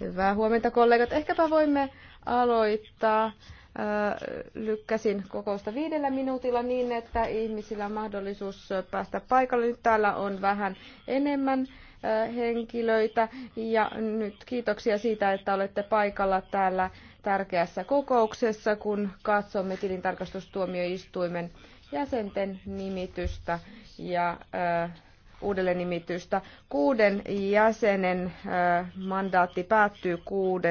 Hyvää huomenta kollegat. Ehkäpä voimme aloittaa. Lykkäsin kokousta viidellä minuutilla niin, että ihmisillä on mahdollisuus päästä paikalle. Nyt täällä on vähän enemmän henkilöitä ja nyt kiitoksia siitä, että olette paikalla täällä tärkeässä kokouksessa, kun katsomme tilintarkastustuomioistuimen jäsenten nimitystä ja äh, nimitystä Kuuden jäsenen mandaatti päättyy 6.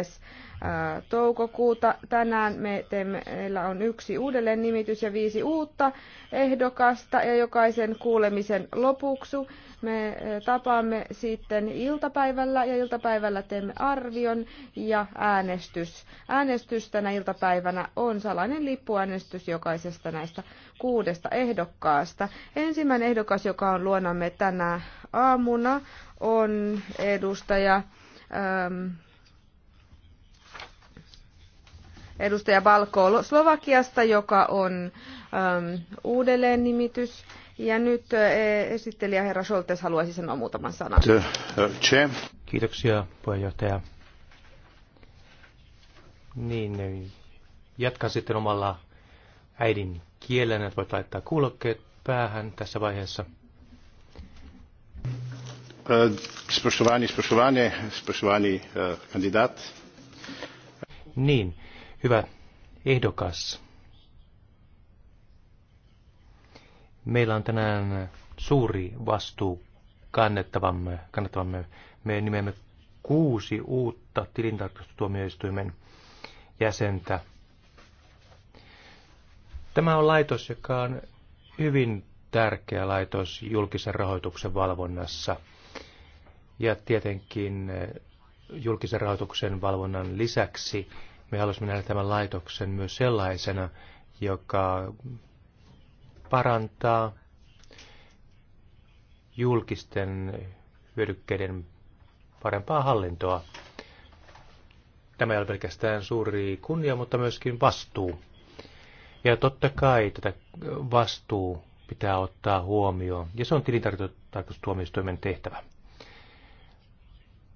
toukokuuta. Tänään me teemme, meillä on yksi uudelleennimitys ja viisi uutta ehdokasta ja jokaisen kuulemisen lopuksi me tapaamme sitten iltapäivällä ja iltapäivällä teemme arvion ja äänestys. Äänestys tänä iltapäivänä on salainen lippuäänestys jokaisesta näistä kuudesta ehdokkaasta. Ensimmäinen ehdokas, joka on luonamme tänä aamuna, on edustaja... Ähm, edustaja Balko Slovakiasta, joka on äm, uudelleen nimitys. Ja nyt eh, esittelijä herra Scholtes haluaisi sanoa muutaman sanan. Kiitoksia puheenjohtaja. Niin, jatkan sitten omalla äidin kielen, että voit laittaa kuulokkeet päähän tässä vaiheessa. Spoštovani, spoštovani, spoštovani kandidaat. Niin, hyvä ehdokas. Meillä on tänään suuri vastuu kannettavamme, kannettavamme. Me nimemme kuusi uutta tilintarkastustuomioistuimen jäsentä. Tämä on laitos, joka on hyvin tärkeä laitos julkisen rahoituksen valvonnassa. Ja tietenkin eh, julkisen rahoituksen valvonnan lisäksi me haluaisimme nähdä tämän laitoksen myös sellaisena, joka parantaa julkisten hyödykkeiden parempaa hallintoa. Tämä ei ole pelkästään suuri kunnia, mutta myöskin vastuu. Ja totta kai tätä vastuu pitää ottaa huomioon, ja se on tilintarkastustuomioistuimen tehtävä.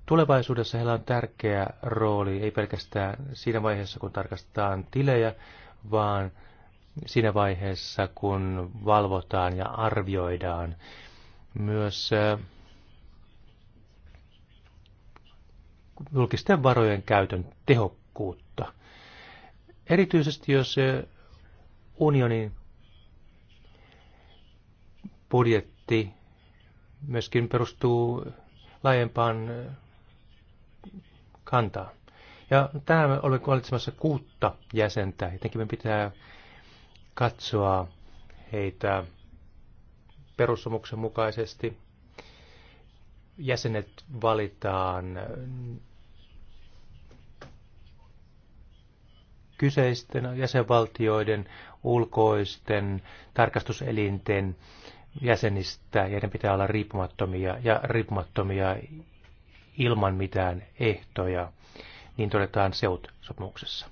Tulevaisuudessa heillä on tärkeä rooli, ei pelkästään siinä vaiheessa, kun tarkastetaan tilejä, vaan siinä vaiheessa, kun valvotaan ja arvioidaan myös äh, julkisten varojen käytön tehokkuutta. Erityisesti jos äh, unionin budjetti myöskin perustuu laajempaan äh, kantaan. Ja tänään me olemme valitsemassa kuutta jäsentä. Jotenkin me pitää katsoa heitä perussomuksen mukaisesti. Jäsenet valitaan kyseisten jäsenvaltioiden ulkoisten tarkastuselinten jäsenistä, ja ne pitää olla riippumattomia ja riippumattomia ilman mitään ehtoja, niin todetaan seut-sopimuksessa.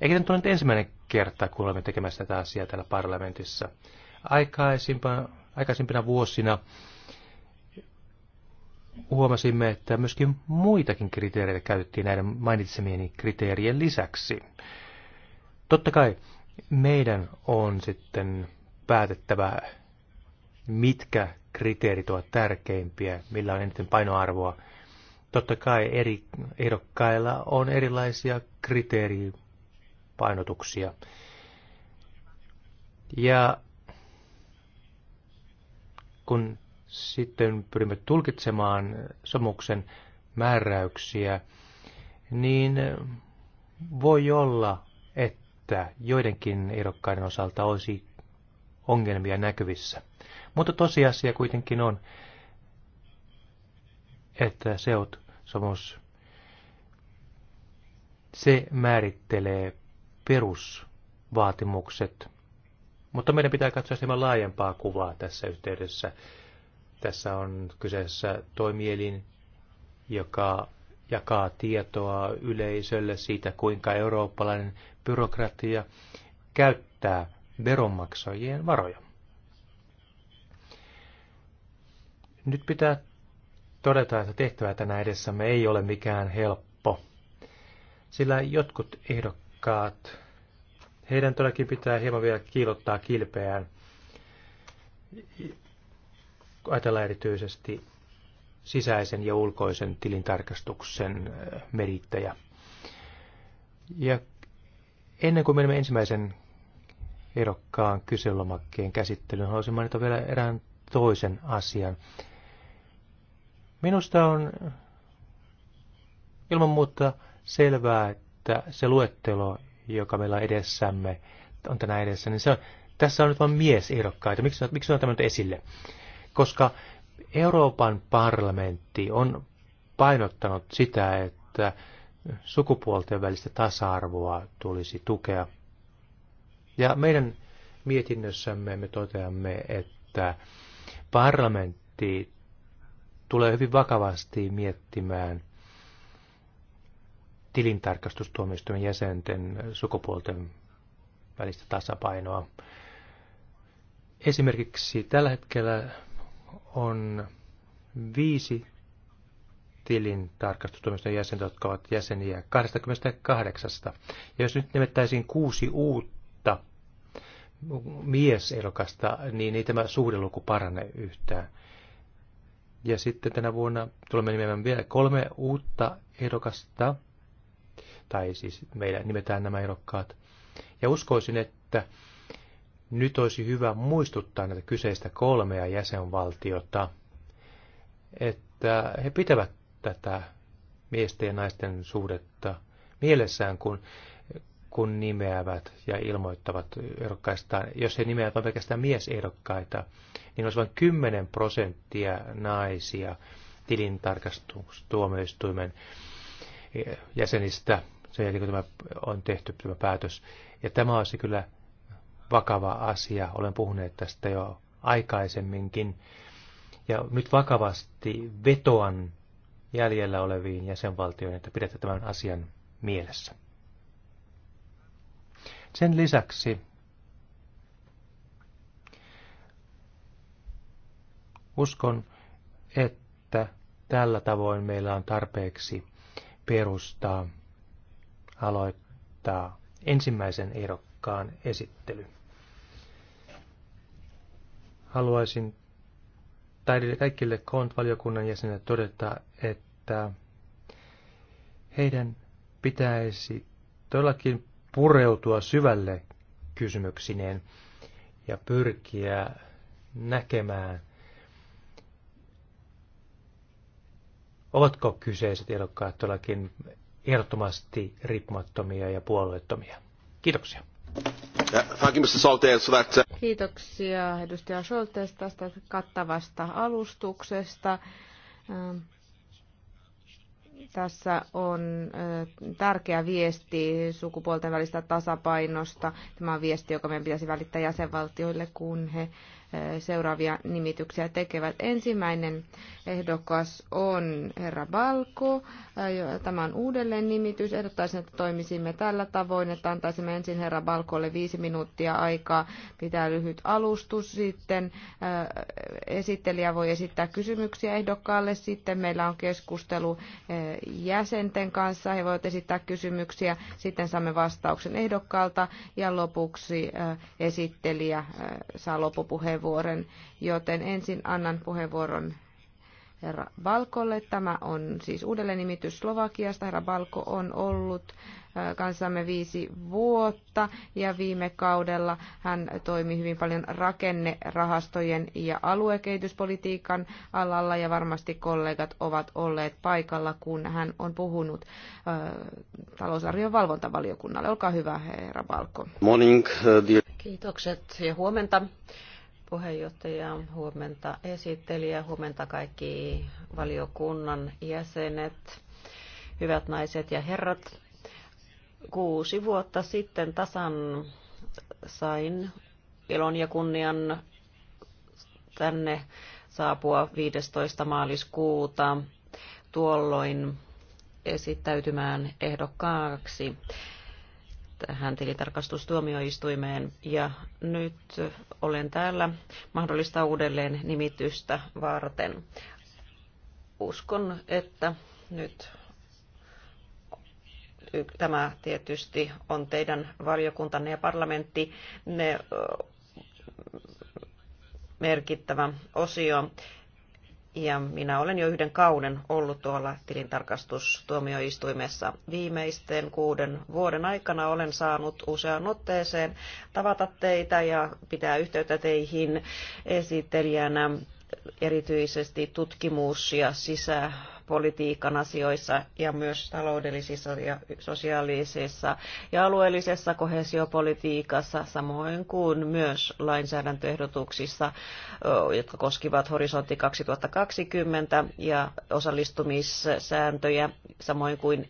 Eikä tämä ole nyt ensimmäinen kerta, kun olemme tekemässä tätä asiaa täällä parlamentissa. Aikaisimpana, aikaisimpina vuosina huomasimme, että myöskin muitakin kriteereitä käytettiin näiden mainitsemieni kriteerien lisäksi. Totta kai meidän on sitten päätettävä, mitkä kriteerit ovat tärkeimpiä, millä on eniten painoarvoa. Totta kai eri ehdokkailla on erilaisia kriteerejä painotuksia. Ja kun sitten pyrimme tulkitsemaan somuksen määräyksiä, niin voi olla, että joidenkin ehdokkaiden osalta olisi ongelmia näkyvissä. Mutta tosiasia kuitenkin on, että seut sopimus se määrittelee perusvaatimukset. Mutta meidän pitää katsoa hieman laajempaa kuvaa tässä yhteydessä. Tässä on kyseessä toimielin, joka jakaa tietoa yleisölle siitä, kuinka eurooppalainen byrokratia käyttää veronmaksajien varoja. Nyt pitää todeta, että tehtävä tänä edessämme ei ole mikään helppo, sillä jotkut ehdokkaat rikkaat. heidän todellakin pitää hieman vielä kiilottaa kilpeään. Ajatellaan erityisesti sisäisen ja ulkoisen tilintarkastuksen merittäjä. Ja ennen kuin menemme ensimmäisen erokkaan kyselylomakkeen käsittelyyn, haluaisin mainita vielä erään toisen asian. Minusta on ilman muuta selvää, että että se luettelo, joka meillä on edessämme, on tänään edessä, niin se on, tässä on nyt vain miesehdokkaita. Miksi, miksi on tämä esille? Koska Euroopan parlamentti on painottanut sitä, että sukupuolten välistä tasa-arvoa tulisi tukea. Ja meidän mietinnössämme me toteamme, että parlamentti tulee hyvin vakavasti miettimään – tilintarkastustuomioistuimen jäsenten sukupuolten välistä tasapainoa. Esimerkiksi tällä hetkellä on viisi tilintarkastustuomioistuimen jäsentä, jotka ovat jäseniä 28. Ja jos nyt nimettäisiin kuusi uutta miesehdokasta, niin ei tämä suhdeluku parane yhtään. Ja sitten tänä vuonna tulemme nimeämään vielä kolme uutta ehdokasta, tai siis meillä nimetään nämä erokkaat. Ja uskoisin, että nyt olisi hyvä muistuttaa näitä kyseistä kolmea jäsenvaltiota, että he pitävät tätä miesten ja naisten suhdetta mielessään, kun, kun nimeävät ja ilmoittavat erokkaistaan. Jos he nimeävät vain pelkästään miesehdokkaita, niin olisi vain 10 prosenttia naisia tilintarkastustuomioistuimen jäsenistä sen jälkeen, kun tämä on tehty tämä päätös. Ja tämä on se kyllä vakava asia. Olen puhunut tästä jo aikaisemminkin. Ja nyt vakavasti vetoan jäljellä oleviin jäsenvaltioihin, että pidätte tämän asian mielessä. Sen lisäksi uskon, että tällä tavoin meillä on tarpeeksi perustaa aloittaa ensimmäisen ehdokkaan esittely. Haluaisin kaikille KONT-valiokunnan jäsenille todeta, että heidän pitäisi todellakin pureutua syvälle kysymyksineen ja pyrkiä näkemään, ovatko kyseiset ehdokkaat todellakin ehdottomasti riippumattomia ja puolueettomia. Kiitoksia. Uh, Kiitoksia edustaja Scholtes tästä kattavasta alustuksesta. Ähm, tässä on äh, tärkeä viesti sukupuolten välistä tasapainosta. Tämä on viesti, joka meidän pitäisi välittää jäsenvaltioille, kun he Eh, seuraavia nimityksiä tekevät. Ensimmäinen ehdokas on herra Balko. Eh, tämä on uudelleen nimitys. Ehdottaisin, että toimisimme tällä tavoin, että antaisimme ensin herra Balkolle viisi minuuttia aikaa pitää lyhyt alustus. Sitten eh, esittelijä voi esittää kysymyksiä ehdokkaalle. Sitten meillä on keskustelu jäsenten kanssa. He voivat esittää kysymyksiä. Sitten saamme vastauksen ehdokkaalta. Ja lopuksi esittelijä saa loppupuheenvuoron puheenvuoron, joten ensin annan puheenvuoron herra Balkolle. Tämä on siis uudelleen nimitys Slovakiasta. Herra Balko on ollut kanssamme viisi vuotta ja viime kaudella hän toimi hyvin paljon rakennerahastojen ja aluekehityspolitiikan alalla ja varmasti kollegat ovat olleet paikalla, kun hän on puhunut talousarvion valvontavaliokunnalle. Olkaa hyvä, herra Balko. Morning. Kiitokset ja huomenta puheenjohtaja, huomenta esittelijä, huomenta kaikki valiokunnan jäsenet, hyvät naiset ja herrat. Kuusi vuotta sitten tasan sain ilon ja kunnian tänne saapua 15. maaliskuuta tuolloin esittäytymään ehdokkaaksi tähän tilintarkastustuomioistuimeen ja nyt olen täällä mahdollista uudelleen nimitystä varten. Uskon, että nyt tämä tietysti on teidän valiokuntanne ja parlamentti ne merkittävä osio ja minä olen jo yhden kauden ollut tuolla tilintarkastustuomioistuimessa. Viimeisten kuuden vuoden aikana olen saanut usean otteeseen tavata teitä ja pitää yhteyttä teihin esittelijänä erityisesti tutkimus- ja sisäpolitiikan asioissa ja myös taloudellisissa ja sosiaalisissa ja alueellisessa kohesiopolitiikassa, samoin kuin myös lainsäädäntöehdotuksissa, jotka koskivat horisontti 2020 ja osallistumissääntöjä, samoin kuin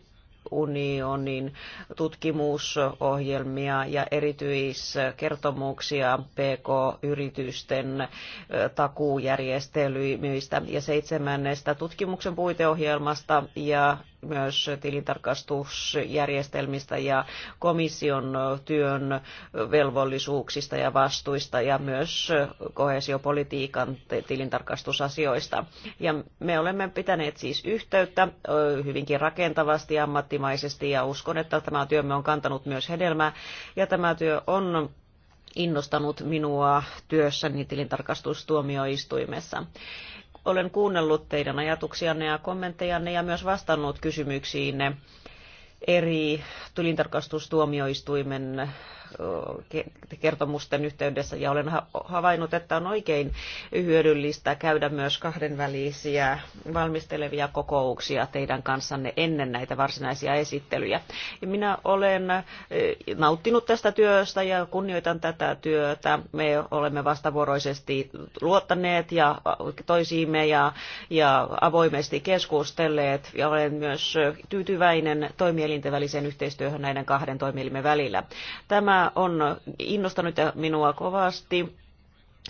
unionin tutkimusohjelmia ja erityiskertomuksia PK-yritysten takuujärjestelyistä ja seitsemännestä tutkimuksen puiteohjelmasta ja myös tilintarkastusjärjestelmistä ja komission työn velvollisuuksista ja vastuista ja myös kohesiopolitiikan tilintarkastusasioista. Ja me olemme pitäneet siis yhteyttä hyvinkin rakentavasti, ja ammattimaisesti ja uskon, että tämä työmme on kantanut myös hedelmää ja tämä työ on innostanut minua työssäni tilintarkastustuomioistuimessa. Olen kuunnellut teidän ajatuksianne ja kommenttejanne ja myös vastannut kysymyksiinne eri tilintarkastustuomioistuimen kertomusten yhteydessä ja olen havainnut, että on oikein hyödyllistä käydä myös kahdenvälisiä valmistelevia kokouksia teidän kanssanne ennen näitä varsinaisia esittelyjä. Minä olen nauttinut tästä työstä ja kunnioitan tätä työtä. Me olemme vastavuoroisesti luottaneet ja toisiimme ja, ja avoimesti keskustelleet ja olen myös tyytyväinen toimielinten väliseen yhteistyöhön näiden kahden toimielimen välillä. Tämä Tämä on innostanut minua kovasti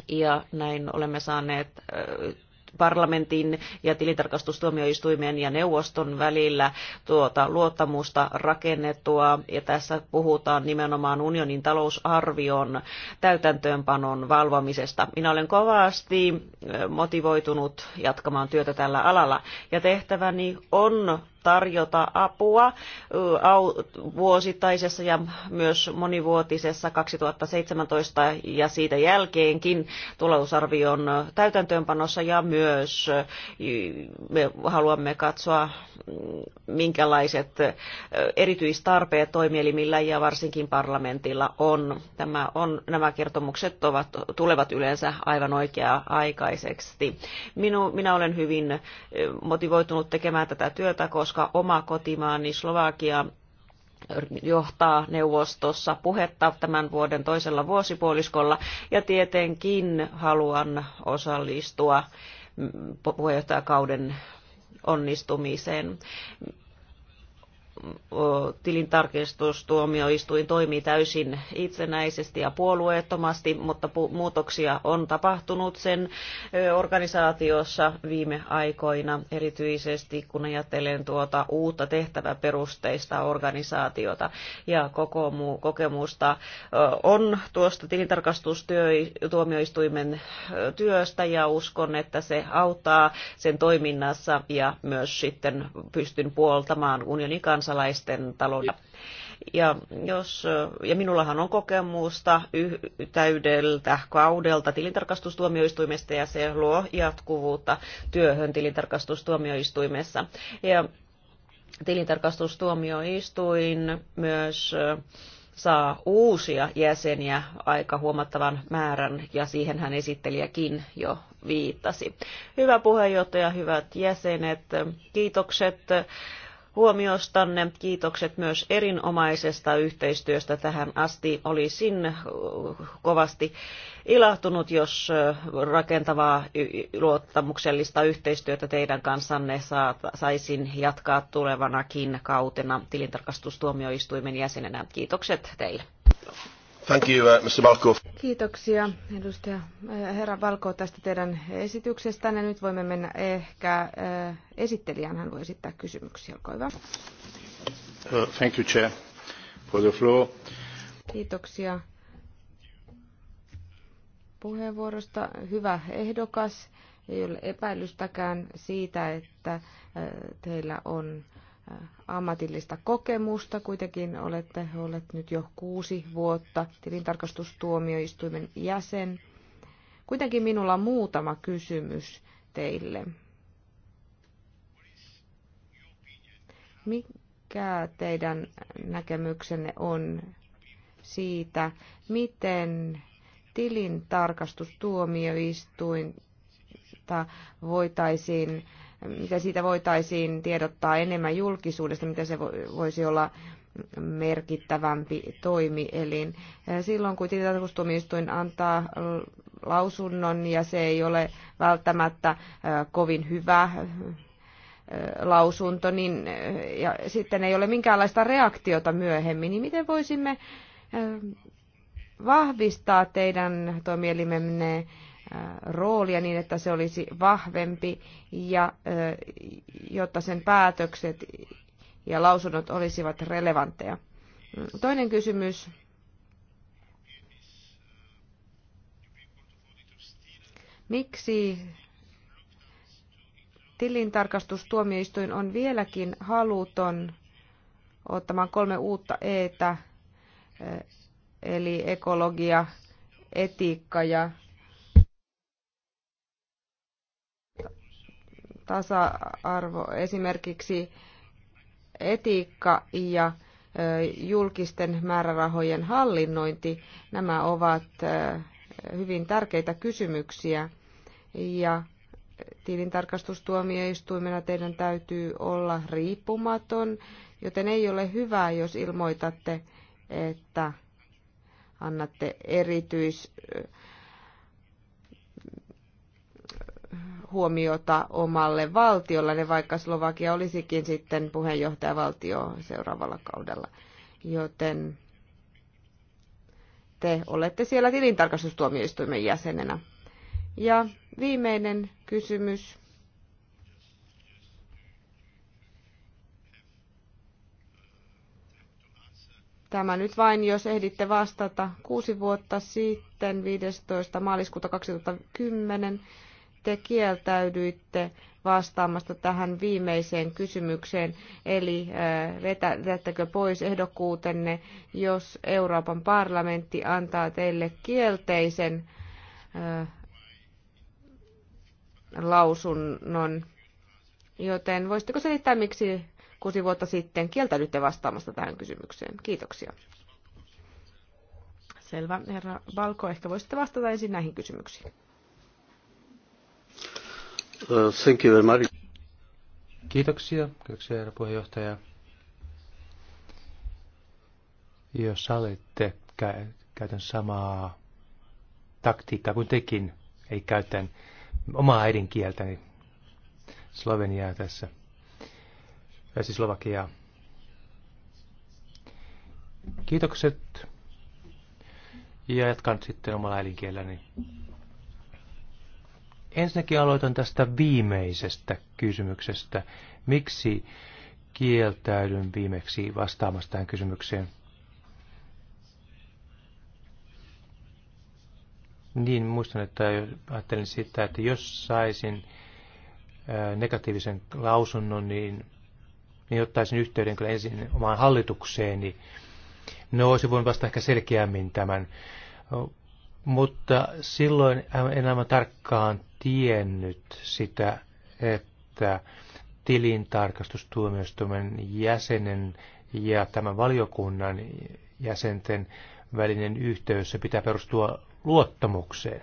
ja näin olemme saaneet äh, parlamentin ja tilintarkastustuomioistuimen ja neuvoston välillä tuota luottamusta rakennettua. Ja tässä puhutaan nimenomaan unionin talousarvion täytäntöönpanon valvomisesta. Minä olen kovasti äh, motivoitunut jatkamaan työtä tällä alalla ja tehtäväni on tarjota apua vuosittaisessa ja myös monivuotisessa 2017 ja siitä jälkeenkin talousarvion täytäntöönpanossa ja myös me haluamme katsoa minkälaiset erityistarpeet toimielimillä ja varsinkin parlamentilla on. Tämä on nämä kertomukset ovat, tulevat yleensä aivan oikea aikaiseksi Minu, minä olen hyvin motivoitunut tekemään tätä työtä, koska koska oma kotimaani Slovakia johtaa neuvostossa puhetta tämän vuoden toisella vuosipuoliskolla ja tietenkin haluan osallistua puheenjohtajakauden onnistumiseen tilintarkistustuomioistuin toimii täysin itsenäisesti ja puolueettomasti, mutta muutoksia on tapahtunut sen organisaatiossa viime aikoina, erityisesti kun ajattelen tuota uutta tehtäväperusteista organisaatiota ja kokemusta on tuosta tilintarkastustuomioistuimen työstä ja uskon, että se auttaa sen toiminnassa ja myös sitten pystyn puoltamaan unionin kanssa kansalaisten talouden. Ja, jos, ja minullahan on kokemusta yh, täydeltä kaudelta tilintarkastustuomioistuimesta ja se luo jatkuvuutta työhön tilintarkastustuomioistuimessa. Ja tilintarkastustuomioistuin myös äh, saa uusia jäseniä aika huomattavan määrän, ja siihen hän esittelijäkin jo viittasi. Hyvä puheenjohtaja, hyvät jäsenet, kiitokset huomiostanne. Kiitokset myös erinomaisesta yhteistyöstä tähän asti. Olisin äh, kovasti ilahtunut, jos äh, rakentavaa luottamuksellista yhteistyötä teidän kanssanne saisin jatkaa tulevanakin kautena tilintarkastustuomioistuimen jäsenenä. Kiitokset teille. Thank you, uh, Mr. Kiitoksia, edustaja eh, herra Valko, tästä teidän esityksestänne. Nyt voimme mennä ehkä eh, esittelijään. Hän voi esittää kysymyksiä. Olkaa hyvä. Uh, thank you, Chair, for the floor. Kiitoksia puheenvuorosta. Hyvä ehdokas. Ei ole epäilystäkään siitä, että eh, teillä on ammatillista kokemusta. Kuitenkin olette olleet nyt jo kuusi vuotta tilintarkastustuomioistuimen jäsen. Kuitenkin minulla on muutama kysymys teille. Mikä teidän näkemyksenne on siitä, miten tilintarkastustuomioistuinta voitaisiin miten siitä voitaisiin tiedottaa enemmän julkisuudesta, miten se voisi olla merkittävämpi toimielin. Silloin kun tilintarkastustuomioistuin antaa lausunnon ja se ei ole välttämättä kovin hyvä lausunto, niin ja sitten ei ole minkäänlaista reaktiota myöhemmin, niin miten voisimme vahvistaa teidän toimielimenne roolia niin, että se olisi vahvempi ja jotta sen päätökset ja lausunnot olisivat relevantteja. Mm, toinen kysymys. Miksi tilintarkastustuomioistuin on vieläkin haluton ottamaan kolme uutta eetä, eli ekologia, etiikka ja tasa-arvo, esimerkiksi etiikka ja julkisten määrärahojen hallinnointi, nämä ovat hyvin tärkeitä kysymyksiä. Ja tilintarkastustuomioistuimena teidän täytyy olla riippumaton, joten ei ole hyvä, jos ilmoitatte, että annatte erityis huomiota omalle valtiolle, vaikka Slovakia olisikin sitten puheenjohtajavaltio seuraavalla kaudella. Joten te olette siellä tilintarkastustuomioistuimen jäsenenä. Ja viimeinen kysymys. Tämä nyt vain, jos ehditte vastata. Kuusi vuotta sitten, 15. maaliskuuta 2010, te kieltäydyitte vastaamasta tähän viimeiseen kysymykseen, eli äh, vetättekö pois ehdokkuutenne, jos Euroopan parlamentti antaa teille kielteisen äh, lausunnon. Joten voisitteko selittää, miksi kuusi vuotta sitten kieltäydytte vastaamasta tähän kysymykseen? Kiitoksia. Selvä, herra Valko, Ehkä voisitte vastata ensin näihin kysymyksiin. Uh, thank you very much. Kiitoksia, kiitoksia herra puheenjohtaja. Jos sallitte, käytän samaa taktiikkaa kuin tekin, ei käytän omaa äidinkieltäni, niin Sloveniaa tässä, ja siis Slovakiaa. Kiitokset. Ja jatkan sitten omalla äidinkielelläni. Niin. Ensinnäkin aloitan tästä viimeisestä kysymyksestä. Miksi kieltäydyn viimeksi vastaamasta tähän kysymykseen? Niin, muistan, että ajattelin sitä, että jos saisin negatiivisen lausunnon, niin, niin ottaisin yhteyden kyllä ensin omaan hallitukseeni. No, olisin voinut vasta ehkä selkeämmin tämän mutta silloin en aivan tarkkaan tiennyt sitä, että tilintarkastustuomioistuimen jäsenen ja tämän valiokunnan jäsenten välinen yhteys pitää perustua luottamukseen.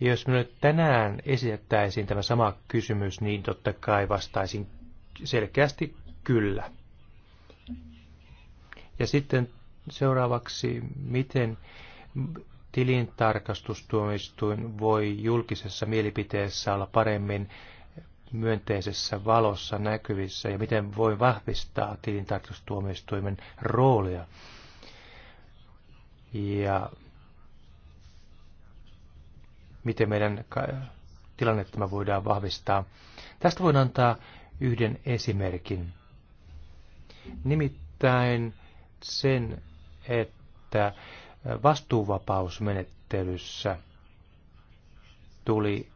Jos minulle tänään esitettäisiin tämä sama kysymys, niin totta kai vastaisin selkeästi kyllä. Ja sitten seuraavaksi, miten tilintarkastustuomistuin voi julkisessa mielipiteessä olla paremmin myönteisessä valossa näkyvissä ja miten voi vahvistaa tilintarkastustuomioistuimen roolia. Ja miten meidän tilannettamme voidaan vahvistaa. Tästä voin antaa yhden esimerkin. Nimittäin sen, että vastuuvapausmenettelyssä tuli,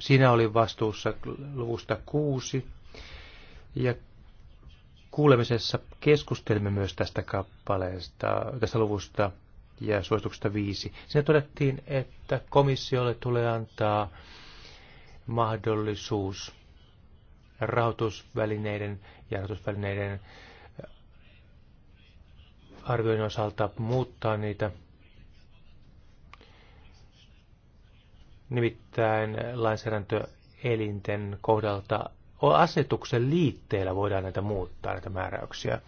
sinä oli vastuussa luvusta kuusi, ja kuulemisessa keskustelimme myös tästä kappaleesta, tästä luvusta ja suosituksesta viisi. Siinä todettiin, että komissiolle tulee antaa mahdollisuus rahoitusvälineiden ja rahoitusvälineiden arvioinnin osalta muuttaa niitä. Nimittäin lainsäädäntöelinten kohdalta asetuksen liitteellä voidaan näitä muuttaa, näitä määräyksiä.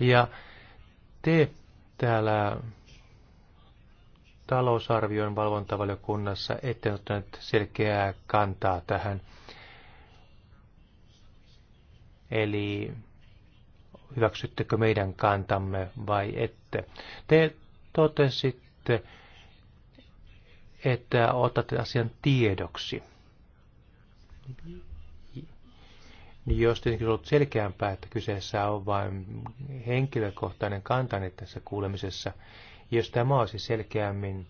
Ja te täällä talousarvion valvontavaliokunnassa ette ottaneet selkeää kantaa tähän. Eli hyväksyttekö meidän kantamme vai ette. Te totesitte, että otatte asian tiedoksi. Niin jos tietenkin on ollut selkeämpää, että kyseessä on vain henkilökohtainen kantani tässä kuulemisessa, jos tämä olisi selkeämmin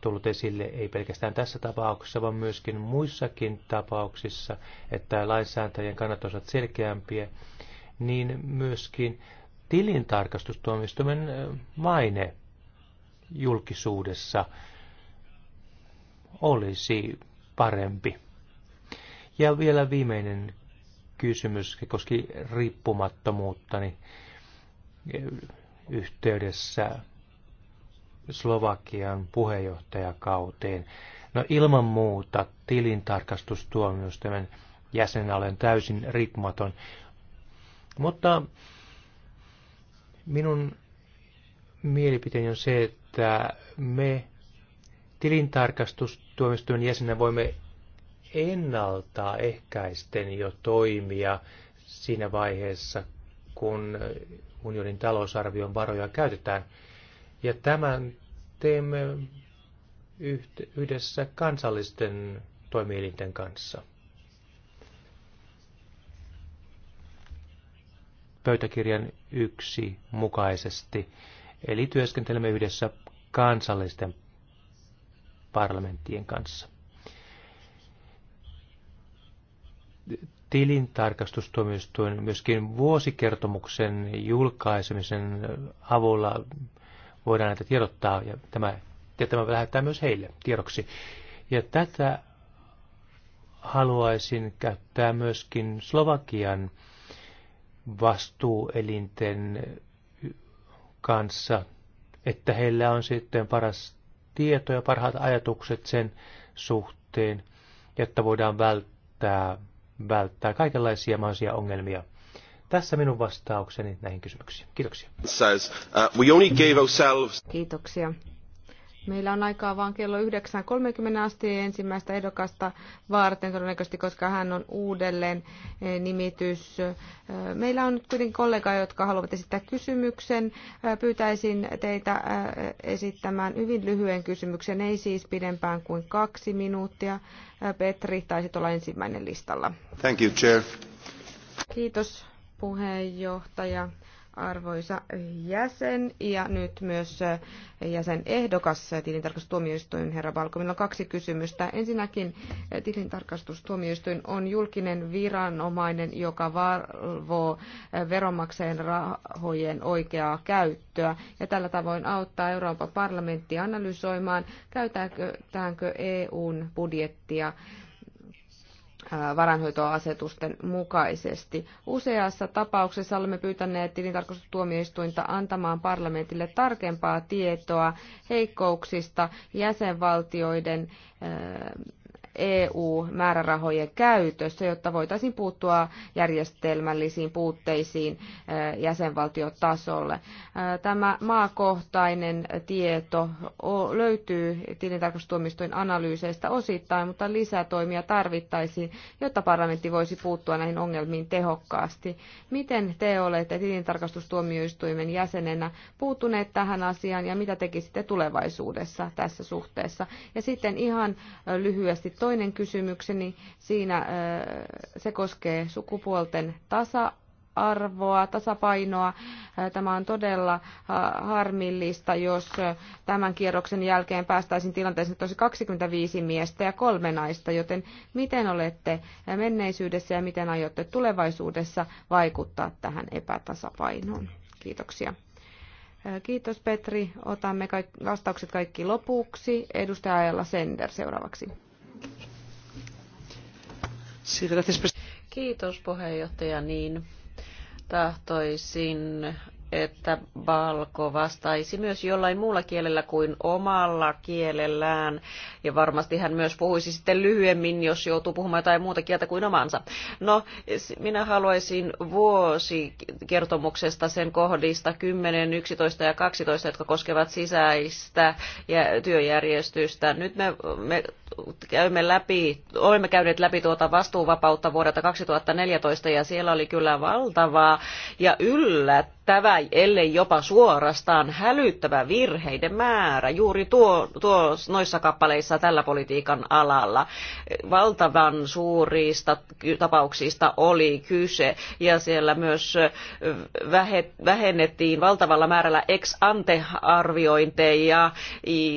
tullut esille ei pelkästään tässä tapauksessa, vaan myöskin muissakin tapauksissa, että lainsääntäjien kannat ovat selkeämpiä niin myöskin tilintarkastustuomioistuimen maine julkisuudessa olisi parempi. Ja vielä viimeinen kysymys, koski koski niin yhteydessä Slovakian puheenjohtajakauteen. No ilman muuta tilintarkastustuomioistuimen jäsenä olen täysin riippumaton, mutta minun mielipiteeni on se, että me tilintarkastustuomioistuimen jäsenä voimme ennalta ehkäisten jo toimia siinä vaiheessa, kun unionin talousarvion varoja käytetään. Ja tämän teemme yhdessä kansallisten toimielinten kanssa. pöytäkirjan yksi mukaisesti. Eli työskentelemme yhdessä kansallisten parlamenttien kanssa. Tilintarkastustuomioistuin myöskin vuosikertomuksen julkaisemisen avulla voidaan näitä tiedottaa ja tämä, ja tämä lähettää myös heille tiedoksi. Ja tätä haluaisin käyttää myöskin Slovakian vastuuelinten kanssa, että heillä on sitten paras tieto ja parhaat ajatukset sen suhteen, jotta voidaan välttää, välttää kaikenlaisia mahdollisia ongelmia. Tässä minun vastaukseni näihin kysymyksiin. Kiitoksia. Uh, Kiitoksia. Meillä on aikaa vain kello 9.30 asti ensimmäistä ehdokasta varten, todennäköisesti koska hän on uudelleen eh, nimitys. Eh, meillä on nyt kuitenkin kollegaa, jotka haluavat esittää kysymyksen. Eh, pyytäisin teitä esittämään hyvin lyhyen kysymyksen, ei siis pidempään kuin kaksi minuuttia. Petri, taisi olla ensimmäinen listalla. Thank you, Chair. Kiitos puheenjohtaja arvoisa jäsen ja nyt myös eh, jäsen ehdokas eh, tilintarkastustuomioistuin herra Valkomilla on kaksi kysymystä. Ensinnäkin eh, tilintarkastustuomioistuin on julkinen viranomainen, joka valvoo veronmaksajien rahojen oikeaa käyttöä ja tällä tavoin auttaa Euroopan parlamenttia analysoimaan, käytetäänkö EUn budjettia varainhoitoasetusten mukaisesti. Useassa tapauksessa olemme pyytäneet tilintarkastustuomioistuinta antamaan parlamentille tarkempaa tietoa heikkouksista jäsenvaltioiden EU-määrärahojen käytössä, jotta voitaisiin puuttua järjestelmällisiin puutteisiin eh, jäsenvaltiotasolle. Eh, tämä maakohtainen tieto löytyy tilintarkastustuomistojen analyyseista osittain, mutta lisätoimia tarvittaisiin, jotta parlamentti voisi puuttua näihin ongelmiin tehokkaasti. Miten te olette tilintarkastustuomioistuimen jäsenenä puuttuneet tähän asiaan ja mitä tekisitte tulevaisuudessa tässä suhteessa? Ja sitten ihan lyhyesti toinen kysymykseni siinä se koskee sukupuolten tasa arvoa, tasapainoa. Tämä on todella harmillista, jos tämän kierroksen jälkeen päästäisiin tilanteeseen, että olisi 25 miestä ja kolme naista, joten miten olette menneisyydessä ja miten aiotte tulevaisuudessa vaikuttaa tähän epätasapainoon? Kiitoksia. Kiitos Petri. Otamme vastaukset kaikki lopuksi. Edustaja Ajalla Sender seuraavaksi. Kiitos puheenjohtaja. Niin tahtoisin että Balko vastaisi myös jollain muulla kielellä kuin omalla kielellään. Ja varmasti hän myös puhuisi sitten lyhyemmin, jos joutuu puhumaan jotain muuta kieltä kuin omansa. No, minä haluaisin vuosikertomuksesta sen kohdista 10, 11 ja 12, jotka koskevat sisäistä ja työjärjestystä. Nyt me, me käymme läpi, olemme käyneet läpi tuota vastuuvapautta vuodelta 2014 ja siellä oli kyllä valtavaa ja yllättävää ellei jopa suorastaan hälyttävä virheiden määrä juuri tuo, tuo, noissa kappaleissa tällä politiikan alalla. Valtavan suurista tapauksista oli kyse ja siellä myös vähennettiin valtavalla määrällä ex ante arviointeja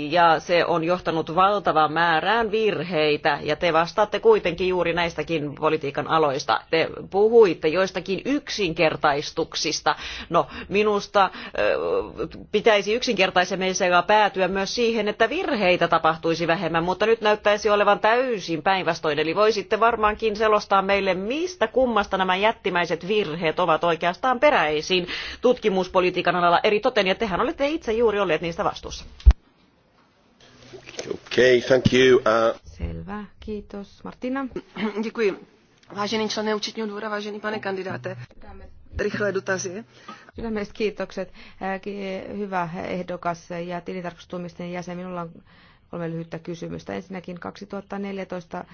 ja se on johtanut valtavan määrään virheitä ja te vastaatte kuitenkin juuri näistäkin politiikan aloista. Te puhuitte joistakin yksinkertaistuksista. No, Minusta pitäisi yksinkertaisemmin päätyä myös siihen, että virheitä tapahtuisi vähemmän, mutta nyt näyttäisi olevan täysin päinvastoin. Eli voisitte varmaankin selostaa meille, mistä kummasta nämä jättimäiset virheet ovat oikeastaan peräisin tutkimuspolitiikan alalla eri ja tehän olette itse juuri olleet niistä vastuussa. Okay, thank you. Uh... Selvä, kiitos. Martina. Děkuji. Vážený člene účetního dvora, vážený pane kandidáte. Dáme myös kiitokset, hyvä ehdokas ja tilintarkastustuomisten jäsen. Minulla on kolme lyhyttä kysymystä. Ensinnäkin 2014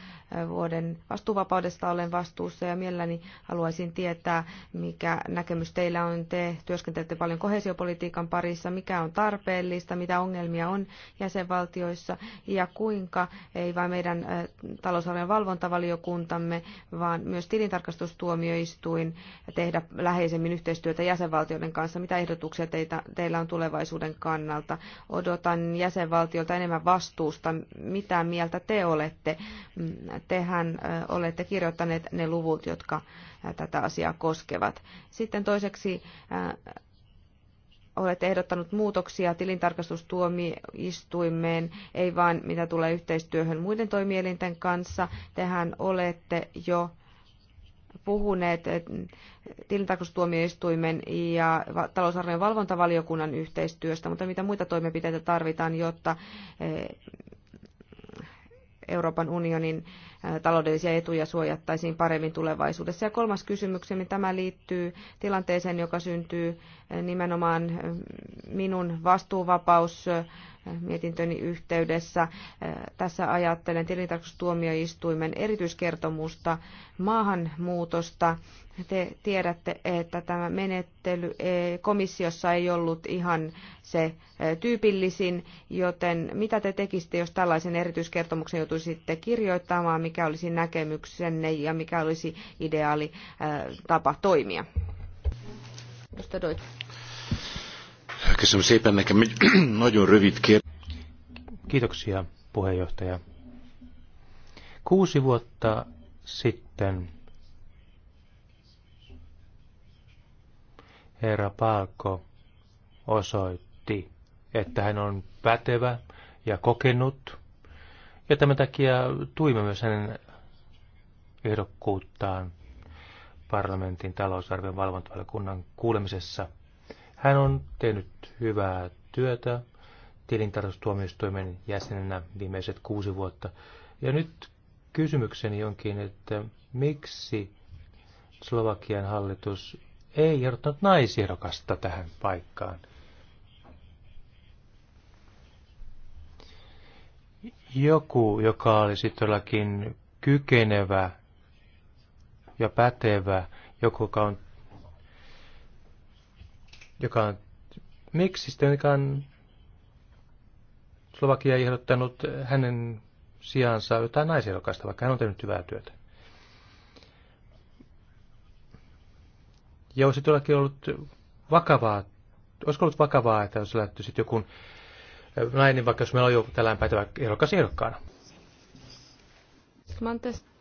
vuoden vastuuvapaudesta olen vastuussa ja mielelläni haluaisin tietää, mikä näkemys teillä on. Te työskentelette paljon kohesiopolitiikan parissa, mikä on tarpeellista, mitä ongelmia on jäsenvaltioissa ja kuinka ei vain meidän talousarvion valvontavaliokuntamme, vaan myös tilintarkastustuomioistuin tehdä läheisemmin yhteistyötä jäsenvaltioiden kanssa. Mitä ehdotuksia teitä, teillä on tulevaisuuden kannalta? Odotan jäsenvaltiolta enemmän vastuuta vastuusta. Mitä mieltä te olette? Tehän olette kirjoittaneet ne luvut, jotka tätä asiaa koskevat. Sitten toiseksi olette ehdottanut muutoksia tilintarkastustuomioistuimeen, ei vain mitä tulee yhteistyöhön muiden toimielinten kanssa. Tehän olette jo puhuneet eh, tilintarkastustuomioistuimen ja talousarvion valvontavaliokunnan yhteistyöstä, mutta mitä muita toimenpiteitä tarvitaan, jotta eh, Euroopan unionin eh, taloudellisia etuja suojattaisiin paremmin tulevaisuudessa. Ja kolmas kysymykseni, tämä liittyy tilanteeseen, joka syntyy nimenomaan minun vastuuvapaus mietintöni yhteydessä. Tässä ajattelen tilintarkastustuomioistuimen erityiskertomusta maahanmuutosta. Te tiedätte, että tämä menettely e, komissiossa ei ollut ihan se e, tyypillisin, joten mitä te tekisitte, jos tällaisen erityiskertomuksen joutuisitte kirjoittamaan, mikä olisi näkemyksenne ja mikä olisi ideaali e, tapa toimia? Köszönöm szépen, nekem egy nagyon rövid kér. Kiitoksia, puheenjohtaja. Kuusi vuotta sitten herra Palko osoitti, että hän on pätevä ja kokenut, ja tämän takia tuimme myös hänen ehdokkuuttaan parlamentin talousarvion valvontavaliokunnan kuulemisessa – hän on tehnyt hyvää työtä tilintarkastustuomioistuimen jäsenenä viimeiset kuusi vuotta. Ja nyt kysymykseni onkin, että miksi Slovakian hallitus ei ehdottanut naisirokasta tähän paikkaan? Joku, joka olisi todellakin kykenevä ja pätevä, joku, joka on joka on, miksi sitten Slovakia ei ehdottanut hänen sijaansa jotain naisehdokasta, vaikka hän on tehnyt hyvää työtä. Ja olisi todellakin ollut vakavaa, olisiko ollut vakavaa, että olisi lähdetty sitten joku nainen, vaikka jos meillä on jo tällään pätevä ehdokas ehdokkaana. tästä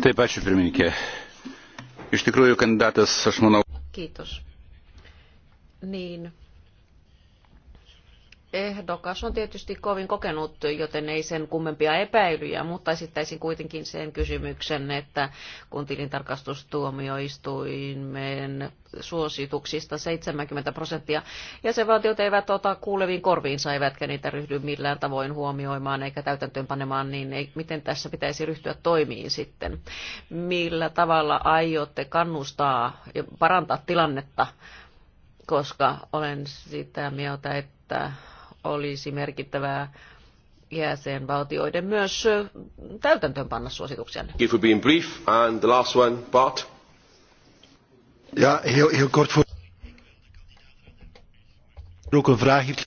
Taip, ačiū pirmininkė. Iš tikrųjų, kandidatas, aš manau. Kiitos. Niin, ehdokas on tietysti kovin kokenut, joten ei sen kummempia epäilyjä, mutta esittäisin kuitenkin sen kysymyksen, että kun tilintarkastustuomioistuimen suosituksista 70 prosenttia jäsenvaltiot eivät ota kuuleviin korviinsa, eivätkä niitä ryhdy millään tavoin huomioimaan eikä täytäntöönpanemaan, niin ei, miten tässä pitäisi ryhtyä toimiin sitten? Millä tavalla aiotte kannustaa ja parantaa tilannetta, koska olen sitä mieltä, että olisi merkittävää jäsenvaltioiden myös täytäntöönpanna suosituksia. If we're being brief and the last one, Bart. Ja,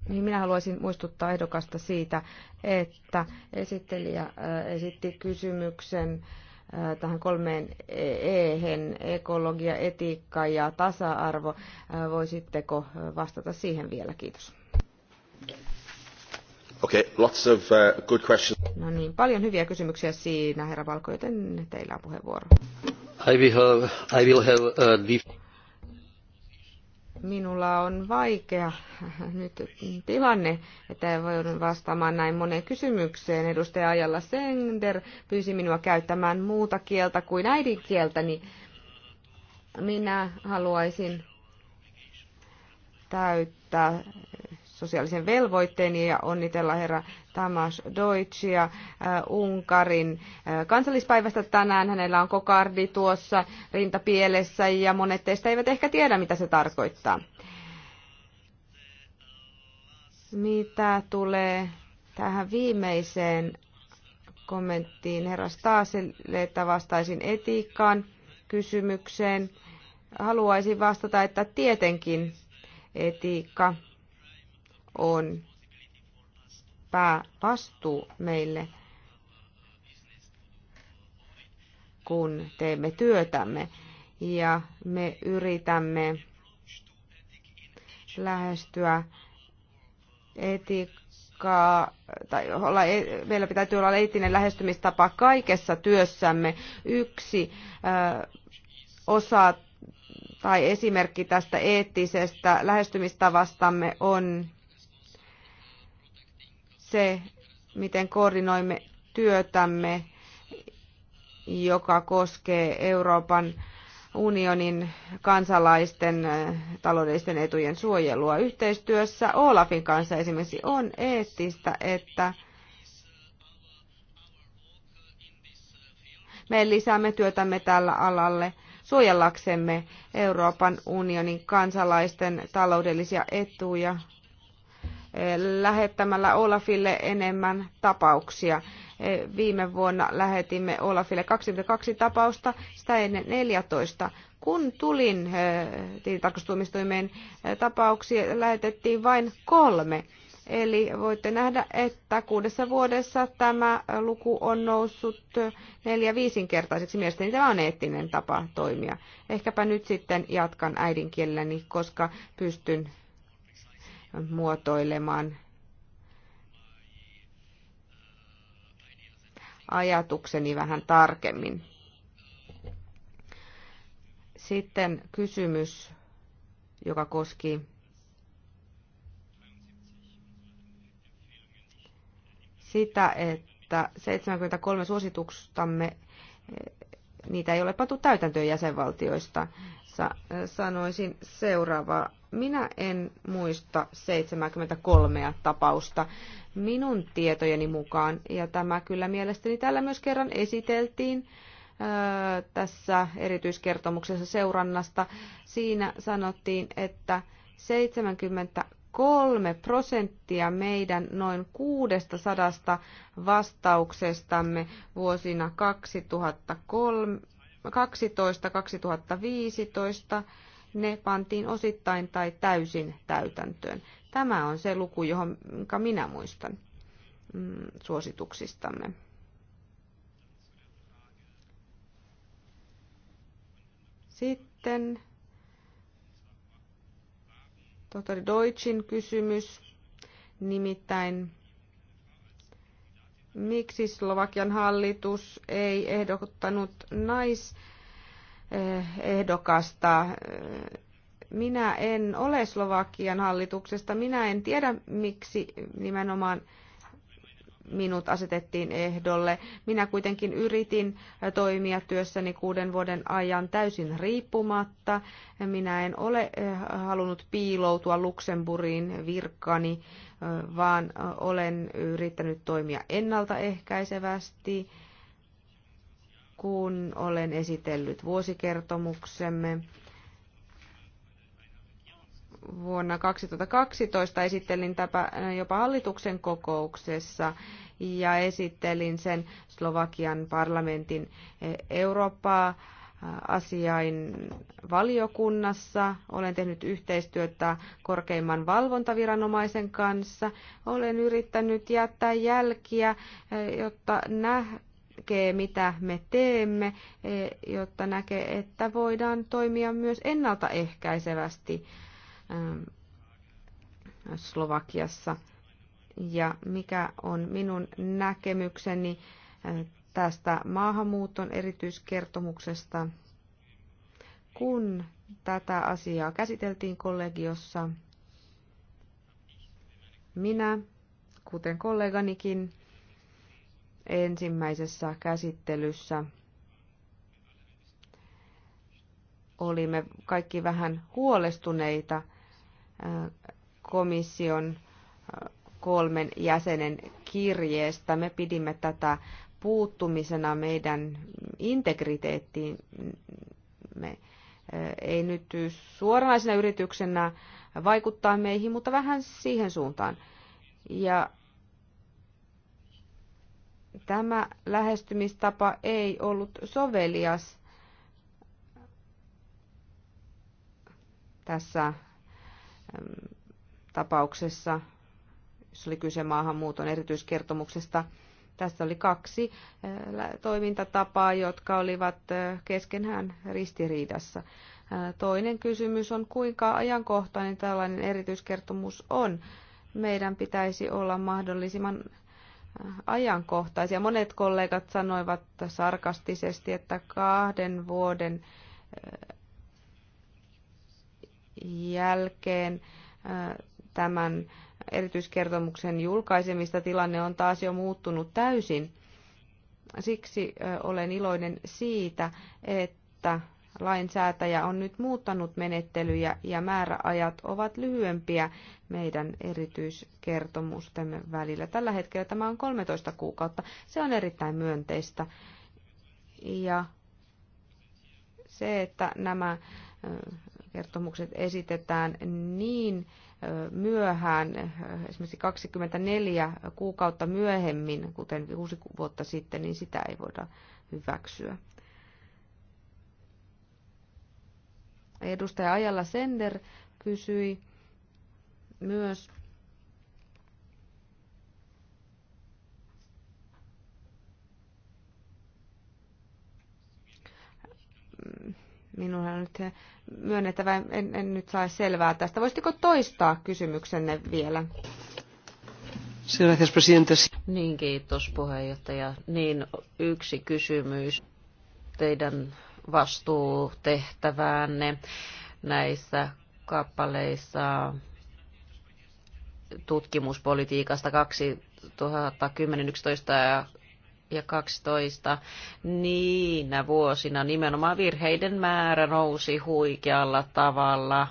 Niin minä haluaisin muistuttaa ehdokasta siitä, että esittelijä esitti kysymyksen tähän kolmeen ehen ekologia, etiikka ja tasa-arvo. Voisitteko vastata siihen vielä? Kiitos. Okay, lots of uh, good questions. No niin, paljon hyviä kysymyksiä siinä, herra Valko, joten teillä on puheenvuoro. I will have, I will have, uh, Minulla on vaikea nyt tilanne, että voin vastaamaan näin moneen kysymykseen. Edustaja Ajalla Sender pyysi minua käyttämään muuta kieltä kuin niin Minä haluaisin täyttää sosiaalisen velvoitteen ja onnitella herra Tamas Deutschia äh, Unkarin äh, kansallispäivästä tänään. Hänellä on kokardi tuossa rintapielessä ja monet teistä eivät ehkä tiedä, mitä se tarkoittaa. Mitä tulee tähän viimeiseen kommenttiin herra Staasille, että vastaisin etiikkaan kysymykseen. Haluaisin vastata, että tietenkin etiikka on päävastuu meille, kun teemme työtämme. Ja me yritämme lähestyä etiikkaa, tai olla, e-, meillä pitää olla eettinen lähestymistapa kaikessa työssämme. Yksi ö, osa tai esimerkki tästä eettisestä lähestymistavastamme on se, miten koordinoimme työtämme, joka koskee Euroopan unionin kansalaisten äh, taloudellisten etujen suojelua. Yhteistyössä Olafin kanssa esimerkiksi on eettistä, että me lisäämme työtämme tällä alalle suojellaksemme Euroopan unionin kansalaisten taloudellisia etuja lähettämällä Olafille enemmän tapauksia. E, viime vuonna lähetimme Olafille 22 tapausta, sitä ennen 14. Kun tulin e, tilintarkastustuomistoimeen e, tapauksia, lähetettiin vain kolme. Eli voitte nähdä, että kuudessa vuodessa tämä luku on noussut neljä viisinkertaiseksi. Mielestäni tämä on eettinen tapa toimia. Ehkäpä nyt sitten jatkan äidinkielelläni, koska pystyn muotoilemaan ajatukseni vähän tarkemmin. Sitten kysymys, joka koski sitä, että 73 suosituksistamme, niitä ei ole pantu täytäntöön jäsenvaltioista. sanoisin seuraavaa. Minä en muista 73 tapausta minun tietojeni mukaan, ja tämä kyllä mielestäni täällä myös kerran esiteltiin tässä erityiskertomuksessa seurannasta. Siinä sanottiin, että 73 prosenttia meidän noin 600 vastauksestamme vuosina 2012, 2015 ne pantiin osittain tai täysin täytäntöön. Tämä on se luku, johon minä muistan mm, suosituksistamme. Sitten tohtori Deutschin kysymys, nimittäin miksi Slovakian hallitus ei ehdottanut nais- Eh, ehdokasta. Minä en ole Slovakian hallituksesta. Minä en tiedä, miksi nimenomaan minut asetettiin ehdolle. Minä kuitenkin yritin toimia työssäni kuuden vuoden ajan täysin riippumatta. Minä en ole eh, halunnut piiloutua Luxemburgin virkkani, eh, vaan olen yrittänyt toimia ennaltaehkäisevästi kun olen esitellyt vuosikertomuksemme. Vuonna 2012 esittelin täpä, jopa hallituksen kokouksessa ja esittelin sen Slovakian parlamentin e, Eurooppaa asiain valiokunnassa. Olen tehnyt yhteistyötä korkeimman valvontaviranomaisen kanssa. Olen yrittänyt jättää jälkiä, e, jotta nähdään näkee, mitä me teemme, e, jotta näkee, että voidaan toimia myös ennaltaehkäisevästi ähm, Slovakiassa. Ja mikä on minun näkemykseni äh, tästä maahanmuuton erityiskertomuksesta, kun tätä asiaa käsiteltiin kollegiossa. Minä, kuten kolleganikin, ensimmäisessä käsittelyssä olimme kaikki vähän huolestuneita komission kolmen jäsenen kirjeestä. Me pidimme tätä puuttumisena meidän integriteettiin. Me, ei nyt suoranaisena yrityksenä vaikuttaa meihin, mutta vähän siihen suuntaan. Ja Tämä lähestymistapa ei ollut sovelias tässä tapauksessa, jos oli kyse maahanmuuton erityiskertomuksesta. Tässä oli kaksi toimintatapaa, jotka olivat keskenään ristiriidassa. Toinen kysymys on, kuinka ajankohtainen tällainen erityiskertomus on. Meidän pitäisi olla mahdollisimman ajankohtaisia. Monet kollegat sanoivat sarkastisesti, että kahden vuoden eh, jälkeen eh, tämän erityiskertomuksen julkaisemista tilanne on taas jo muuttunut täysin. Siksi eh, olen iloinen siitä, että lainsäätäjä on nyt muuttanut menettelyjä ja määräajat ovat lyhyempiä meidän erityiskertomustemme välillä. Tällä hetkellä tämä on 13 kuukautta. Se on erittäin myönteistä. Ja se, että nämä kertomukset esitetään niin myöhään, esimerkiksi 24 kuukautta myöhemmin, kuten 6 vuotta sitten, niin sitä ei voida hyväksyä. Edustaja Ajalla Sender kysyi myös Minulla on nyt myönnettävä, en, en nyt saa selvää tästä. Voisitteko toistaa kysymyksenne vielä? Niin, kiitos puheenjohtaja. Niin, yksi kysymys teidän vastuutehtäväänne näissä kappaleissa tutkimuspolitiikasta 2010, 2011 ja ja 12 niinä vuosina nimenomaan virheiden määrä nousi huikealla tavalla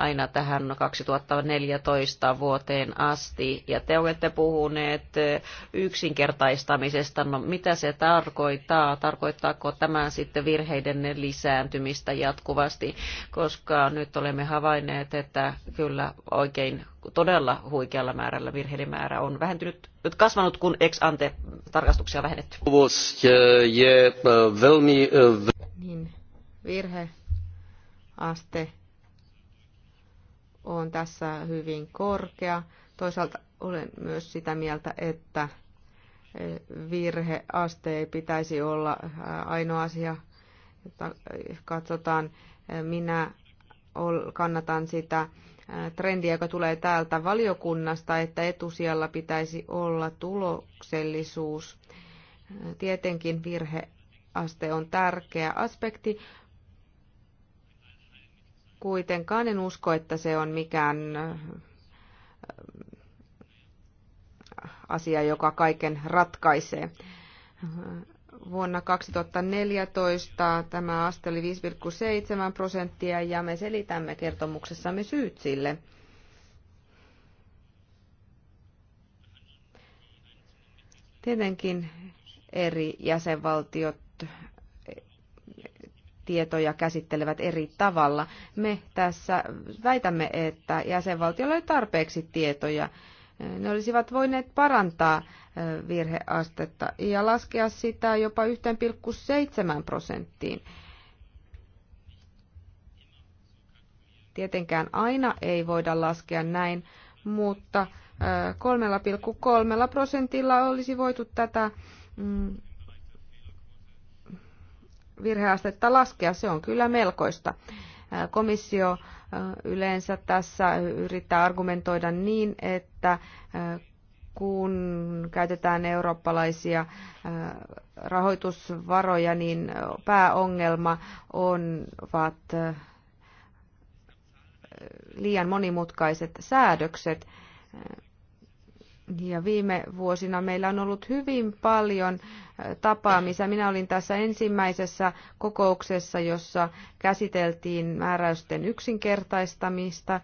aina tähän 2014 vuoteen asti. Ja te olette puhuneet yksinkertaistamisesta. No mitä se tarkoittaa? Tarkoittaako tämä sitten virheiden lisääntymistä jatkuvasti? Koska nyt olemme havainneet, että kyllä oikein todella huikealla määrällä virheiden määrä on vähentynyt, nyt kasvanut, kun ex ante tarkastuksia vähennetty. Eh, eh, eh, niin, virhe aste on tässä hyvin korkea. Toisaalta olen myös sitä mieltä, että e, virheaste ei pitäisi olla ainoa asia, jota e, katsotaan. E, minä kannatan sitä trendiä, joka tulee täältä valiokunnasta, että etusijalla pitäisi olla tuloksellisuus. Tietenkin virheaste on tärkeä aspekti, Kuitenkaan en usko, että se on mikään äh, asia, joka kaiken ratkaisee. Vuonna 2014 tämä aste oli 5,7 prosenttia ja me selitämme kertomuksessamme syyt sille. Tietenkin eri jäsenvaltiot tietoja käsittelevät eri tavalla. Me tässä väitämme, että jäsenvaltiolla ei tarpeeksi tietoja. Ne olisivat voineet parantaa virheastetta ja laskea sitä jopa 1,7 prosenttiin. Tietenkään aina ei voida laskea näin, mutta 3,3 prosentilla olisi voitu tätä mm, virheastetta laskea. Se on kyllä melkoista. Komissio yleensä tässä yrittää argumentoida niin, että kun käytetään eurooppalaisia rahoitusvaroja, niin pääongelma on ovat liian monimutkaiset säädökset. Ja viime vuosina meillä on ollut hyvin paljon tapaamisia. Minä olin tässä ensimmäisessä kokouksessa, jossa käsiteltiin määräysten yksinkertaistamista.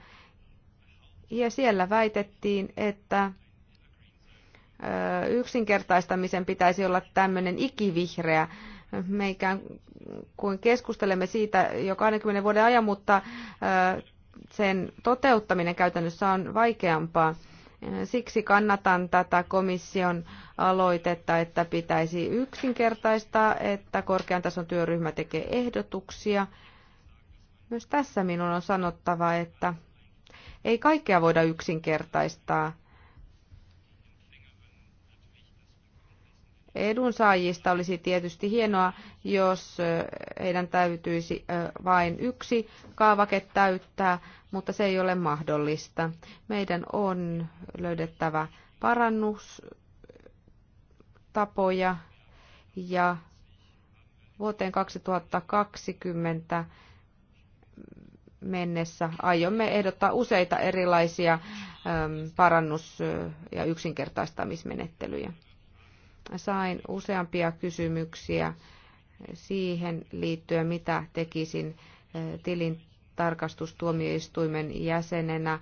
Ja siellä väitettiin, että yksinkertaistamisen pitäisi olla tämmöinen ikivihreä. Me ikään kuin keskustelemme siitä jo 20 vuoden ajan, mutta sen toteuttaminen käytännössä on vaikeampaa. Siksi kannatan tätä komission aloitetta, että pitäisi yksinkertaistaa, että korkean tason työryhmä tekee ehdotuksia. Myös tässä minun on sanottava, että ei kaikkea voida yksinkertaistaa. edunsaajista olisi tietysti hienoa, jos heidän täytyisi vain yksi kaavake täyttää, mutta se ei ole mahdollista. Meidän on löydettävä parannustapoja ja vuoteen 2020 mennessä aiomme ehdottaa useita erilaisia parannus- ja yksinkertaistamismenettelyjä sain useampia kysymyksiä siihen liittyen, mitä tekisin eh, tilin tarkastustuomioistuimen jäsenenä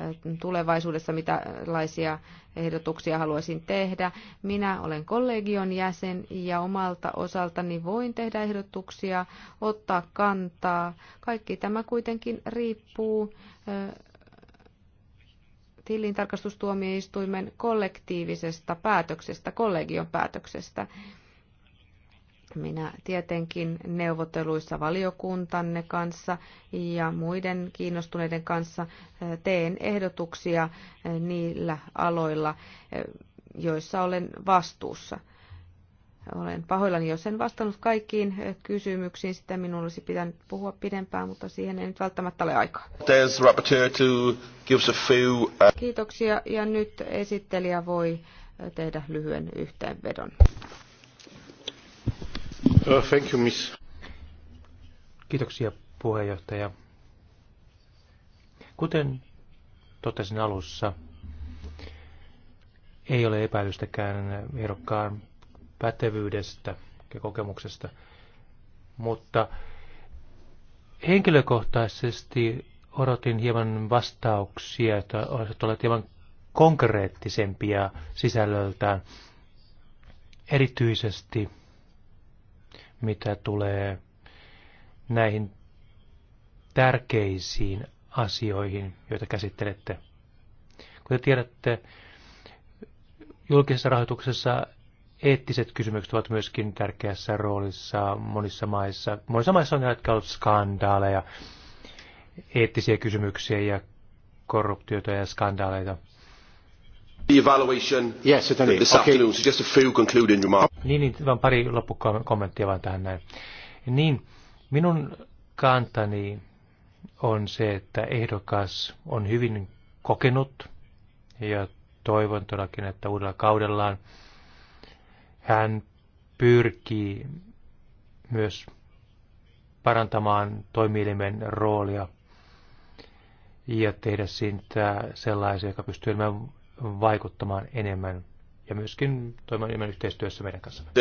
eh, tulevaisuudessa, mitälaisia ehdotuksia haluaisin tehdä. Minä olen kollegion jäsen ja omalta osaltani voin tehdä ehdotuksia, ottaa kantaa. Kaikki tämä kuitenkin riippuu eh, tilintarkastustuomioistuimen kollektiivisesta päätöksestä, kollegion päätöksestä. Minä tietenkin neuvotteluissa valiokuntanne kanssa ja muiden kiinnostuneiden kanssa eh, teen ehdotuksia eh, niillä aloilla, eh, joissa olen vastuussa – olen pahoillani, jos en vastannut kaikkiin eh, kysymyksiin. Sitä minun olisi pitänyt puhua pidempään, mutta siihen ei nyt välttämättä ole aikaa. Uh, Kiitoksia ja nyt esittelijä voi eh, tehdä lyhyen yhteenvedon. Uh, thank you, miss. Kiitoksia puheenjohtaja. Kuten totesin alussa, ei ole epäilystäkään eh, ehdokkaan pätevyydestä ja kokemuksesta. Mutta henkilökohtaisesti odotin hieman vastauksia, että olisit olleet hieman konkreettisempia sisällöltään, erityisesti mitä tulee näihin tärkeisiin asioihin, joita käsittelette. Kuten tiedätte, julkisessa rahoituksessa eettiset kysymykset ovat myöskin tärkeässä roolissa monissa maissa. Monissa maissa on ollut skandaaleja, eettisiä kysymyksiä ja korruptiota ja skandaaleita. The evaluation yes, it this okay. afternoon, so just a few concluding remarks. Niin, niin vaan pari loppukommenttia vaan tähän näin. Niin, minun kantani on se, että ehdokas on hyvin kokenut ja toivon todellakin, että uudella kaudellaan hän pyrkii myös parantamaan toimielimen roolia ja tehdä siitä sellaisia, joka pystyy enemmän vaikuttamaan enemmän ja myöskin toimimaan enemmän yhteistyössä meidän kanssamme.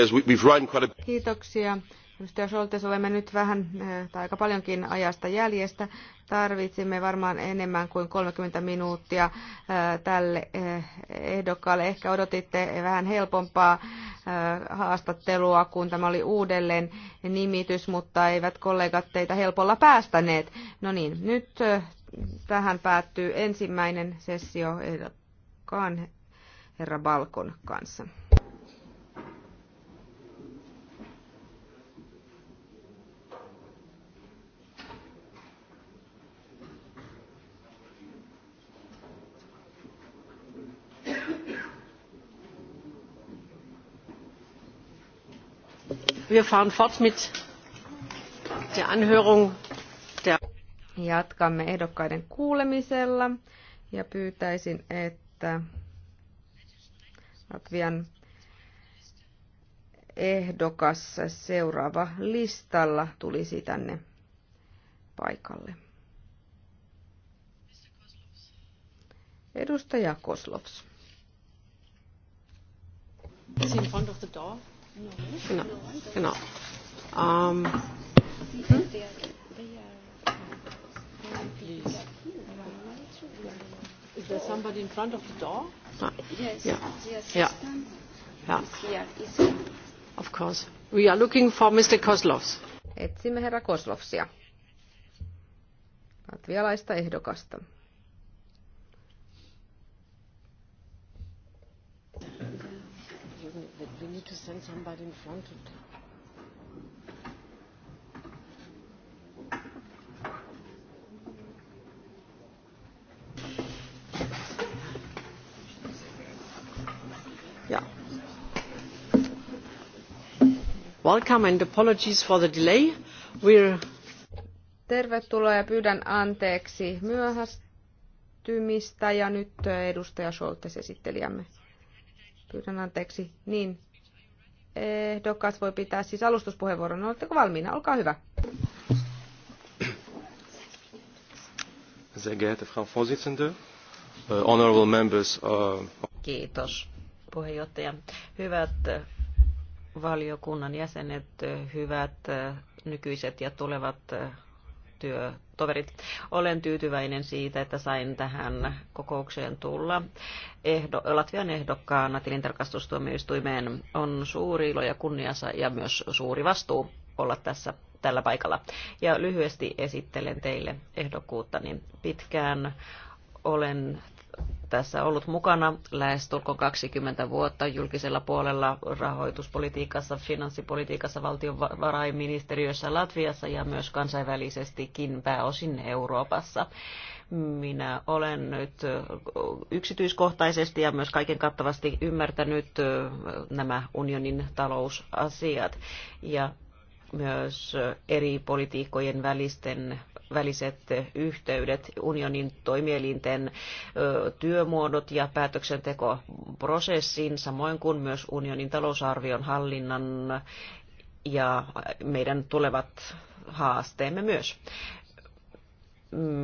Kiitoksia. Edustaja Scholtes, olemme nyt vähän eh, tai aika paljonkin ajasta jäljestä. Tarvitsimme varmaan enemmän kuin 30 minuuttia eh, tälle eh, ehdokkaalle. Ehkä odotitte vähän helpompaa haastattelua, kun tämä oli uudelleen nimitys, mutta eivät kollegat teitä helpolla päästäneet. No niin, nyt tähän päättyy ensimmäinen sessio ehdokkaan herra Balkon kanssa. Wir fahren fort mit der Anhörung der Jatkamme ehdokkaiden kuulemisella ja pyytäisin, että Latvian ehdokas seuraava listalla tulisi tänne paikalle. Edustaja Koslovs. Is in front of the door? Genau. No, no. genau. Ähm, hm? Please. Is there somebody in front of the door? Ah, yes, yeah. the yeah. yeah. Of course. We are looking for Mr. Koslovs. Etsimme herra Koslovsia. Latvialaista ehdokasta. we need to send somebody in front of them. Welcome and apologies for the delay. We're... Tervetuloa ja pyydän anteeksi myöhästymistä ja nyt edustaja Scholtes esittelijämme. Pyydän anteeksi. Niin, ehdokas voi pitää siis alustuspuheenvuoron. Oletteko valmiina? Olkaa hyvä. Frau Vorsitzende, äh, members. Äh, Kiitos puheenjohtaja. Hyvät äh, valiokunnan jäsenet, hyvät nykyiset ja tulevat työtoverit. Olen tyytyväinen siitä, että sain tähän kokoukseen tulla. Ehdo, Latvian ehdokkaana tilintarkastustuomioistuimeen on suuri ilo ja kunniansa ja myös suuri vastuu olla tässä tällä paikalla. Ja lyhyesti esittelen teille niin pitkään. Olen tässä ollut mukana lähes 20 vuotta julkisella puolella rahoituspolitiikassa, finanssipolitiikassa, valtiovarainministeriössä Latviassa ja myös kansainvälisestikin pääosin Euroopassa. Minä olen nyt yksityiskohtaisesti ja myös kaiken kattavasti ymmärtänyt nämä unionin talousasiat. Ja myös eri politiikkojen välisten väliset yhteydet, unionin toimielinten työmuodot ja päätöksentekoprosessin, samoin kuin myös unionin talousarvion hallinnan ja meidän tulevat haasteemme myös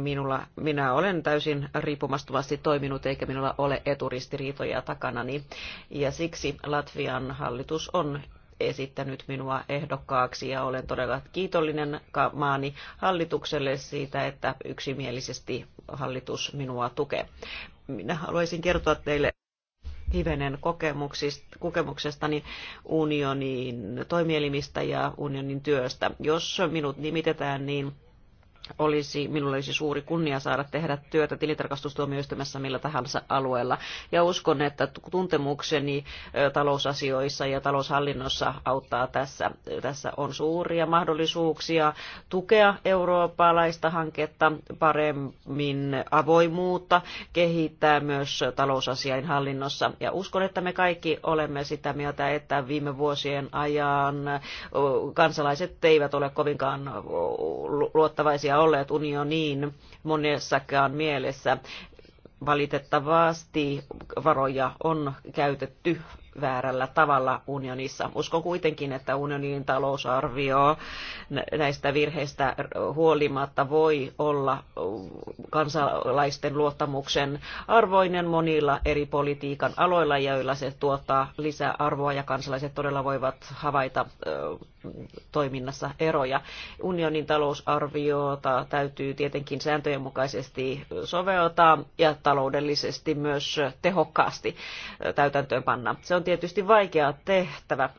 minulla, minä olen täysin riippumattomasti toiminut eikä minulla ole eturistiriitoja takanani. Ja siksi Latvian hallitus on esittänyt minua ehdokkaaksi ja olen todella kiitollinen maani hallitukselle siitä, että yksimielisesti hallitus minua tukee. Minä haluaisin kertoa teille hivenen kokemuksestani unionin toimielimistä ja unionin työstä. Jos minut nimitetään, niin olisi, minulla olisi suuri kunnia saada tehdä työtä tilintarkastustuomioistuimessa millä tahansa alueella. Ja uskon, että tuntemukseni talousasioissa ja taloushallinnossa auttaa tässä. Tässä on suuria mahdollisuuksia tukea eurooppalaista hanketta paremmin avoimuutta, kehittää myös talousasiain hallinnossa. Ja uskon, että me kaikki olemme sitä mieltä, että viime vuosien ajan kansalaiset eivät ole kovinkaan luottavaisia olleet unioniin monessakaan mielessä. Valitettavasti varoja on käytetty väärällä tavalla unionissa. Uskon kuitenkin, että unionin talousarvio näistä virheistä huolimatta voi olla kansalaisten luottamuksen arvoinen monilla eri politiikan aloilla, joilla se tuottaa lisäarvoa ja kansalaiset todella voivat havaita toiminnassa eroja. Unionin talousarviota täytyy tietenkin sääntöjen mukaisesti soveltaa ja taloudellisesti myös tehokkaasti täytäntöön panna. Se on tietysti vaikea tehtävä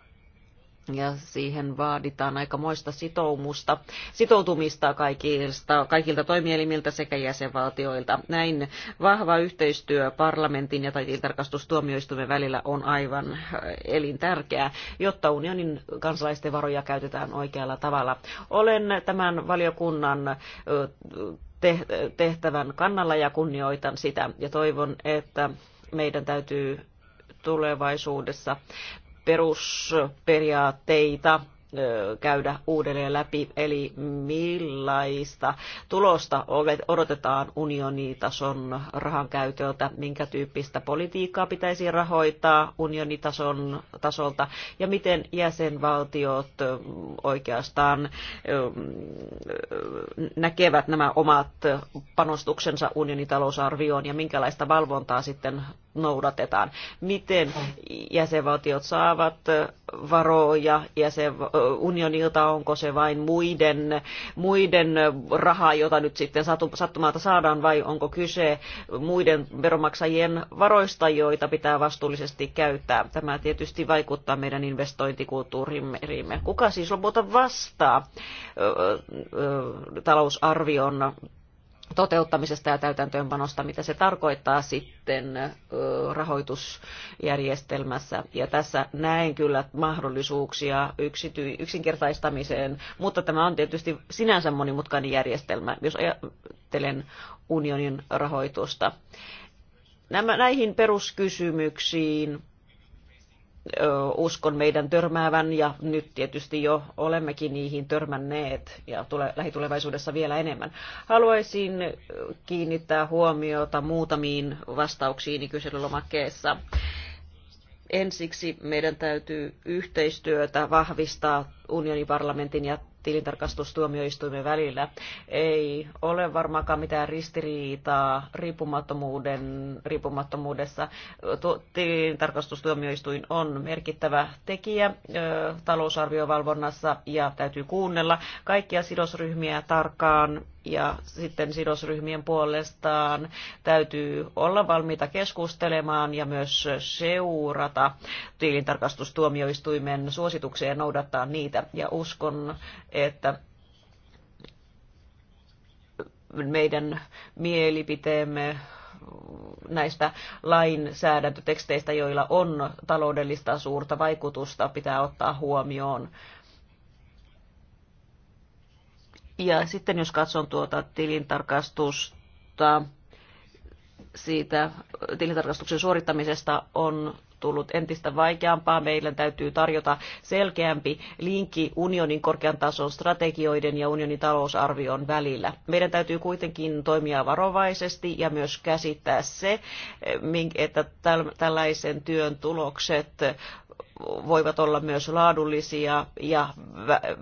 ja siihen vaaditaan moista sitoumusta, sitoutumista kaikilta, kaikilta toimielimiltä sekä jäsenvaltioilta. Näin vahva yhteistyö parlamentin ja tarkastustuomioistuimen välillä on aivan äh, elintärkeää, jotta unionin kansalaisten varoja käytetään oikealla tavalla. Olen tämän valiokunnan tehtävän kannalla ja kunnioitan sitä ja toivon, että meidän täytyy tulevaisuudessa perusperiaatteita käydä uudelleen läpi, eli millaista tulosta odotetaan unionitason rahan käytöltä, minkä tyyppistä politiikkaa pitäisi rahoittaa unionitason tasolta ja miten jäsenvaltiot oikeastaan näkevät nämä omat panostuksensa unionitalousarvioon ja minkälaista valvontaa sitten noudatetaan. Miten jäsenvaltiot saavat varoja jäsen, unionilta, onko se vain muiden, muiden rahaa, jota nyt sitten sattumalta saadaan, vai onko kyse muiden veromaksajien varoista, joita pitää vastuullisesti käyttää. Tämä tietysti vaikuttaa meidän investointikulttuurimme. Kuka siis lopulta vastaa talousarvion toteuttamisesta ja täytäntöönpanosta, mitä se tarkoittaa sitten rahoitusjärjestelmässä. Ja tässä näen kyllä mahdollisuuksia yksity- yksinkertaistamiseen, mutta tämä on tietysti sinänsä monimutkainen järjestelmä, jos ajattelen unionin rahoitusta. Nämä, näihin peruskysymyksiin uskon meidän törmäävän ja nyt tietysti jo olemmekin niihin törmänneet ja tule, lähitulevaisuudessa vielä enemmän. Haluaisin kiinnittää huomiota muutamiin vastauksiin kyselylomakkeessa. Ensiksi meidän täytyy yhteistyötä vahvistaa unionin parlamentin ja tilintarkastustuomioistuimen välillä. Ei ole varmaankaan mitään ristiriitaa riippumattomuuden, riippumattomuudessa. Tilintarkastustuomioistuin on merkittävä tekijä talousarviovalvonnassa ja täytyy kuunnella kaikkia sidosryhmiä tarkkaan ja sitten sidosryhmien puolestaan täytyy olla valmiita keskustelemaan ja myös seurata tilintarkastustuomioistuimen suosituksia ja noudattaa niitä siitä ja uskon, että meidän mielipiteemme näistä lainsäädäntöteksteistä, joilla on taloudellista suurta vaikutusta, pitää ottaa huomioon. Ja sitten jos katson tuota tilintarkastusta, siitä tilintarkastuksen suorittamisesta on tullut entistä vaikeampaa. meidän täytyy tarjota selkeämpi linkki unionin korkean tason strategioiden ja unionin talousarvion välillä. Meidän täytyy kuitenkin toimia varovaisesti ja myös käsittää se, että tällaisen työn tulokset voivat olla myös laadullisia ja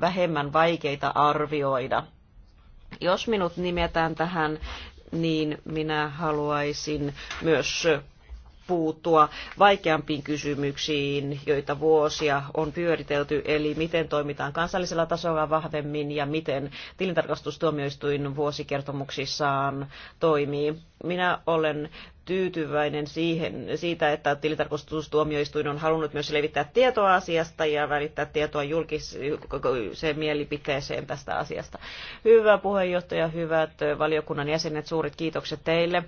vähemmän vaikeita arvioida. Jos minut nimetään tähän, niin minä haluaisin myös puuttua vaikeampiin kysymyksiin, joita vuosia on pyöritelty, eli miten toimitaan kansallisella tasolla vahvemmin ja miten tilintarkastustuomioistuin vuosikertomuksissaan toimii. Minä olen tyytyväinen siihen, siitä, että tilitarkastustuomioistuin on halunnut myös levittää tietoa asiasta ja välittää tietoa julkiseen mielipiteeseen tästä asiasta. Hyvä puheenjohtaja, hyvät valiokunnan jäsenet, suuret kiitokset teille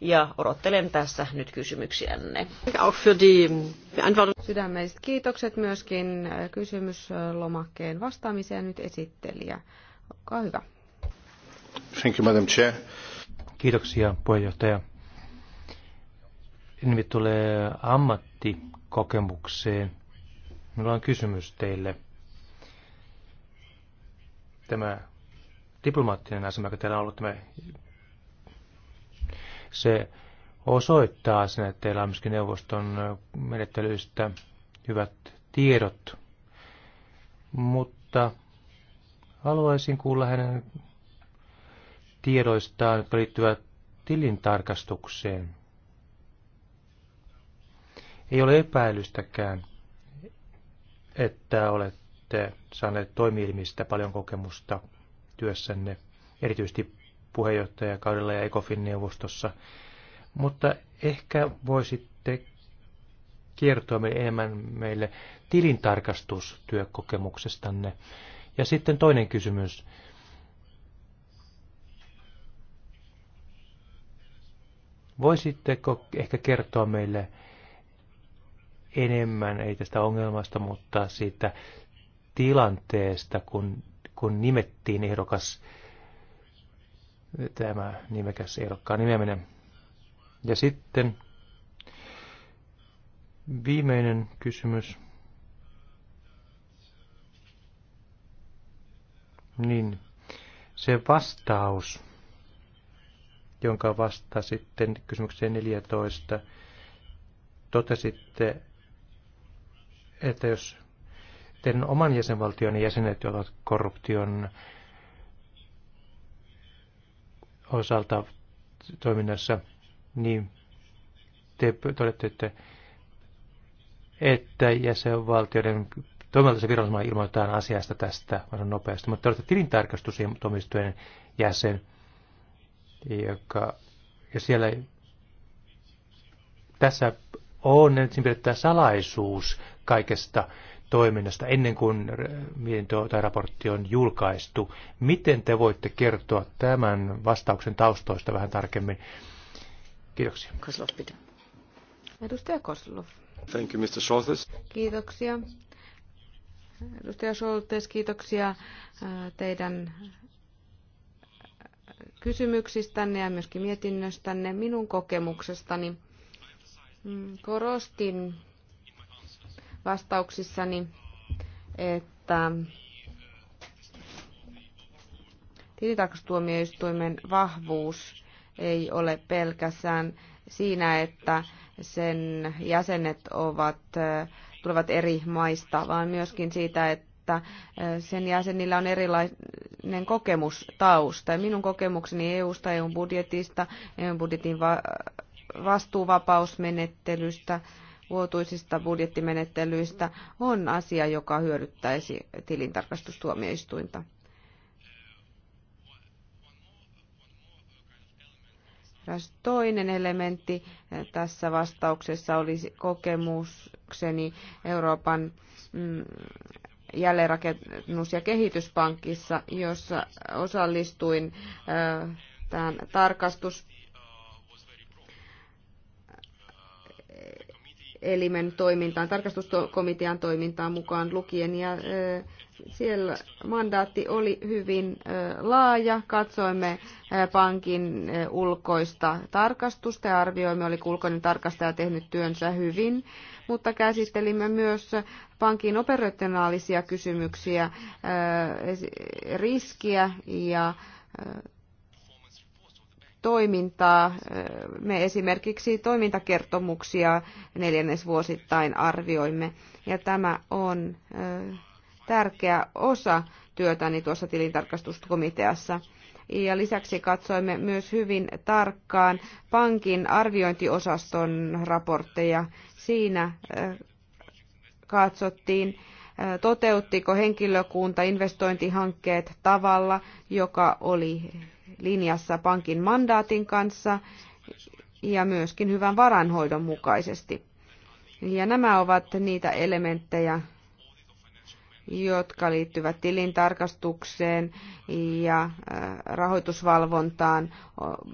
ja odottelen tässä nyt kysymyksiänne. Sydämelliset kiitokset myöskin kysymyslomakkeen vastaamiseen nyt esittelijä. Olkaa hyvä. Thank you, Madam Chair. Kiitoksia puheenjohtaja. Nimi tulee ammattikokemukseen. Minulla on kysymys teille. Tämä diplomaattinen asema, joka teillä on ollut, tämä, se osoittaa sen, että teillä on myöskin neuvoston menettelyistä hyvät tiedot. Mutta haluaisin kuulla hänen tiedoistaan, jotka liittyvät tilintarkastukseen. Ei ole epäilystäkään, että olette saaneet toimielimistä paljon kokemusta työssänne, erityisesti puheenjohtajakaudella ja ECOFIN neuvostossa. Mutta ehkä voisitte kertoa meille enemmän meille tilintarkastustyökokemuksestanne. Ja sitten toinen kysymys. Voisitteko ehkä kertoa meille enemmän, ei tästä ongelmasta, mutta siitä tilanteesta, kun, kun nimettiin ehdokas, tämä nimekäs ehdokkaan nimeminen. Ja sitten viimeinen kysymys. Niin, se vastaus jonka vasta sitten kysymykseen 14 totesitte, että jos teidän oman jäsenvaltion jäsenet ovat korruption osalta toiminnassa, niin te todette, että, että jäsenvaltioiden toimivaltaisen viranomainen ilmoitetaan asiasta tästä varmaan nopeasti, mutta te olette tilintarkastusilmoitumistojen jäsen, joka, ja siellä tässä on, ensin pidettävä salaisuus kaikesta toiminnasta ennen kuin mietintö tai raportti on julkaistu. Miten te voitte kertoa tämän vastauksen taustoista vähän tarkemmin? Kiitoksia. Koslov, Edustaja Koslov. Thank you, Mr. Scholtes. Kiitoksia. Edustaja Scholtes, kiitoksia teidän kysymyksistänne ja myöskin mietinnöstänne minun kokemuksestani. Mm, korostin vastauksissani, että tilintarkastustuomioistuimen vahvuus ei ole pelkästään siinä, että sen jäsenet ovat, tulevat eri maista, vaan myöskin siitä, että että sen jäsenillä on erilainen kokemustausta. Ja Minun kokemukseni EU-sta, eu budjetista, eu budjetin va- vastuuvapausmenettelystä, vuotuisista budjettimenettelyistä on asia, joka hyödyttäisi tilintarkastustuomioistuinta. Eräs toinen elementti tässä vastauksessa olisi kokemukseni Euroopan mm, jälleenrakennus- ja kehityspankissa, jossa osallistuin tähän tarkastus elimen toimintaan, tarkastuskomitean toimintaan mukaan lukien. Ja siellä mandaatti oli hyvin laaja. Katsoimme pankin ulkoista tarkastusta ja arvioimme, oliko ulkoinen tarkastaja tehnyt työnsä hyvin, mutta käsittelimme myös pankin operationaalisia kysymyksiä, äh, riskiä ja äh, toimintaa. Äh, me esimerkiksi toimintakertomuksia neljännesvuosittain arvioimme ja tämä on tärkeä osa työtäni tuossa tilintarkastuskomiteassa. Ja lisäksi katsoimme myös hyvin tarkkaan pankin arviointiosaston raportteja. Siinä katsottiin, toteuttiko henkilökunta investointihankkeet tavalla, joka oli linjassa pankin mandaatin kanssa ja myöskin hyvän varanhoidon mukaisesti. Ja nämä ovat niitä elementtejä, jotka liittyvät tilintarkastukseen ja äh, rahoitusvalvontaan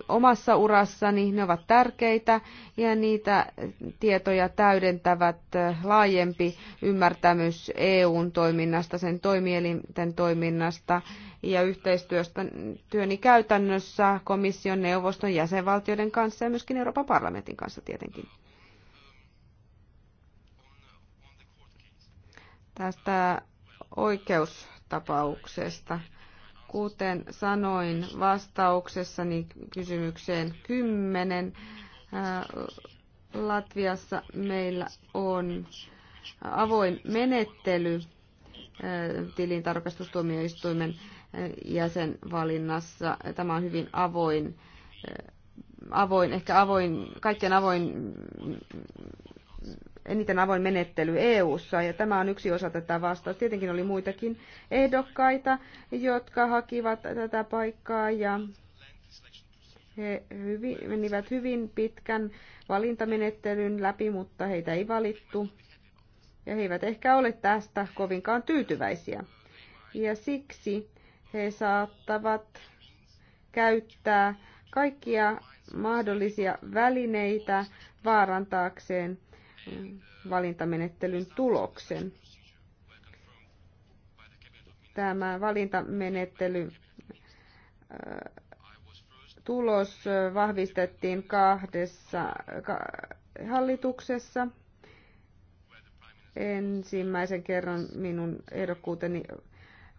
omassa urassani. Ne ovat tärkeitä ja niitä tietoja täydentävät äh, laajempi ymmärtämys EUn toiminnasta, sen toimielinten toiminnasta ja yhteistyöstä työni käytännössä komission, neuvoston, jäsenvaltioiden kanssa ja myöskin Euroopan parlamentin kanssa tietenkin. Tästä oikeustapauksesta. Kuten sanoin vastauksessani kysymykseen 10, äh, Latviassa meillä on avoin menettely äh, tilintarkastustuomioistuimen äh, jäsenvalinnassa. Tämä on hyvin avoin, avoin ehkä avoin, kaikkien avoin eniten avoin menettely EU:ssa ja tämä on yksi osa tätä vastausta. Tietenkin oli muitakin ehdokkaita, jotka hakivat tätä paikkaa ja he hyvin, menivät hyvin pitkän valintamenettelyn läpi, mutta heitä ei valittu. Ja he eivät ehkä ole tästä kovinkaan tyytyväisiä. Ja siksi he saattavat käyttää kaikkia mahdollisia välineitä vaarantaakseen valintamenettelyn tuloksen. Tämä valintamenettely tulos vahvistettiin kahdessa hallituksessa. Ensimmäisen kerran minun ehdokkuuteni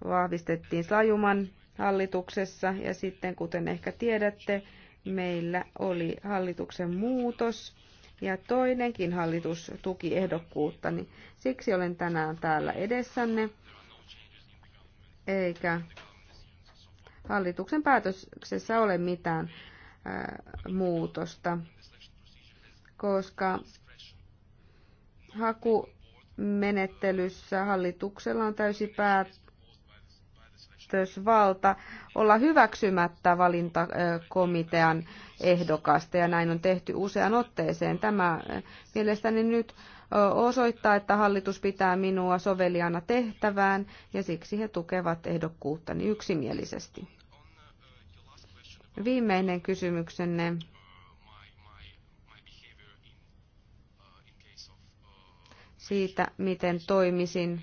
vahvistettiin Slajuman hallituksessa ja sitten, kuten ehkä tiedätte, meillä oli hallituksen muutos ja toinenkin hallitus tuki ehdokkuuttani. Siksi olen tänään täällä edessänne, eikä hallituksen päätöksessä ole mitään muutosta, koska hakumenettelyssä hallituksella on täysi päätös päätösvalta olla hyväksymättä valintakomitean ehdokasta ja näin on tehty usean otteeseen. Tämä eh, mielestäni nyt eh, osoittaa, että hallitus pitää minua soveliana tehtävään ja siksi he tukevat ehdokkuuttani yksimielisesti. Viimeinen kysymyksenne. siitä, miten toimisin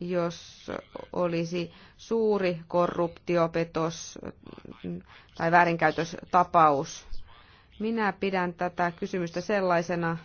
jos olisi suuri korruptiopetos tai väärinkäytöstapaus. Minä pidän tätä kysymystä sellaisena,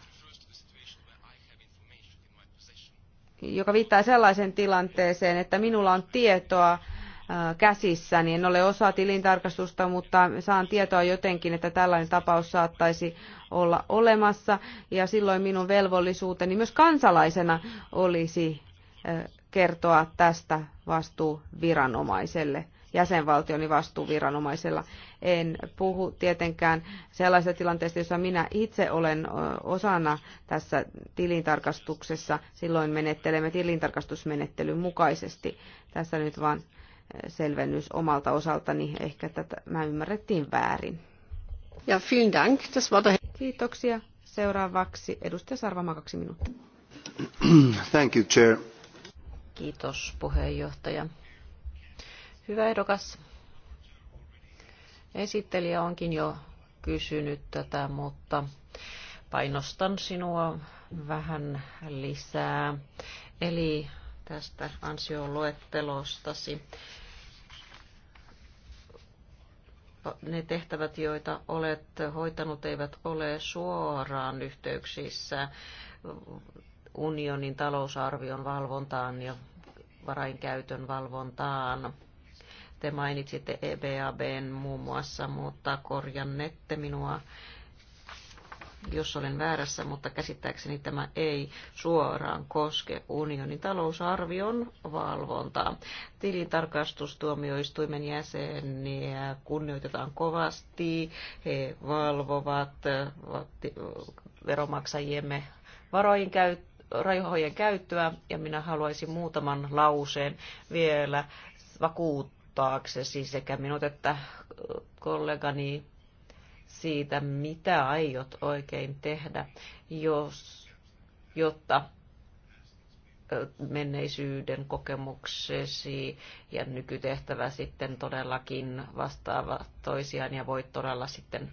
joka viittaa sellaiseen tilanteeseen, että minulla on tietoa äh, käsissäni. En ole osa tilintarkastusta, mutta saan tietoa jotenkin, että tällainen tapaus saattaisi olla olemassa. Ja silloin minun velvollisuuteni myös kansalaisena olisi äh, kertoa tästä vastuuviranomaiselle, jäsenvaltioni vastuuviranomaisella. En puhu tietenkään sellaisesta tilanteesta, jossa minä itse olen osana tässä tilintarkastuksessa. Silloin menettelemme tilintarkastusmenettelyn mukaisesti. Tässä nyt vaan selvennys omalta osaltani. Ehkä tätä mä ymmärrettiin väärin. Ja vielen dank. Das war der... Kiitoksia. Seuraavaksi edustaja Sarvama kaksi minuuttia. Thank you, Chair. Kiitos puheenjohtaja. Hyvä ehdokas. Esittelijä onkin jo kysynyt tätä, mutta painostan sinua vähän lisää. Eli tästä ansioluettelostasi ne tehtävät, joita olet hoitanut, eivät ole suoraan yhteyksissä unionin talousarvion valvontaan ja varainkäytön valvontaan. Te mainitsitte EBABn muun muassa, mutta korjannette minua, jos olen väärässä, mutta käsittääkseni tämä ei suoraan koske unionin talousarvion valvontaa. Tilintarkastustuomioistuimen jäseniä kunnioitetaan kovasti. He valvovat veromaksajiemme varojen käyttöä rajojen käyttöä ja minä haluaisin muutaman lauseen vielä vakuuttaaksesi sekä minut että kollegani siitä, mitä aiot oikein tehdä, jos, jotta menneisyyden kokemuksesi ja nykytehtävä sitten todellakin vastaavat toisiaan ja voit todella sitten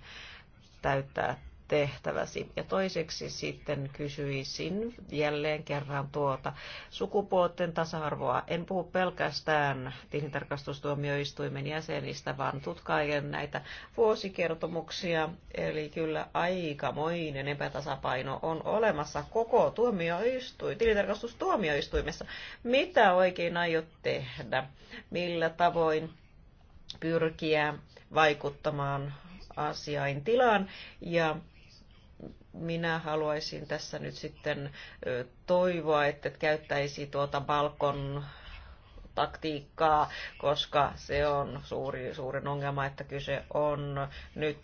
täyttää tehtäväsi. Ja toiseksi sitten kysyisin jälleen kerran tuota sukupuolten tasa-arvoa. En puhu pelkästään tilintarkastustuomioistuimen jäsenistä, vaan tutkailen näitä vuosikertomuksia. Eli kyllä aikamoinen epätasapaino on olemassa koko tuomioistuin, tilintarkastustuomioistuimessa. Mitä oikein aiot tehdä? Millä tavoin pyrkiä vaikuttamaan asiaintilaan tilaan ja minä haluaisin tässä nyt sitten toivoa, että käyttäisi tuota balkon taktiikkaa, koska se on suuri, suurin ongelma, että kyse on nyt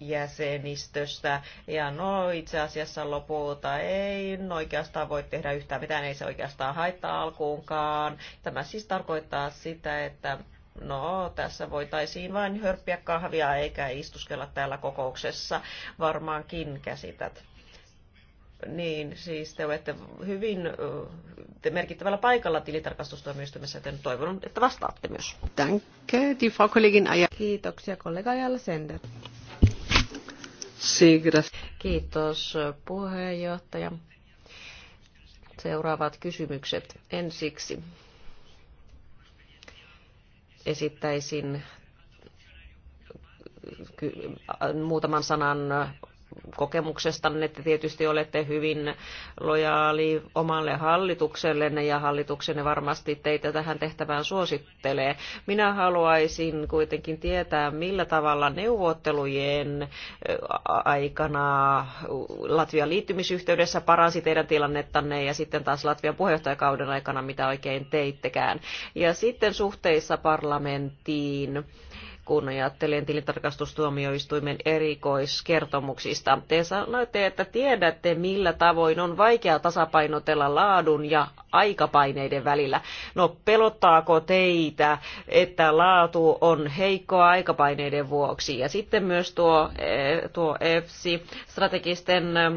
jäsenistöstä. Ja no itse asiassa lopulta ei oikeastaan voi tehdä yhtään mitään, ei se oikeastaan haittaa alkuunkaan. Tämä siis tarkoittaa sitä, että no tässä voitaisiin vain hörppiä kahvia eikä istuskella täällä kokouksessa, varmaankin käsität. Niin, siis te olette hyvin te merkittävällä paikalla tilitarkastustoimistumissa, joten toivon, että vastaatte myös. Danke, die Frau Kollegin Aja. Kiitoksia kollega Ajalla Sender. Sigras. Kiitos puheenjohtaja. Seuraavat kysymykset ensiksi esittäisin muutaman sanan kokemuksestanne, että tietysti olette hyvin lojaali omalle hallituksellenne ja hallituksenne varmasti teitä tähän tehtävään suosittelee. Minä haluaisin kuitenkin tietää, millä tavalla neuvottelujen aikana Latvian liittymisyhteydessä paransi teidän tilannettanne ja sitten taas Latvian puheenjohtajakauden aikana, mitä oikein teittekään. Ja sitten suhteissa parlamenttiin kun ajattelen tilintarkastustuomioistuimen erikoiskertomuksista. Te sanoitte, että tiedätte millä tavoin on vaikea tasapainotella laadun ja aikapaineiden välillä. No pelottaako teitä, että laatu on heikkoa aikapaineiden vuoksi? Ja sitten myös tuo, eh, tuo EFSI, strategisten eh,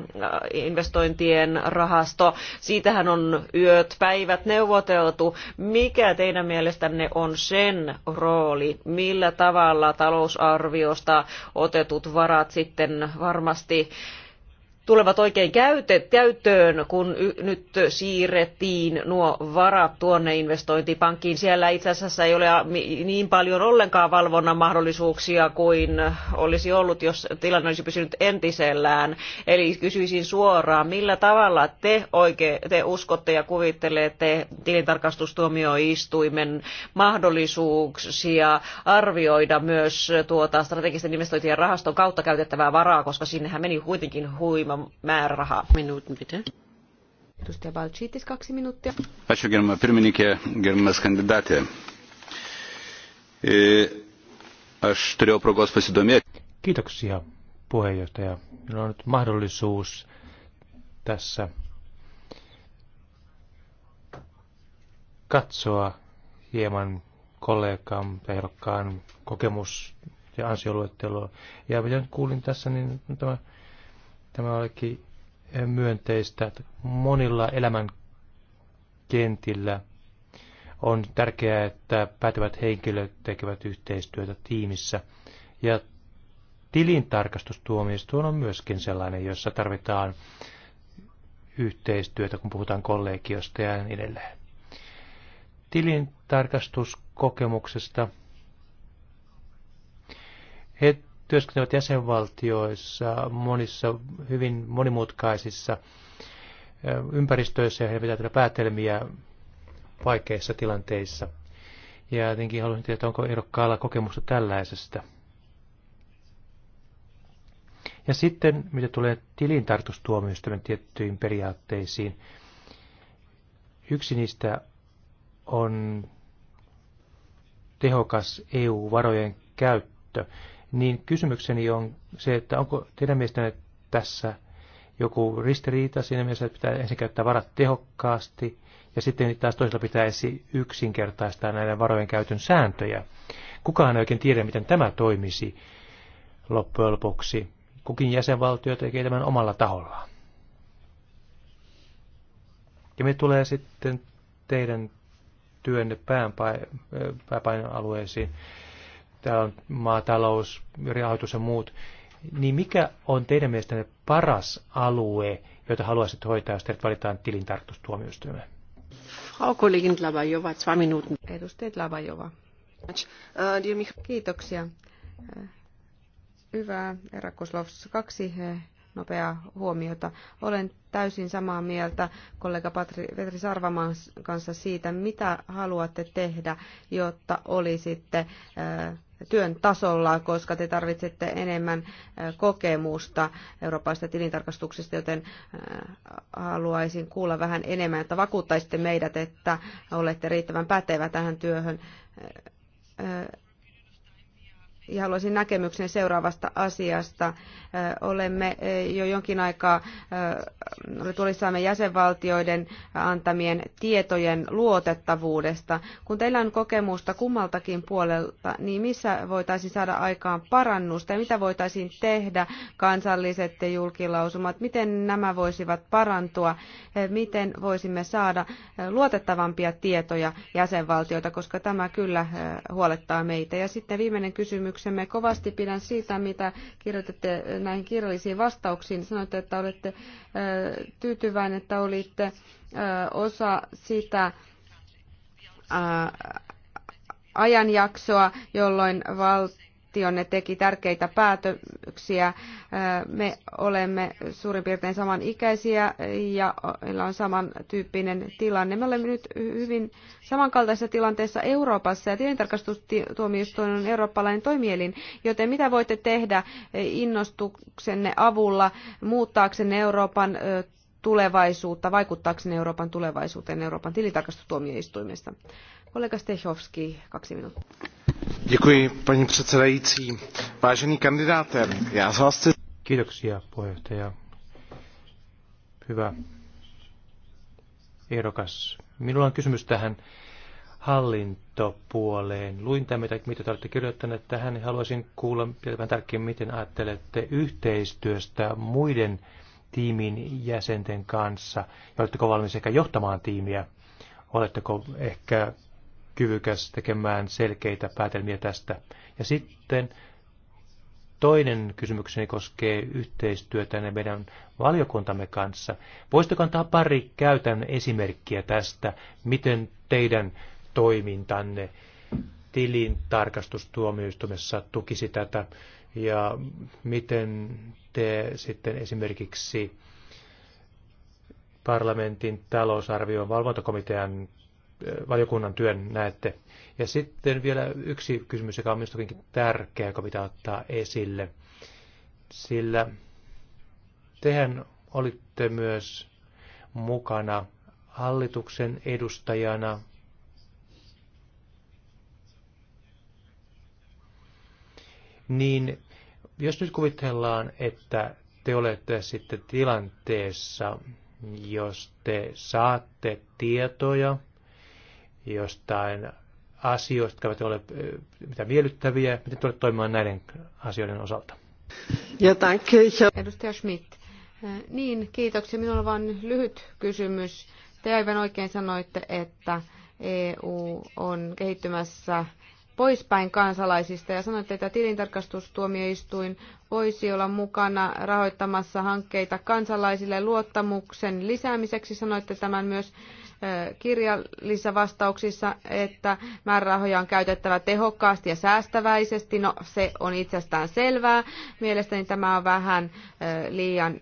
investointien rahasto, siitähän on yöt, päivät neuvoteltu. Mikä teidän mielestänne on sen rooli? Millä tavalla tavalla talousarviosta otetut varat sitten varmasti tulevat oikein käyttöön, kun nyt siirrettiin nuo varat tuonne investointipankkiin. Siellä itse asiassa ei ole niin paljon ollenkaan valvonnan mahdollisuuksia kuin olisi ollut, jos tilanne olisi pysynyt entisellään. Eli kysyisin suoraan, millä tavalla te, oikein, te uskotte ja kuvittelette tilintarkastustuomioistuimen mahdollisuuksia arvioida myös tuota strategisten investointien rahaston kautta käytettävää varaa, koska sinnehän meni kuitenkin huima enemmän määrärahaa. Minuutin pitää. Edustaja Balčiitis, kaksi minuuttia. Ačiū, germa pirmininkė, germas kandidatė. E, aš turėjau progos pasidomėti. Kiitoksia, puheenjohtaja. Minulla on nyt mahdollisuus tässä katsoa hieman kollegan ehdokkaan kokemus ja ansioluettelua. Ja mitä kuulin tässä, niin tämä Tämä olikin eh, myönteistä. Monilla elämän kentillä on tärkeää, että päätävät henkilöt tekevät yhteistyötä tiimissä. Ja tilintarkastustuomioistuin on myöskin sellainen, jossa tarvitaan yhteistyötä, kun puhutaan kollegiosta ja niin edelleen. Tilintarkastuskokemuksesta. He työskentelevät jäsenvaltioissa monissa hyvin monimutkaisissa ympäristöissä ja he pitää tehdä päätelmiä vaikeissa tilanteissa. Ja jotenkin haluaisin tietää, onko ehdokkaalla kokemusta tällaisesta. Ja sitten, mitä tulee tilintarkastustuomioistuimen tiettyihin periaatteisiin, yksi niistä on tehokas EU-varojen käyttö niin kysymykseni on se, että onko teidän mielestänne tässä joku ristiriita siinä mielessä, että pitää ensin käyttää varat tehokkaasti ja sitten taas toisella pitäisi yksinkertaistaa näiden varojen käytön sääntöjä. Kukaan ei oikein tiedä, miten tämä toimisi loppujen lopuksi. Kukin jäsenvaltio tekee tämän omalla tahollaan. Ja me tulee sitten teidän työnne pääpainoalueisiin täällä on maatalous, rahoitus ja muut, niin mikä on teidän mielestänne paras alue, jota haluaisit hoitaa, jos teidät valitaan tilintarkastustuomioistuimeen? Frau Kollegin Lavajova, zwei Minuten. Edustajat Lavajova. Äh, Kiitoksia. Äh, hyvä, Rakoslovs. Kaksi äh, nopeaa huomiota. Olen täysin samaa mieltä kollega Patri, Petri Sarvamaan kanssa siitä, mitä haluatte tehdä, jotta olisitte äh, työn tasolla, koska te tarvitsette enemmän äh, kokemusta eurooppaista tilintarkastuksesta, joten äh, haluaisin kuulla vähän enemmän, että vakuuttaisitte meidät, että olette riittävän pätevä tähän työhön ja haluaisin näkemyksen seuraavasta asiasta. Olemme jo jonkin aikaa tulissaamme jäsenvaltioiden antamien tietojen luotettavuudesta. Kun teillä on kokemusta kummaltakin puolelta, niin missä voitaisiin saada aikaan parannusta ja mitä voitaisiin tehdä kansalliset julkilausumat? Miten nämä voisivat parantua? Miten voisimme saada luotettavampia tietoja jäsenvaltioita, koska tämä kyllä huolettaa meitä. Ja sitten viimeinen kysymys kysymyksemme. Kovasti pidän siitä, mitä kirjoitatte näihin kirjallisiin vastauksiin. Sanoitte, että olette tyytyväinen, että olitte osa sitä ajanjaksoa, jolloin valtio valtionne teki tärkeitä päätöksiä. Me olemme suurin piirtein samanikäisiä ja meillä on samantyyppinen tilanne. Me olemme nyt hyvin samankaltaisessa tilanteessa Euroopassa ja tilintarkastustuomioistuin on eurooppalainen toimielin, joten mitä voitte tehdä innostuksenne avulla muuttaaksenne Euroopan tulevaisuutta, vaikuttaakseni Euroopan tulevaisuuteen Euroopan tilitarkastustuomioistuimesta. Kollega Stechowski, kaksi minuuttia. Děkuji, paní předsedající. Vážený kandidáte, já z vás chci... Kiitoksia, puheenjohtaja. Hyvä ehdokas. Minulla on kysymys tähän hallintopuoleen. Luin tämän, mitä, mitä te olette kirjoittaneet tähän, niin haluaisin kuulla vähän tarkemmin, miten ajattelette yhteistyöstä muiden tiimin jäsenten kanssa? Oletteko valmis ehkä johtamaan tiimiä? Oletteko ehkä kyvykäs tekemään selkeitä päätelmiä tästä? Ja sitten toinen kysymykseni koskee yhteistyötä meidän valiokuntamme kanssa. Voisitteko antaa pari käytännön esimerkkiä tästä, miten teidän toimintanne tilintarkastustuomioistumessa tukisi tätä ja miten te sitten esimerkiksi parlamentin talousarvion valvontakomitean eh, valiokunnan työn näette. Ja sitten vielä yksi kysymys, joka on minustakin tärkeä, joka pitää ottaa esille. Sillä tehän olitte myös mukana hallituksen edustajana niin jos nyt kuvitellaan, että te olette sitten tilanteessa, jos te saatte tietoja jostain asioista, jotka ole mitä miellyttäviä, miten tulet toimimaan näiden asioiden osalta? Ja danke. Edustaja Schmidt. Niin, kiitoksia. Minulla on vain lyhyt kysymys. Te aivan oikein sanoitte, että EU on kehittymässä poispäin kansalaisista ja sanoitte, että tilintarkastustuomioistuin voisi olla mukana rahoittamassa hankkeita kansalaisille luottamuksen lisäämiseksi. Sanoitte tämän myös kirjallisissa vastauksissa, että määrärahoja on käytettävä tehokkaasti ja säästäväisesti. No se on itsestään selvää. Mielestäni tämä on vähän liian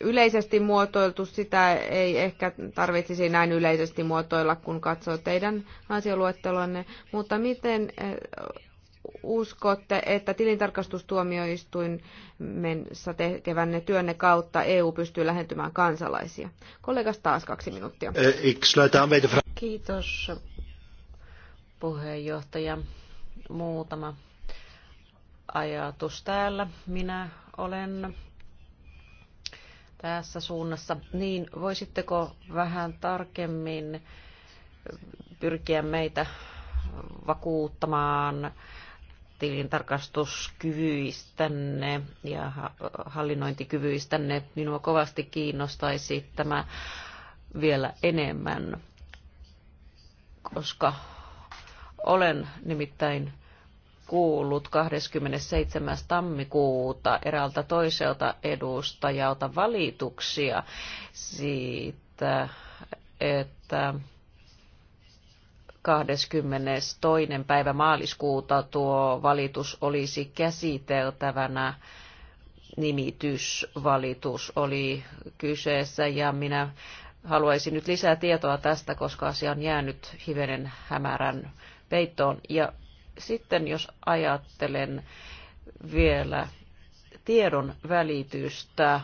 yleisesti muotoiltu, sitä ei ehkä tarvitsisi näin yleisesti muotoilla, kun katsoo teidän ansioluettelonne, mutta miten uskotte, että tilintarkastustuomioistuimessa tekevänne työnne kautta EU pystyy lähentymään kansalaisia? Kollegas taas kaksi minuuttia. Eh, Kiitos puheenjohtaja. Muutama ajatus täällä. Minä olen tässä suunnassa, niin voisitteko vähän tarkemmin pyrkiä meitä vakuuttamaan tilintarkastuskyvyistänne ja hallinnointikyvyistänne. Minua kovasti kiinnostaisi tämä vielä enemmän, koska olen nimittäin kuullut 27. tammikuuta eräältä toiselta edustajalta valituksia siitä, että 22. päivä maaliskuuta tuo valitus olisi käsiteltävänä nimitysvalitus oli kyseessä ja minä haluaisin nyt lisää tietoa tästä, koska asia on jäänyt hivenen hämärän peittoon. Ja sitten jos ajattelen vielä tiedon välitystä,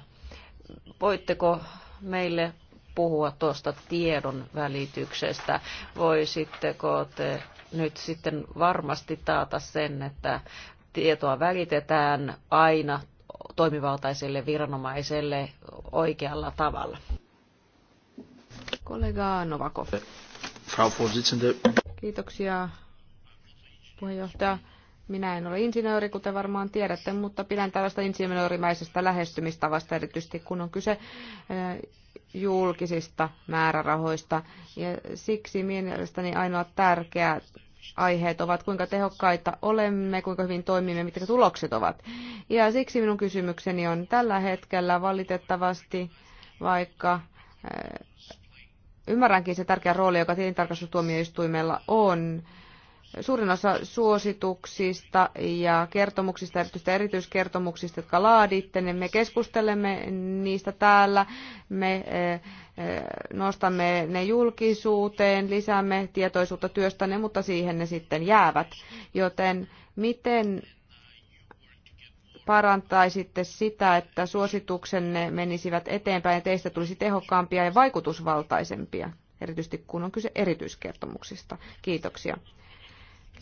voitteko meille puhua tuosta tiedon välityksestä? Voisitteko te nyt sitten varmasti taata sen, että tietoa välitetään aina toimivaltaiselle viranomaiselle oikealla tavalla? Kollega Novakov. Frau Kiitoksia puheenjohtaja. Minä en ole insinööri, kuten varmaan tiedätte, mutta pidän tällaista insinöörimäisestä lähestymistavasta, erityisesti kun on kyse eh, julkisista määrärahoista. Ja siksi mielestäni ainoa tärkeä aiheet ovat, kuinka tehokkaita olemme, kuinka hyvin toimimme, mitkä tulokset ovat. Ja siksi minun kysymykseni on tällä hetkellä valitettavasti, vaikka eh, ymmärränkin se tärkeä rooli, joka tilintarkastustuomioistuimella on, Suurin osa suosituksista ja kertomuksista, erityisesti erityiskertomuksista, jotka laaditte, niin me keskustelemme niistä täällä, me eh, eh, nostamme ne julkisuuteen, lisäämme tietoisuutta työstänne, mutta siihen ne sitten jäävät. Joten miten parantaisitte sitä, että suosituksenne menisivät eteenpäin ja teistä tulisi tehokkaampia ja vaikutusvaltaisempia, erityisesti kun on kyse erityiskertomuksista. Kiitoksia.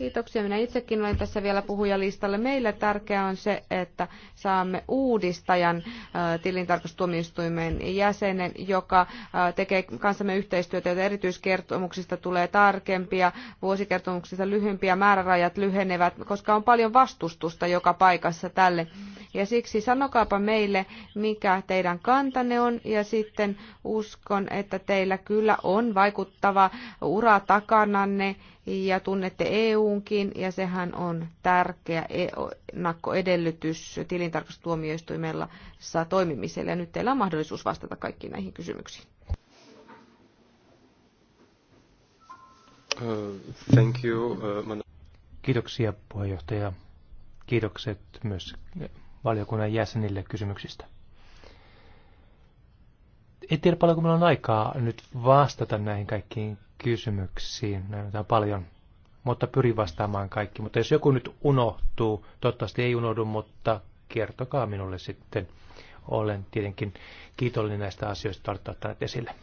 Kiitoksia. Minä itsekin olen tässä vielä puhujalistalle. Meille tärkeää on se, että saamme uudistajan tilintarkastustuomioistuimen jäsenen, joka tekee kanssamme yhteistyötä, joten erityiskertomuksista tulee tarkempia, vuosikertomuksista lyhyempiä, määrärajat lyhenevät, koska on paljon vastustusta joka paikassa tälle. Ja siksi sanokaapa meille, mikä teidän kantanne on, ja sitten uskon, että teillä kyllä on vaikuttava ura takananne, ja tunnette EUnkin ja sehän on tärkeä e- nakkoedellytys tilintarkastustuomioistuimella saa toimimiselle. Ja nyt teillä on mahdollisuus vastata kaikkiin näihin kysymyksiin. Uh, thank you, uh, Kiitoksia puheenjohtaja. Kiitokset myös valiokunnan jäsenille kysymyksistä en tiedä kun meillä on aikaa nyt vastata näihin kaikkiin kysymyksiin. Näitä on paljon, mutta pyrin vastaamaan kaikki. Mutta jos joku nyt unohtuu, toivottavasti ei unohdu, mutta kertokaa minulle sitten. Olen tietenkin kiitollinen näistä asioista, että ottaneet esille.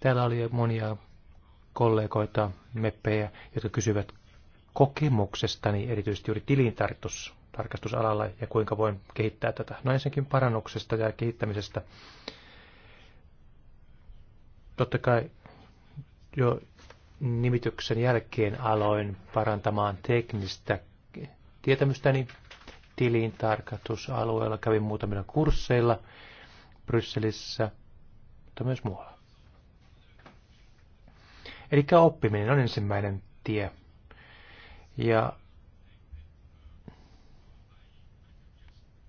Täällä oli monia kollegoita, meppejä, jotka kysyvät kokemuksestani, erityisesti juuri tilintartussa tarkastusalalla ja kuinka voin kehittää tätä. No ensinnäkin parannuksesta ja kehittämisestä. Totta kai jo nimityksen jälkeen aloin parantamaan teknistä tietämystäni tilin tarkastusalueella. Kävin muutamilla kursseilla Brysselissä, mutta myös muualla. Eli oppiminen on ensimmäinen tie. Ja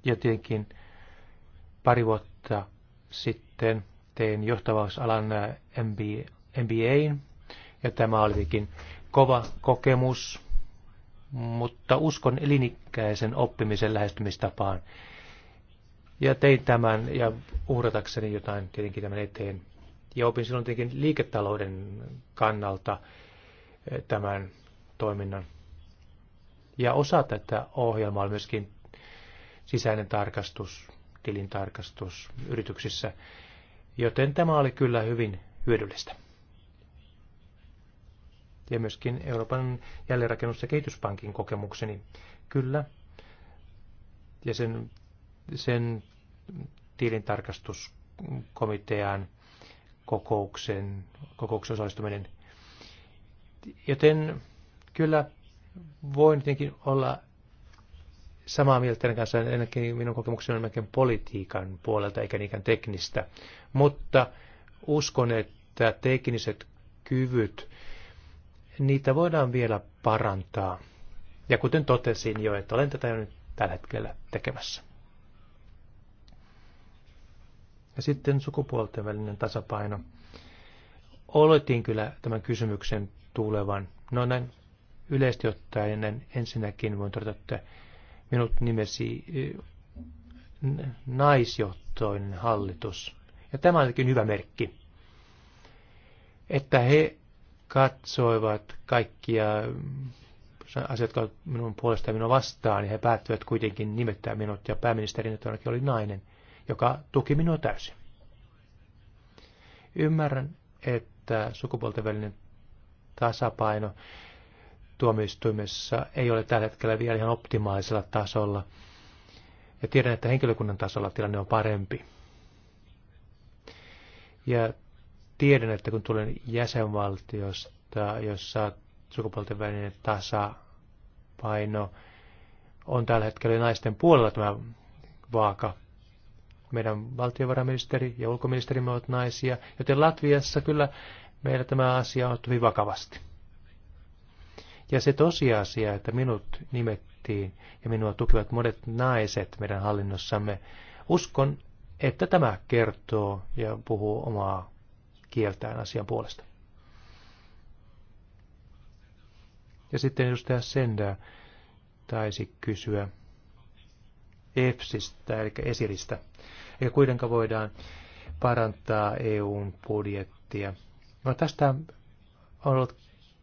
Ja tietenkin pari vuotta sitten tein johtavausalan eh, MBA, MBAin, ja tämä olikin kova kokemus, mutta uskon elinikäisen oppimisen lähestymistapaan. Ja tein tämän ja uhratakseni jotain tietenkin tämän eteen. Ja opin silloin tietenkin liiketalouden kannalta eh, tämän toiminnan. Ja osa tätä ohjelmaa oli myöskin sisäinen tarkastus, tilintarkastus yrityksissä, joten tämä oli kyllä hyvin hyödyllistä. Ja myöskin Euroopan jälleenrakennus- ja kehityspankin kokemukseni, kyllä. Ja sen, sen tilintarkastuskomitean kokouksen, kokouksen osallistuminen. Joten kyllä voin tietenkin olla samaa mieltä teidän kanssa, ennenkin, minun kokemukseni on melkein politiikan puolelta, eikä niinkään teknistä. Mutta uskon, että tekniset kyvyt, niitä voidaan vielä parantaa. Ja kuten totesin jo, että olen tätä jo nyt tällä hetkellä tekemässä. Ja sitten sukupuolten välinen tasapaino. Oletin kyllä tämän kysymyksen tulevan. No näin yleisesti ottaen ensinnäkin voin todeta, että minut nimesi naisjohtoinen hallitus. Ja tämä on hyvä merkki, että he katsoivat kaikkia mm, asiat, jotka minun puolestani minua vastaan, ja he päättivät kuitenkin nimettää minut, ja pääministeri ainakin oli nainen, joka tuki minua täysin. Ymmärrän, että sukupuolten välinen tasapaino tuomioistuimessa ei ole tällä hetkellä vielä ihan optimaalisella tasolla. Ja tiedän, että henkilökunnan tasolla tilanne on parempi. Ja tiedän, että kun tulen jäsenvaltiosta, jossa sukupuolten välinen tasapaino on tällä hetkellä naisten puolella tämä vaaka. Meidän valtiovarainministeri ja ulkoministeri ovat naisia, joten Latviassa kyllä meillä tämä asia on hyvin vakavasti. Ja se tosiasia, että minut nimettiin ja minua tukivat monet naiset meidän hallinnossamme, uskon, että tämä kertoo ja puhuu omaa kieltään asian puolesta. Ja sitten edustaja Sendä taisi kysyä EFSistä, eli esiristä. Eikä kuitenkaan voidaan parantaa EUn budjettia. No tästä on ollut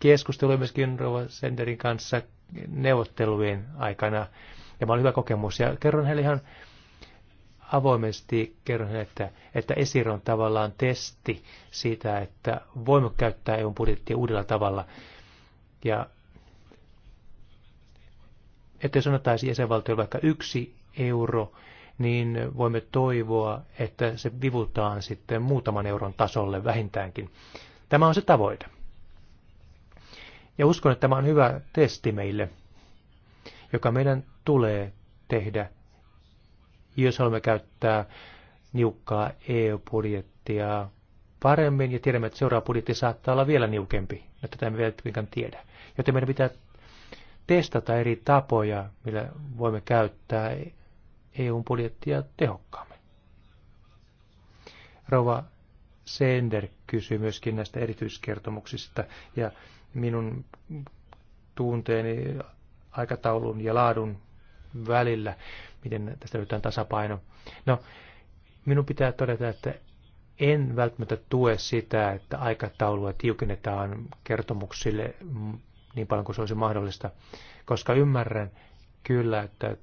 keskustelua myöskin Rova Senderin kanssa neuvottelujen aikana. Ja mä olin hyvä kokemus. Ja kerron heille ihan avoimesti, kerron heille, että, että ESIR on tavallaan testi siitä, että voimme käyttää EUn budjettia uudella tavalla. Ja että jos annettaisiin jäsenvaltiolle vaikka yksi euro, niin voimme toivoa, että se vivutaan sitten muutaman euron tasolle vähintäänkin. Tämä on se tavoite. Ja uskon, että tämä on hyvä testi meille, joka meidän tulee tehdä, jos haluamme käyttää niukkaa EU-budjettia paremmin ja tiedämme, että seuraava budjetti saattaa olla vielä niukempi, että no, tätä emme vielä kuitenkaan tiedä. Joten meidän pitää testata eri tapoja, millä voimme käyttää eu budjettia tehokkaammin. Rova Sender kysyy myöskin näistä erityiskertomuksista ja minun tunteeni aikataulun ja laadun välillä, miten tästä löytää tasapaino. No, minun pitää todeta, että en välttämättä tue sitä, että aikataulua tiukennetaan kertomuksille niin paljon kuin se olisi mahdollista, koska ymmärrän kyllä, että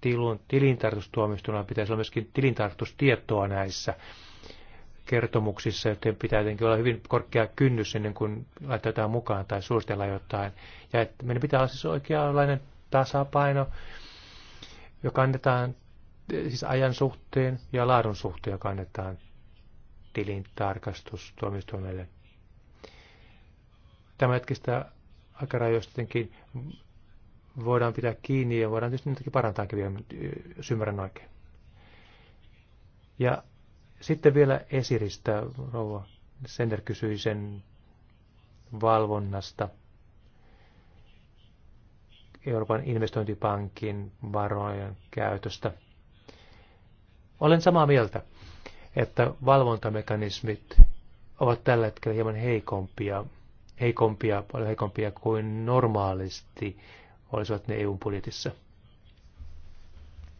tilun, tilintarkastustuomioistuimella pitäisi olla myöskin tilintarkastustietoa näissä kertomuksissa, joten pitää jotenkin olla hyvin korkea kynnys ennen kuin laitetaan mukaan tai suositellaan jotain. Ja että meidän pitää olla siis oikeanlainen tasapaino, joka annetaan siis ajan suhteen ja laadun suhteen, joka annetaan tilintarkastus tarkastustoimistoimelle. Tämä hetkistä aikarajoista jotenkin voidaan pitää kiinni ja voidaan tietysti niitäkin parantaakin vielä, jos ymmärrän oikein. Ja sitten vielä Esiristä, rouva Sender kysyi sen valvonnasta. Euroopan investointipankin varojen käytöstä. Olen samaa mieltä, että valvontamekanismit ovat tällä hetkellä hieman heikompia, heikompia paljon heikompia kuin normaalisti olisivat ne EU-budjetissa.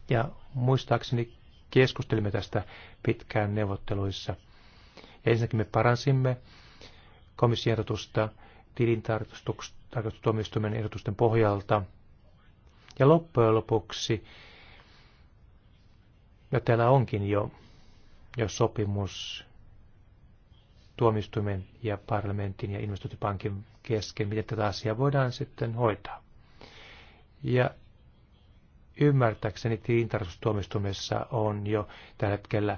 Ja muistaakseni keskustelimme tästä pitkään neuvotteluissa. Ensinnäkin me paransimme komission ehdotusta tilintarkastustuomioistuimen ehdotusten pohjalta. Ja loppujen lopuksi, ja täällä onkin jo, jo sopimus tuomistuimen ja parlamentin ja investointipankin kesken, miten tätä asiaa voidaan sitten hoitaa. Ja ymmärtääkseni tilintarkastustuomistumissa on jo tällä hetkellä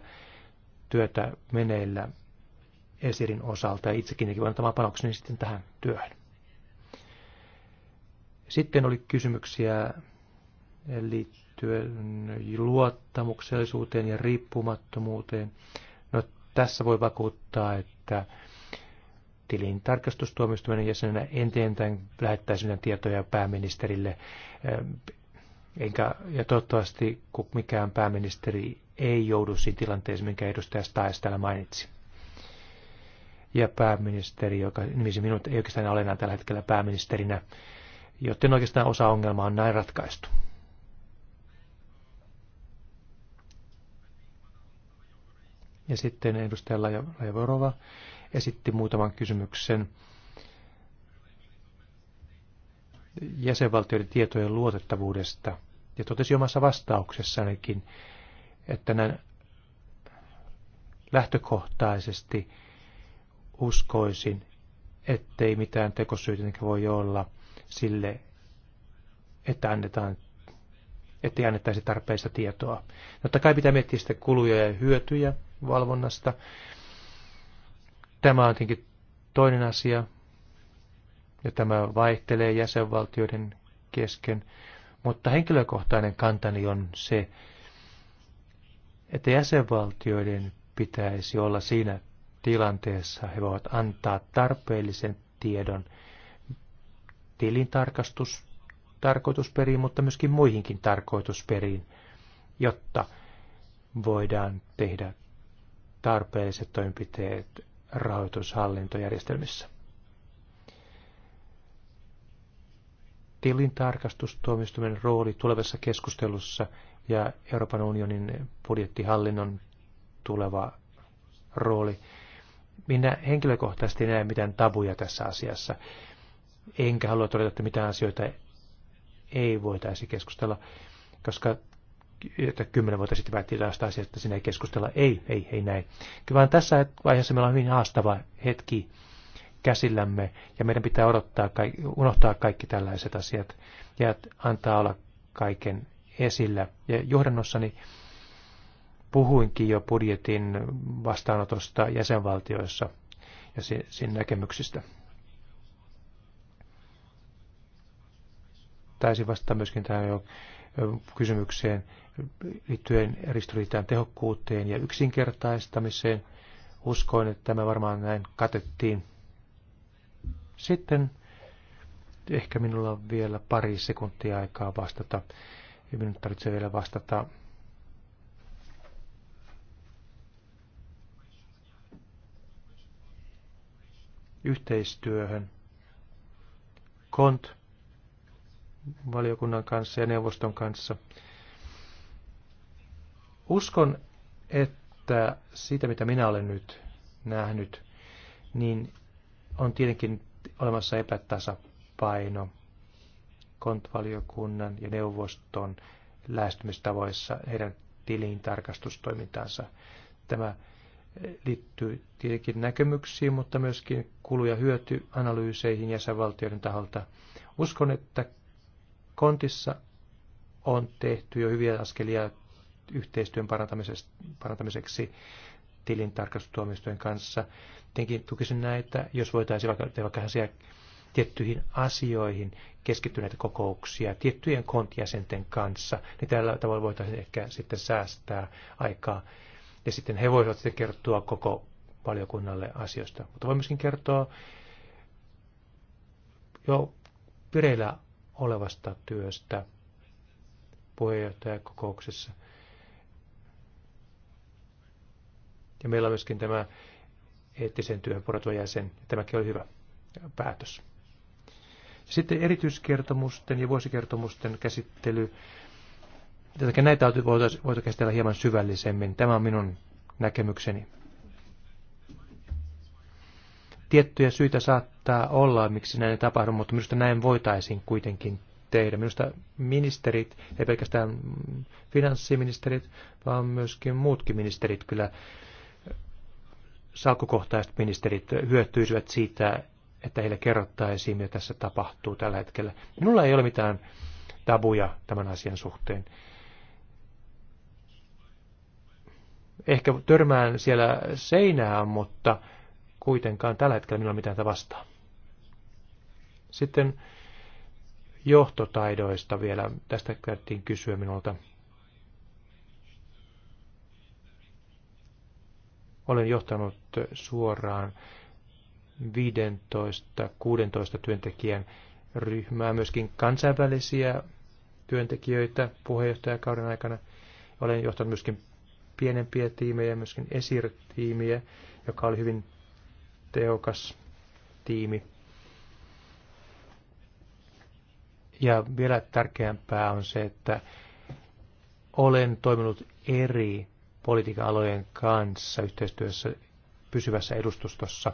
työtä meneillä Esirin osalta ja itsekin voin antamaan panokseni sitten tähän työhön. Sitten oli kysymyksiä liittyen luottamuksellisuuteen ja riippumattomuuteen. No, tässä voi vakuuttaa, että tilin jäsenenä en tietenkään lähettäisi tietoja pääministerille Enkä, ja toivottavasti kun mikään pääministeri ei joudu siinä tilanteeseen, minkä edustaja Staes täällä mainitsi. Ja pääministeri, joka nimisi minut, ei oikeastaan ole enää tällä hetkellä pääministerinä, joten oikeastaan osa ongelmaa on näin ratkaistu. Ja sitten edustaja Lajavorova esitti muutaman kysymyksen jäsenvaltioiden tietojen luotettavuudesta ja totesi omassa vastauksessanikin, että näin lähtökohtaisesti uskoisin, ettei mitään tekosyytä voi olla sille, että annetaan ettei annettaisi tarpeista tietoa. Totta kai pitää miettiä sitten kuluja ja hyötyjä valvonnasta. Tämä on tietenkin toinen asia, ja tämä vaihtelee jäsenvaltioiden kesken mutta henkilökohtainen kantani on se, että jäsenvaltioiden pitäisi olla siinä tilanteessa, he voivat antaa tarpeellisen tiedon tilintarkastus tarkoitusperiin, mutta myöskin muihinkin tarkoitusperiin, jotta voidaan tehdä tarpeelliset toimenpiteet rahoitushallintojärjestelmissä. tilintarkastustuomioistuimen rooli tulevassa keskustelussa ja Euroopan unionin budjettihallinnon tuleva rooli. Minä henkilökohtaisesti näen mitään tabuja tässä asiassa. Enkä halua todeta, että mitään asioita ei voitaisi keskustella, koska että kymmenen vuotta sitten päätti tästä asiasta, että sinä ei keskustella. Ei, ei, ei näin. Kyllä vaan tässä vaiheessa meillä on hyvin haastava hetki käsillämme ja meidän pitää odottaa, unohtaa kaikki tällaiset asiat ja antaa olla kaiken esillä. Ja johdannossani puhuinkin jo budjetin vastaanotosta jäsenvaltioissa ja sen näkemyksistä. Taisin vastata myöskin tähän jo kysymykseen liittyen ristiriitaan tehokkuuteen ja yksinkertaistamiseen. Uskoin, että tämä varmaan näin katettiin sitten ehkä minulla on vielä pari sekuntia aikaa vastata. Ja minun tarvitsee vielä vastata yhteistyöhön KONT valiokunnan kanssa ja neuvoston kanssa. Uskon, että siitä mitä minä olen nyt nähnyt, niin on tietenkin olemassa epätasapaino kontvaliokunnan ja neuvoston lähestymistavoissa heidän tilintarkastustoimintaansa. Tämä liittyy tietenkin näkemyksiin, mutta myöskin kulu- ja hyötyanalyyseihin jäsenvaltioiden taholta. Uskon, että kontissa on tehty jo hyviä askelia yhteistyön parantamiseksi tilintarkastustuomistojen kanssa sittenkin tukisin näitä, jos voitaisiin vaikka tehdä vaikka asia, tiettyihin asioihin keskittyneitä kokouksia tiettyjen kontjäsenten kanssa, niin tällä tavalla voitaisiin ehkä sitten säästää aikaa. Ja sitten he voisivat sitten kertoa koko valiokunnalle asioista. Mutta voi myöskin kertoa jo vireillä olevasta työstä puheenjohtajakokouksessa. Ja meillä on myöskin tämä eettisen työhön puretuva jäsen. Tämäkin oli hyvä päätös. Sitten erityiskertomusten ja vuosikertomusten käsittely. Tätäkin näitä voitaisiin käsitellä hieman syvällisemmin. Tämä on minun näkemykseni. Tiettyjä syitä saattaa olla, miksi näin ei tapahdu, mutta minusta näin voitaisiin kuitenkin tehdä. Minusta ministerit, ei pelkästään finanssiministerit, vaan myöskin muutkin ministerit kyllä salkkukohtaiset ministerit hyötyisivät siitä, että heille kerrottaisiin, mitä tässä tapahtuu tällä hetkellä. Minulla ei ole mitään tabuja tämän asian suhteen. Ehkä törmään siellä seinään, mutta kuitenkaan tällä hetkellä minulla ei ole mitään vastaa. Sitten johtotaidoista vielä. Tästä käytiin kysyä minulta. olen johtanut suoraan 15-16 työntekijän ryhmää, myöskin kansainvälisiä työntekijöitä puheenjohtajakauden aikana. Olen johtanut myöskin pienempiä tiimejä, myöskin esirtiimiä, joka oli hyvin tehokas tiimi. Ja vielä tärkeämpää on se, että olen toiminut eri politiikan alojen kanssa yhteistyössä pysyvässä edustustossa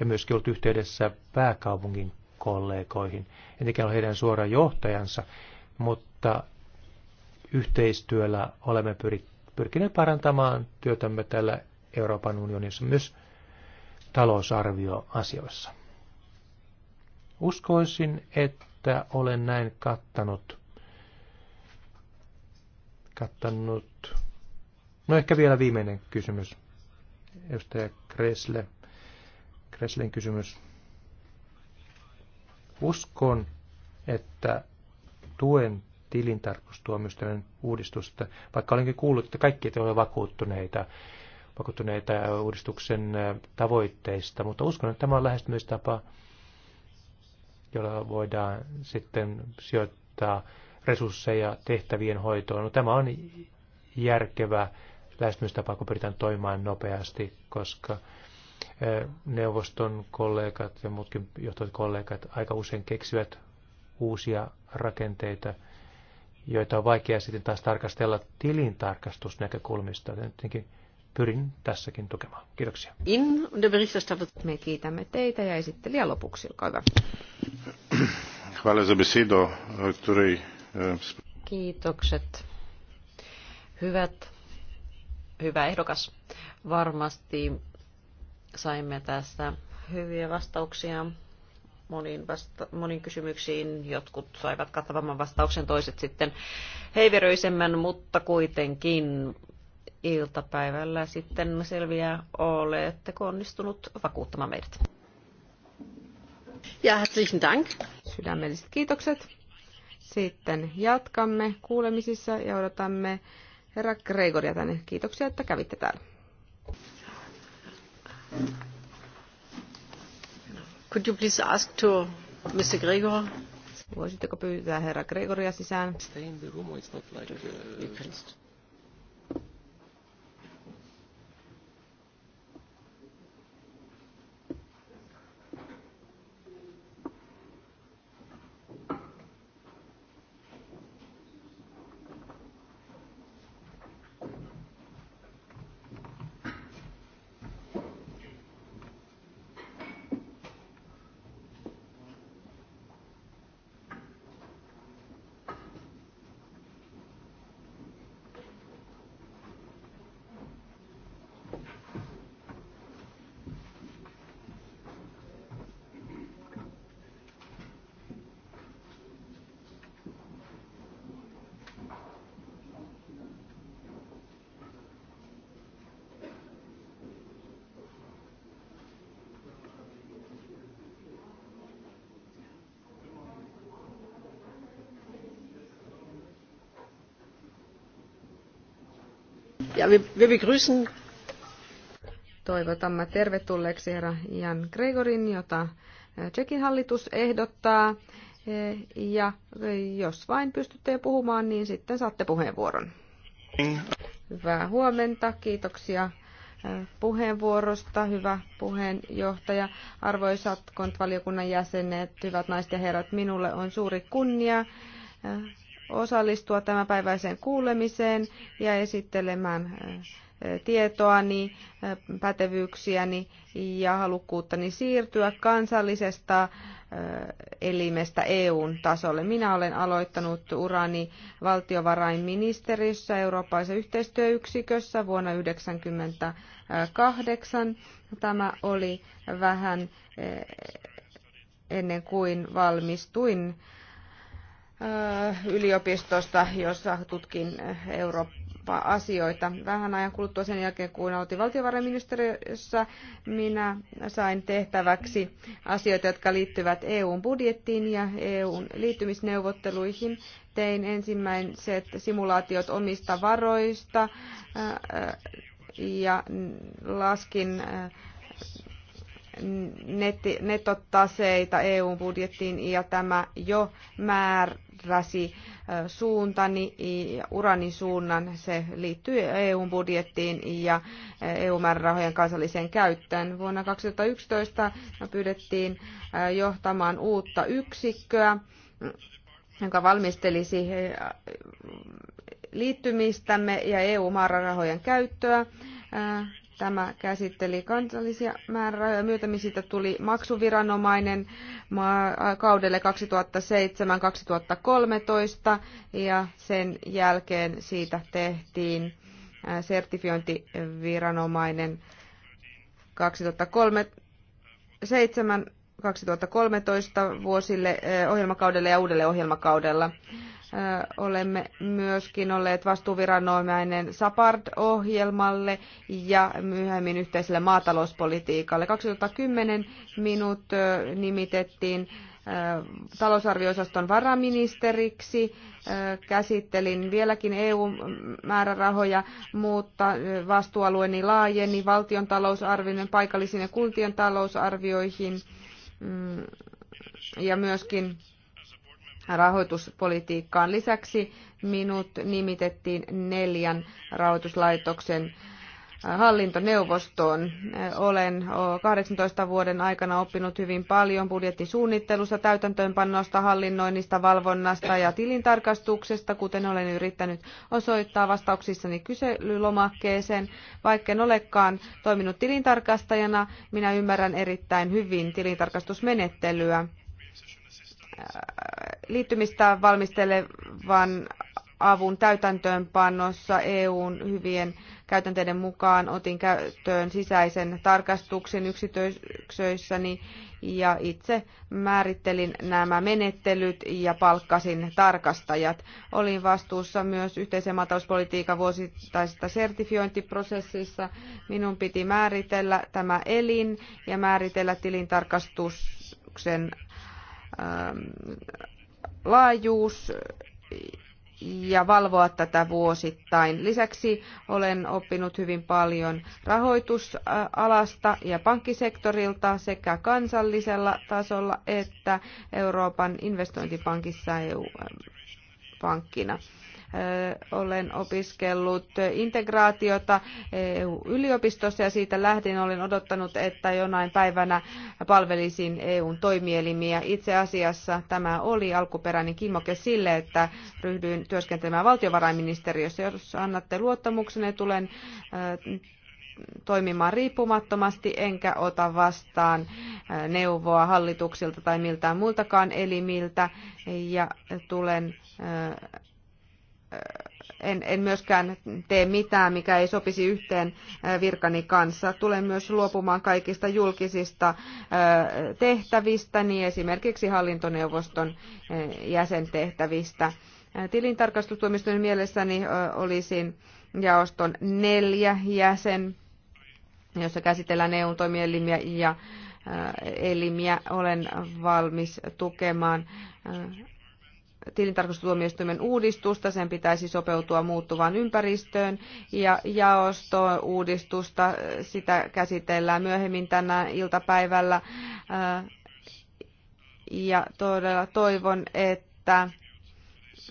ja myöskin ollut yhteydessä pääkaupungin kollegoihin. En tiedä ole heidän suora johtajansa, mutta yhteistyöllä olemme pyrkineet parantamaan työtämme täällä Euroopan unionissa myös talousarvioasioissa. Uskoisin, että olen näin kattanut, kattanut No ehkä vielä viimeinen kysymys. Edustaja Kresle. Kreslen kysymys. Uskon, että tuen tilintarkastustuomioistuimen uudistusta, vaikka olenkin kuullut, että kaikki te ole vakuuttuneita, vakuuttuneita uudistuksen tavoitteista, mutta uskon, että tämä on lähestymistapa, jolla voidaan sitten sijoittaa resursseja tehtävien hoitoon. No, tämä on järkevä lähestymistapaa, kun pyritään toimimaan nopeasti, koska neuvoston kollegat ja muutkin johtavat kollegat aika usein keksivät uusia rakenteita, joita on vaikea sitten taas tarkastella tilintarkastusnäkökulmista. Jotenkin pyrin tässäkin tukemaan. Kiitoksia. In de Me kiitämme teitä ja esittelijä lopuksi, olkaa hyvä. E, Kiitokset. Hyvät hyvä ehdokas. Varmasti saimme tästä hyviä vastauksia moniin, vasta- moniin kysymyksiin. Jotkut saivat kattavamman vastauksen, toiset sitten heiveröisemmän, mutta kuitenkin iltapäivällä sitten selviää, oletteko onnistunut vakuuttamaan meidät. Ja herzlichen Dank. Sydämelliset kiitokset. Sitten jatkamme kuulemisissa ja odotamme herra Gregoria tänne. Kiitoksia, että kävitte täällä. Could you please ask to Mr. Gregor? Voisitteko pyytää herra Gregoria sisään? Stay in the room, it's not like... Uh, Ja wir, begrüßen Toivotamme tervetulleeksi herra Jan Gregorin, jota eh, Tsekin hallitus ehdottaa. Eh, ja eh, jos vain pystytte puhumaan, niin sitten saatte puheenvuoron. Hyvää huomenta, kiitoksia puheenvuorosta, hyvä puheenjohtaja, arvoisat kontvaliokunnan jäsenet, hyvät naiset ja herrat, minulle on suuri kunnia osallistua tämänpäiväiseen kuulemiseen ja esittelemään äh, tietoani, äh, pätevyyksiäni ja halukkuuttani siirtyä kansallisesta äh, elimestä EUn tasolle. Minä olen aloittanut urani valtiovarainministeriössä Eurooppaisessa yhteistyöyksikössä vuonna 1998. Tämä oli vähän ennen kuin valmistuin yliopistosta, jossa tutkin Eurooppa-asioita. Vähän ajan kuluttua sen jälkeen, kun aloitin valtiovarainministeriössä, minä sain tehtäväksi asioita, jotka liittyvät EUn budjettiin ja EUn liittymisneuvotteluihin. Tein ensimmäiset simulaatiot omista varoista ja laskin nettotaseita EU-budjettiin ja tämä jo määräsi suuntani ja urani suunnan. Se liittyy EU-budjettiin ja EU-määrärahojen kansalliseen käyttöön. Vuonna 2011 pyydettiin johtamaan uutta yksikköä, joka valmistelisi liittymistämme ja EU-määrärahojen käyttöä Tämä käsitteli kansallisia määrärahoja Myötämmin siitä tuli maksuviranomainen kaudelle 2007-2013 ja sen jälkeen siitä tehtiin sertifiointiviranomainen 2007 2013 vuosille ohjelmakaudelle ja uudelle ohjelmakaudella olemme myöskin olleet vastuuviranomainen SAPARD-ohjelmalle ja myöhemmin yhteiselle maatalouspolitiikalle. 2010 minut nimitettiin talousarvioosaston varaministeriksi. Käsittelin vieläkin EU-määrärahoja, mutta vastuualueeni laajeni valtion talousarvioiden paikallisiin ja kuntien talousarvioihin mm, ja myöskin rahoituspolitiikkaan. Lisäksi minut nimitettiin neljän rahoituslaitoksen äh, hallintoneuvostoon. Olen 18 äh, vuoden aikana oppinut hyvin paljon budjettisuunnittelusta, täytäntöönpannosta, hallinnoinnista, valvonnasta ja tilintarkastuksesta, kuten olen yrittänyt osoittaa vastauksissani kyselylomakkeeseen. Vaikka en olekaan toiminut tilintarkastajana, minä ymmärrän erittäin hyvin tilintarkastusmenettelyä liittymistä valmistelevan avun täytäntöönpannossa EUn hyvien käytänteiden mukaan otin käyttöön sisäisen tarkastuksen yksityisöissäni ja itse määrittelin nämä menettelyt ja palkkasin tarkastajat. Olin vastuussa myös yhteisen maatalouspolitiikan vuosittaisesta sertifiointiprosessissa. Minun piti määritellä tämä elin ja määritellä tilintarkastuksen Ähm, laajuus ja valvoa tätä vuosittain. Lisäksi olen oppinut hyvin paljon rahoitusalasta ja pankkisektorilta sekä kansallisella tasolla että Euroopan investointipankissa EU-pankkina. Olen opiskellut integraatiota EU-yliopistossa ja siitä lähtien olen odottanut, että jonain päivänä palvelisin EUn toimielimiä. Itse asiassa tämä oli alkuperäinen kimmoke sille, että ryhdyin työskentelemään valtiovarainministeriössä. Jos annatte niin tulen toimimaan riippumattomasti, enkä ota vastaan neuvoa hallituksilta tai miltään muiltakaan elimiltä, ja tulen en, en myöskään tee mitään, mikä ei sopisi yhteen virkani kanssa. Tulen myös luopumaan kaikista julkisista tehtävistä, niin esimerkiksi hallintoneuvoston jäsentehtävistä. Tilintarkastustuomioistuimen mielessäni olisin jaoston neljä jäsen, jossa käsitellään EU-toimielimiä ja elimiä. Olen valmis tukemaan tilintarkastustuomioistuimen uudistusta, sen pitäisi sopeutua muuttuvaan ympäristöön ja jaosto-uudistusta, sitä käsitellään myöhemmin tänään iltapäivällä. Ja todella toivon, että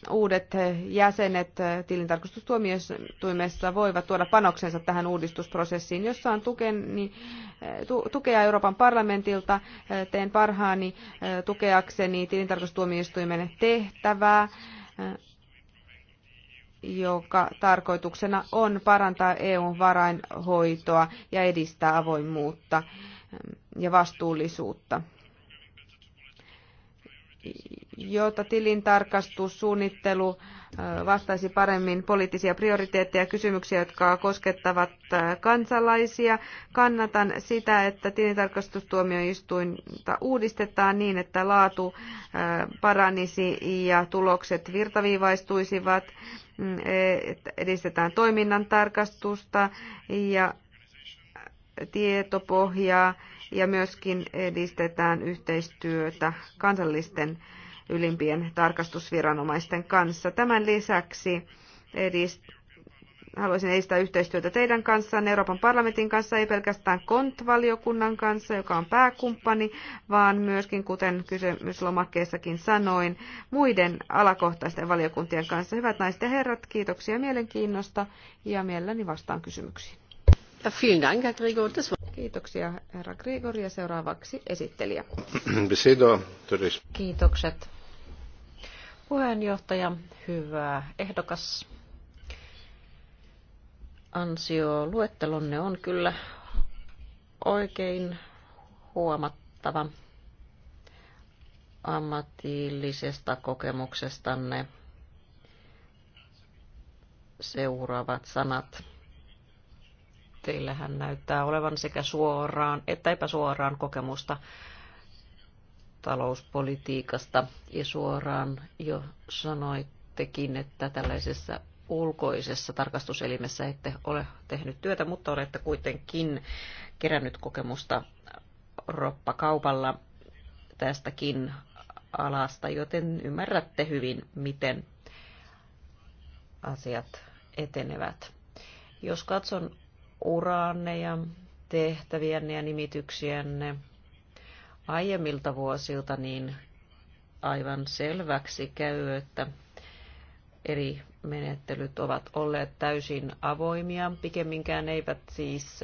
uudet jäsenet tilintarkastustuomioistuimessa voivat tuoda panoksensa tähän uudistusprosessiin. Jos saan tukeni, tukea Euroopan parlamentilta, teen parhaani eh, tukeakseni tilintarkastustuomioistuimen tehtävää eh, joka tarkoituksena on parantaa EUn varainhoitoa ja edistää avoimuutta eh, ja vastuullisuutta jotta tilintarkastussuunnittelu vastaisi paremmin poliittisia prioriteetteja ja kysymyksiä, jotka koskettavat kansalaisia. Kannatan sitä, että tilintarkastustuomioistuinta uudistetaan niin, että laatu paranisi ja tulokset virtaviivaistuisivat, mm, edistetään toiminnan tarkastusta ja tietopohjaa ja myöskin edistetään yhteistyötä kansallisten ylimpien tarkastusviranomaisten kanssa. Tämän lisäksi edist- haluaisin edistää yhteistyötä teidän kanssa, Euroopan parlamentin kanssa, ei pelkästään KONT-valiokunnan kanssa, joka on pääkumppani, vaan myöskin, kuten kysymyslomakkeessakin sanoin, muiden alakohtaisten valiokuntien kanssa. Hyvät naiset ja herrat, kiitoksia mielenkiinnosta ja mielelläni vastaan kysymyksiin. Kiitoksia herra Grigor ja seuraavaksi esittelijä. Kiitokset. Puheenjohtaja, hyvä ehdokas. luettelonne on kyllä oikein huomattava ammatillisesta kokemuksestanne seuraavat sanat hän näyttää olevan sekä suoraan että epäsuoraan kokemusta talouspolitiikasta ja suoraan jo sanoittekin, että tällaisessa ulkoisessa tarkastuselimessä ette ole tehnyt työtä, mutta olette kuitenkin kerännyt kokemusta roppakaupalla tästäkin alasta, joten ymmärrätte hyvin, miten asiat etenevät. Jos katson uraanneja, tehtävienne ja nimityksienne aiemmilta vuosilta, niin aivan selväksi käy, että eri menettelyt ovat olleet täysin avoimia, pikemminkään eivät siis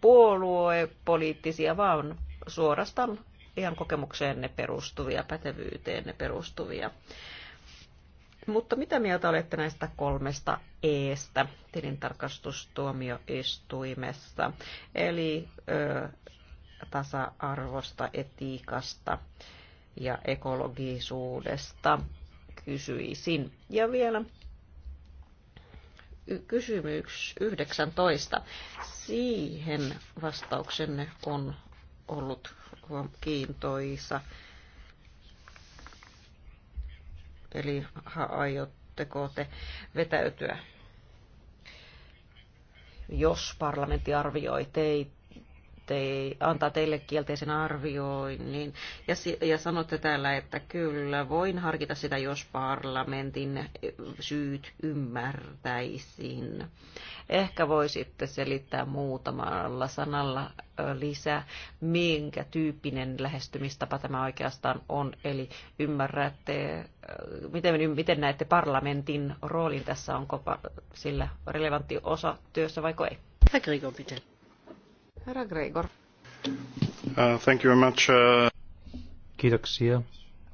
puoluepoliittisia, vaan suorastaan ihan kokemukseenne perustuvia, pätevyyteenne perustuvia mutta mitä mieltä olette näistä kolmesta eestä tilintarkastustuomioistuimessa, eli ö, tasa-arvosta, etiikasta ja ekologisuudesta kysyisin. Ja vielä kysymys 19. Siihen vastauksenne on ollut kiintoisa Eli aiotteko te vetäytyä? Jos parlamentti arvioi teitä, te, antaa teille kielteisen arvioinnin. Ja, ja sanotte täällä, että kyllä voin harkita sitä, jos parlamentin syyt ymmärtäisin. Ehkä voisitte selittää muutamalla sanalla lisää, minkä tyyppinen lähestymistapa tämä oikeastaan on. Eli ymmärrätte, miten, miten näette parlamentin roolin tässä, onko sillä relevantti osa työssä vai ei? Herr Gregor, bitte. Herra Gregor. Uh, thank you very much. Uh... Kiitoksia.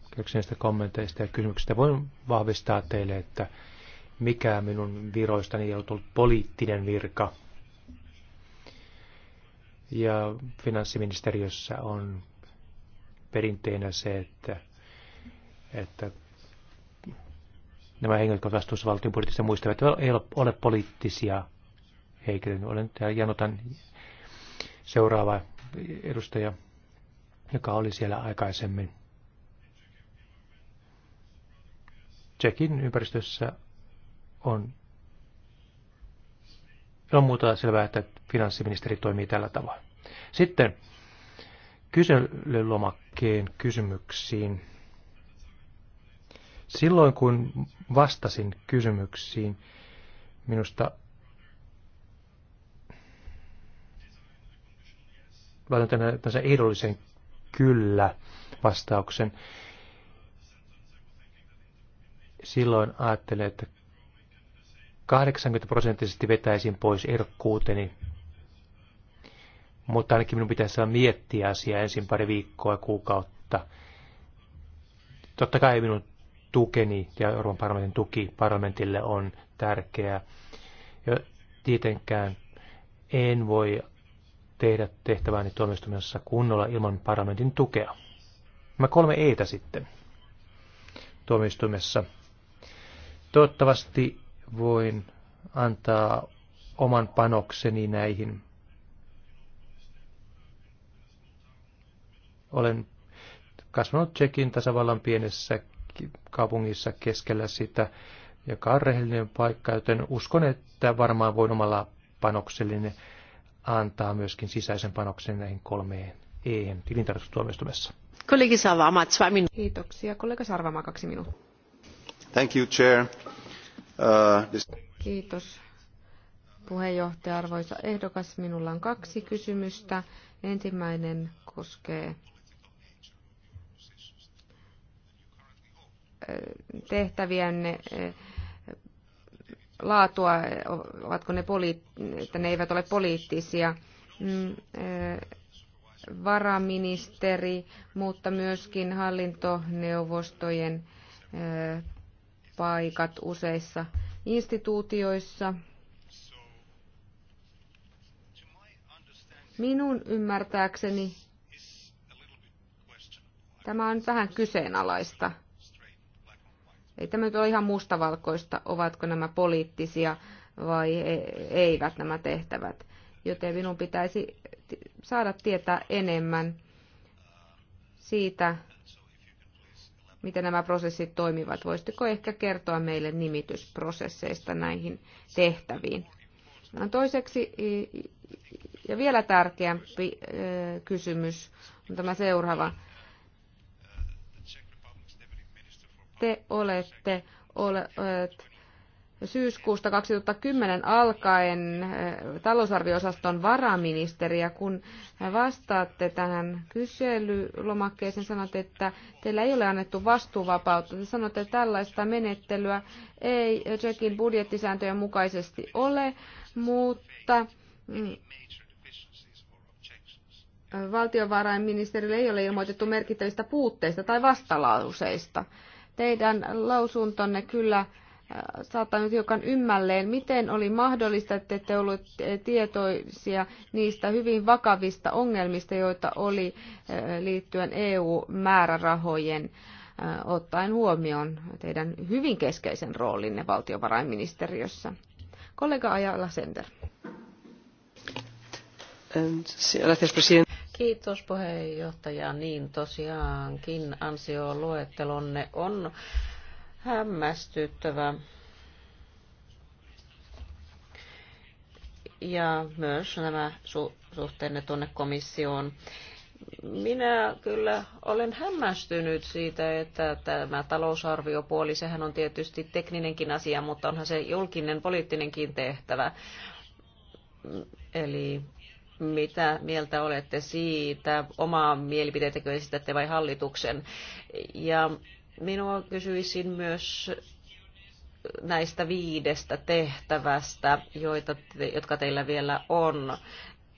Kiitoksia näistä kommenteista ja kysymyksistä. Voin vahvistaa teille, että mikä minun viroistani ei ollut ollut poliittinen virka. Ja finanssiministeriössä on perinteinä se, että, että nämä henkilöt, jotka vastuussa valtion budjetista muistavat, ei ole, poliittisia heikkoja. Olen, ja janotan seuraava edustaja, joka oli siellä aikaisemmin. Tsekin ympäristössä on, on muuta selvää, että finanssiministeri toimii tällä tavalla. Sitten kyselylomakkeen kysymyksiin. Silloin kun vastasin kysymyksiin, minusta laitan tänne tämmöisen ehdollisen kyllä vastauksen. Silloin ajattelen, että 80 prosenttisesti vetäisin pois erkkuuteni. Mutta ainakin minun pitäisi saada miettiä asiaa ensin pari viikkoa ja kuukautta. Totta kai minun tukeni ja Euroopan parlamentin tuki parlamentille on tärkeää. Ja tietenkään en voi tehdä tehtävääni tuomioistuimessa kunnolla ilman parlamentin tukea. Mä kolme eitä sitten tuomioistuimessa. Toivottavasti voin antaa oman panokseni näihin. Olen kasvanut Tsekin tasavallan pienessä kaupungissa keskellä sitä, joka on rehellinen paikka, joten uskon, että varmaan voin omalla panoksellinen antaa myöskin sisäisen panoksen näihin kolmeen EEN tilintarkastustuomioistuimessa. Kollegi Sarvamaa, kaksi minuuttia. Kiitoksia. Kollega Sarvamaa, kaksi minuuttia. Thank you, Chair. Uh, this... Kiitos puheenjohtaja, arvoisa ehdokas. Minulla on kaksi kysymystä. Ensimmäinen koskee eh, tehtäviänne eh, laatua, ovatko ne, että ne eivät ole poliittisia. Mm, eh, varaministeri, mutta myöskin hallintoneuvostojen eh, paikat useissa instituutioissa. Minun ymmärtääkseni tämä on vähän kyseenalaista. Ei tämä nyt ole ihan mustavalkoista, ovatko nämä poliittisia vai e-, eivät nämä tehtävät. Joten minun pitäisi saada tietää enemmän siitä, miten nämä prosessit toimivat. Voisitteko ehkä kertoa meille nimitysprosesseista näihin tehtäviin? No toiseksi ja vielä tärkeämpi e-, kysymys on tämä seuraava. te olette olet syyskuusta 2010 alkaen eh, talousarvioosaston varaministeri ja kun vastaatte tähän kyselylomakkeeseen, sanotte, että teillä ei ole annettu vastuuvapautta. Te sanotte, että tällaista menettelyä ei Tsekin budjettisääntöjen mukaisesti ole, mutta mm, valtiovarainministerille ei ole ilmoitettu merkittävistä puutteista tai vastalauseista. Teidän lausuntonne kyllä äh, saattaa nyt hiukan ymmälleen, miten oli mahdollista, että te olleet tietoisia niistä hyvin vakavista ongelmista, joita oli äh, liittyen EU-määrärahojen äh, ottaen huomioon teidän hyvin keskeisen roolinne valtiovarainministeriössä. Kollega Ajala Sender. Ähm, Kiitos puheenjohtaja. Niin tosiaankin ansioluettelonne on hämmästyttävä. Ja myös nämä su- suhteenne tuonne komissioon. Minä kyllä olen hämmästynyt siitä, että tämä talousarviopuoli, sehän on tietysti tekninenkin asia, mutta onhan se julkinen poliittinenkin tehtävä. Eli mitä mieltä olette siitä, omaa mielipiteitäkö esitätte vai hallituksen. Ja minua kysyisin myös näistä viidestä tehtävästä, joita te, jotka teillä vielä on.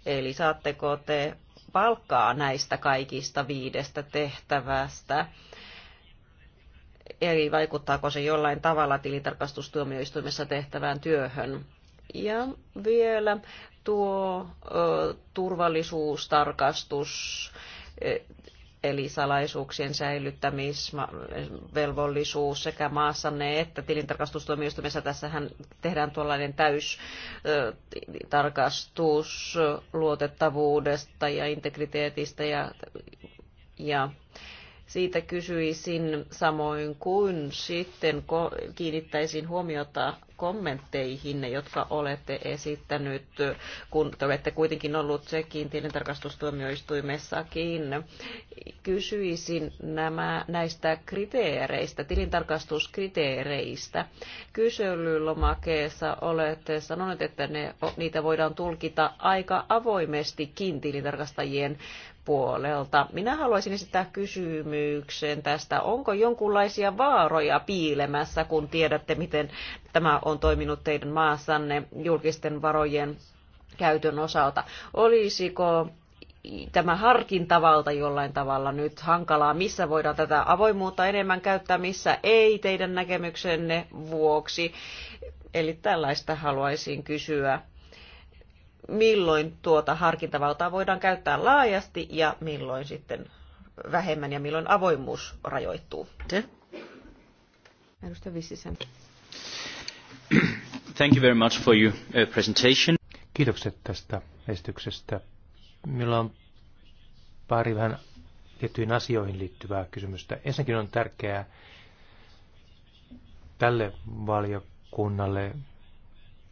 Eli saatteko te palkkaa näistä kaikista viidestä tehtävästä? Eli vaikuttaako se jollain tavalla tilintarkastustuomioistuimessa tehtävään työhön? Ja vielä tuo ö, turvallisuustarkastus, e, eli salaisuuksien säilyttämisvelvollisuus sekä maassanne että tilintarkastustuomioistuimessa. Tässähän tehdään tuollainen täystarkastus luotettavuudesta ja integriteetistä ja, ja siitä kysyisin samoin kuin sitten kiinnittäisin huomiota kommentteihin, jotka olette esittänyt, kun te olette kuitenkin ollut sekin tilintarkastustuomioistuimessakin. Kysyisin nämä, näistä kriteereistä, tilintarkastuskriteereistä. Kyselylomakeessa olette sanoneet, että ne, niitä voidaan tulkita aika avoimestikin tilintarkastajien puolelta. Minä haluaisin esittää kysymyksen tästä, onko jonkunlaisia vaaroja piilemässä, kun tiedätte, miten tämä on toiminut teidän maassanne julkisten varojen käytön osalta. Olisiko tämä harkintavalta jollain tavalla nyt hankalaa, missä voidaan tätä avoimuutta enemmän käyttää, missä ei teidän näkemyksenne vuoksi. Eli tällaista haluaisin kysyä milloin tuota harkintavaltaa voidaan käyttää laajasti ja milloin sitten vähemmän ja milloin avoimuus rajoittuu. Edustaja Vissisen. Thank you very much for your uh, presentation. Kiitokset tästä esityksestä. Meillä on pari vähän tiettyihin asioihin liittyvää kysymystä. Ensinnäkin on tärkeää tälle valiokunnalle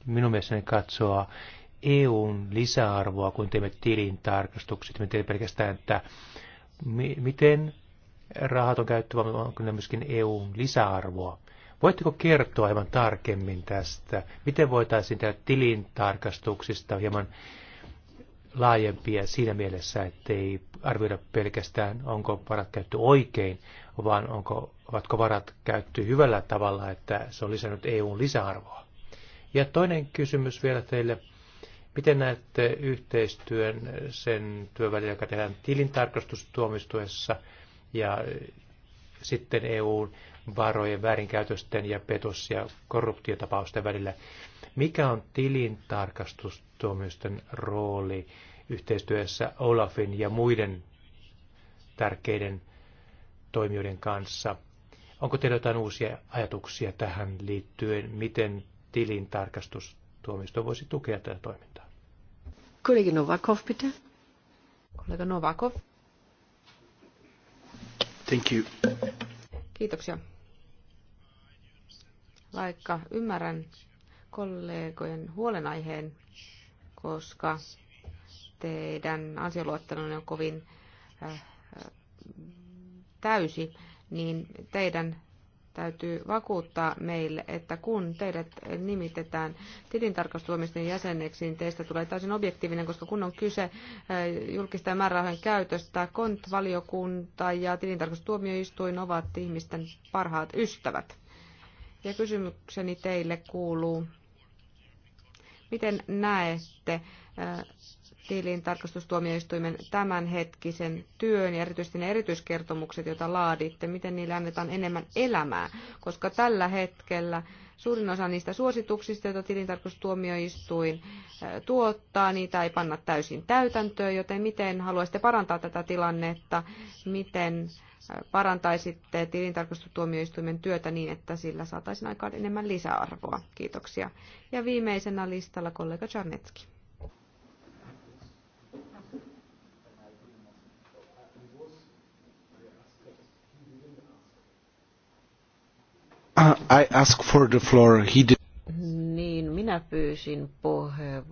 minun mielestäni katsoa EUn lisäarvoa, kun teemme tilintarkastukset. Me teemme pelkästään, että miten rahat on käytetty, vaan onko ne myöskin EUn lisäarvoa. Voitteko kertoa hieman tarkemmin tästä? Miten voitaisiin tehdä tilintarkastuksista hieman laajempia siinä mielessä, ettei arvioida pelkästään, onko varat käytetty oikein, vaan onko, ovatko varat käytetty hyvällä tavalla, että se on lisännyt EUn lisäarvoa. Ja toinen kysymys vielä teille. Miten näette yhteistyön sen työn välillä, joka tehdään tilintarkastustuomistuessa ja eh, sitten EUn varojen väärinkäytösten ja petos- ja korruptiotapausten välillä? Mikä on tilintarkastustuomioisten rooli yhteistyössä Olafin ja muiden tärkeiden toimijoiden kanssa? Onko teillä jotain uusia ajatuksia tähän liittyen, miten tilintarkastustuomisto voisi tukea tätä toimintaa? Kollege Novakov, bitte. Kollega Novakov. Thank you. Kiitoksia. Vaikka ymmärrän kollegojen huolenaiheen, koska teidän ansioluettelonne on kovin äh, äh, täysi, niin teidän täytyy vakuuttaa meille, että kun teidät nimitetään tilintarkastustoimisten jäseneksi, niin teistä tulee täysin objektiivinen, koska kun on kyse eh, julkisten määrärahojen käytöstä, kontvaliokunta ja tilintarkastustuomioistuin ovat ihmisten parhaat ystävät. Ja kysymykseni teille kuuluu, miten näette eh, tilintarkastustuomioistuimen tämänhetkisen työn ja erityisesti ne erityiskertomukset, joita laaditte, miten niille annetaan enemmän elämää, koska tällä hetkellä suurin osa niistä suosituksista, joita tilintarkastustuomioistuin äh, tuottaa, niitä ei panna täysin täytäntöön, joten miten haluaisitte parantaa tätä tilannetta, miten äh, parantaisitte tilintarkastustuomioistuimen työtä niin, että sillä saataisiin aikaan enemmän lisäarvoa. Kiitoksia. Ja viimeisenä listalla kollega Czarnetski. I ask for the floor. He did... Niin, minä pyysin puhe...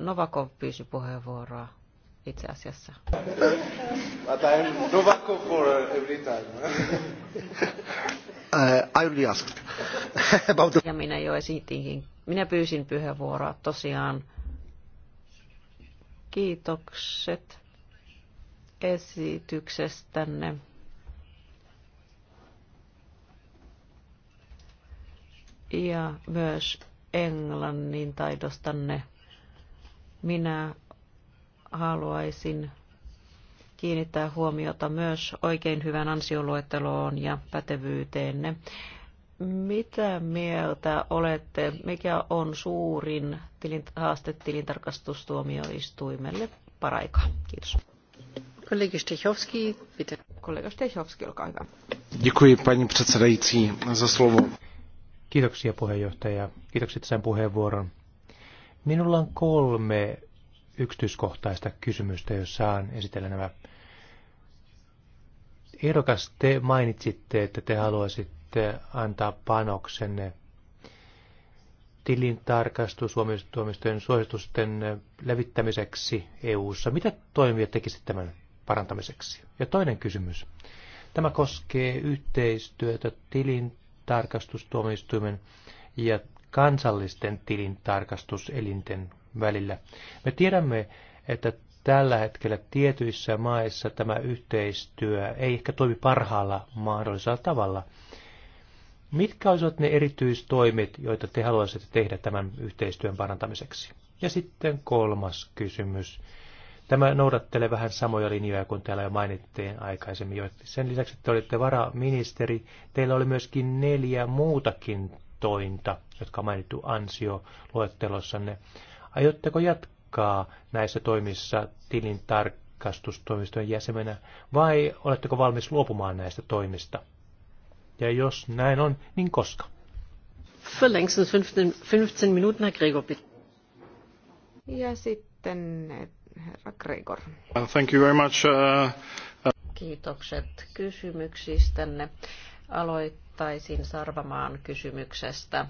Novakov pyysi puheenvuoroa itse asiassa. But I'm Novakov for uh, every time. uh, I only asked about the... Ja minä jo esitinkin. Minä pyysin puheenvuoroa tosiaan. Kiitokset esityksestänne. ja myös englannin taidostanne. Minä haluaisin kiinnittää huomiota myös oikein hyvän ansioluetteloon ja pätevyyteenne. Mitä mieltä olette, mikä on suurin haaste tilintarkastustuomioistuimelle paraikaa? Kiitos. Kollega Stechowski, bitte. Kollega Stechowski, olkaa hyvä. Děkuji, paní předsedající, za slovo. Kiitoksia puheenjohtaja. Kiitokset sen puheenvuoron. Minulla on kolme yksityiskohtaista kysymystä, jos saan esitellä nämä. Ehdokas, te mainitsitte, että te haluaisitte antaa panoksenne tilintarkastus tuomistojen suositusten levittämiseksi EU-ssa. Mitä toimia tekisit tämän parantamiseksi? Ja toinen kysymys. Tämä koskee yhteistyötä tilin tarkastustuomioistuimen ja kansallisten tilintarkastuselinten välillä. Me tiedämme, että tällä hetkellä tietyissä maissa tämä yhteistyö ei ehkä toimi parhaalla mahdollisella tavalla. Mitkä olisivat ne erityistoimet, joita te haluaisitte tehdä tämän yhteistyön parantamiseksi? Ja sitten kolmas kysymys Tämä noudattelee vähän samoja linjoja kuin täällä jo mainittiin aikaisemmin. Jo. Sen lisäksi, että te olitte varaministeri, teillä oli myöskin neljä muutakin tointa, jotka on mainittu ansioluettelossanne. Aiotteko jatkaa näissä toimissa tilintarkastustoimistojen jäsenenä vai oletteko valmis luopumaan näistä toimista? Ja jos näin on, niin koska? Für längstens 15 minuutin, Gregor, bitte. Ja sitten herra Gregor. Uh, thank you very much. Uh, uh. Kiitokset kysymyksistänne. Aloittaisin Sarvamaan kysymyksestä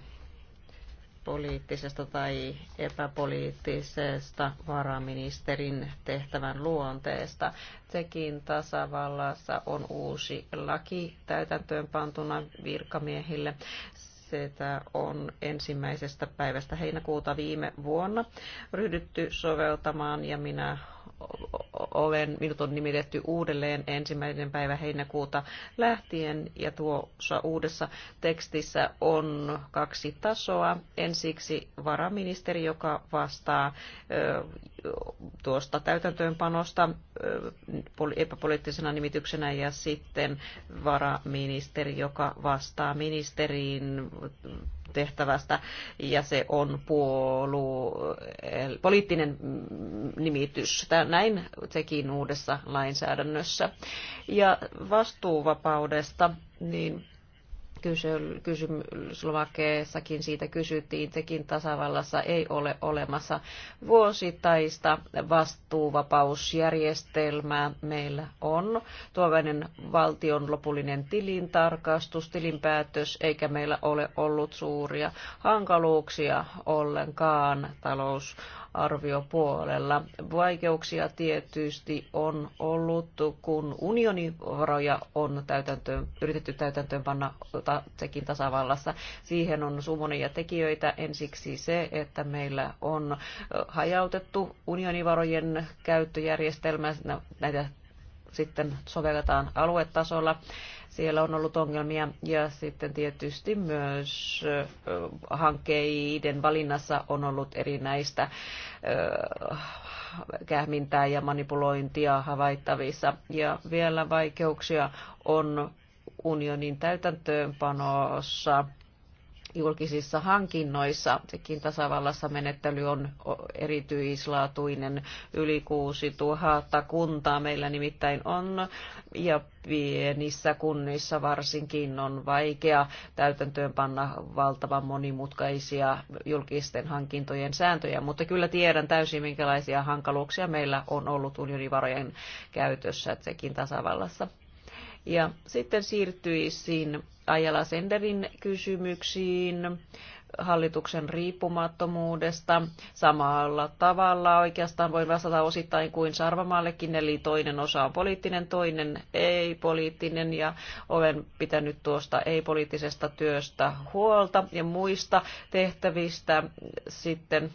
poliittisesta tai epäpoliittisesta varaministerin tehtävän luonteesta. Tsekin tasavallassa on uusi laki täytäntöönpantuna virkamiehille sitä on ensimmäisestä päivästä heinäkuuta viime vuonna ryhdytty soveltamaan ja minä olen, minut on nimitetty uudelleen ensimmäinen päivä heinäkuuta lähtien ja tuossa uudessa tekstissä on kaksi tasoa. Ensiksi varaministeri, joka vastaa tuosta täytäntöönpanosta epäpoliittisena nimityksenä ja sitten varaministeri, joka vastaa ministerin tehtävästä ja se on puolu, poliittinen nimitys. Näin sekin uudessa lainsäädännössä. Ja vastuuvapaudesta, niin kysymys Slovakeessakin siitä kysyttiin, sekin tasavallassa ei ole olemassa vuosittaista vastuuvapausjärjestelmää. Meillä on tuollainen valtion lopullinen tilintarkastus, tilinpäätös, eikä meillä ole ollut suuria hankaluuksia ollenkaan talous arviopuolella. Vaikeuksia tietysti on ollut, kun unionin varoja on täytäntöön, yritetty täytäntöönpanna sekin tasavallassa. Siihen on sumunia tekijöitä. Ensiksi se, että meillä on hajautettu unionivarojen käyttöjärjestelmä. Näitä sitten sovelletaan aluetasolla. Siellä on ollut ongelmia ja sitten tietysti myös hankkeiden valinnassa on ollut erinäistä kähmintää ja manipulointia havaittavissa. Ja vielä vaikeuksia on unionin täytäntöönpanossa julkisissa hankinnoissa. Sekin tasavallassa menettely on erityislaatuinen yli 6000 kuntaa meillä nimittäin on ja pienissä kunnissa varsinkin on vaikea täytäntöön panna valtavan monimutkaisia julkisten hankintojen sääntöjä, mutta kyllä tiedän täysin minkälaisia hankaluuksia meillä on ollut unionivarojen käytössä sekin tasavallassa. Ja sitten siirtyisin Ajala Senderin kysymyksiin hallituksen riippumattomuudesta. Samalla tavalla oikeastaan voin vastata osittain kuin Sarvamaallekin, eli toinen osa on poliittinen, toinen ei-poliittinen, ja olen pitänyt tuosta ei-poliittisesta työstä huolta ja muista tehtävistä sitten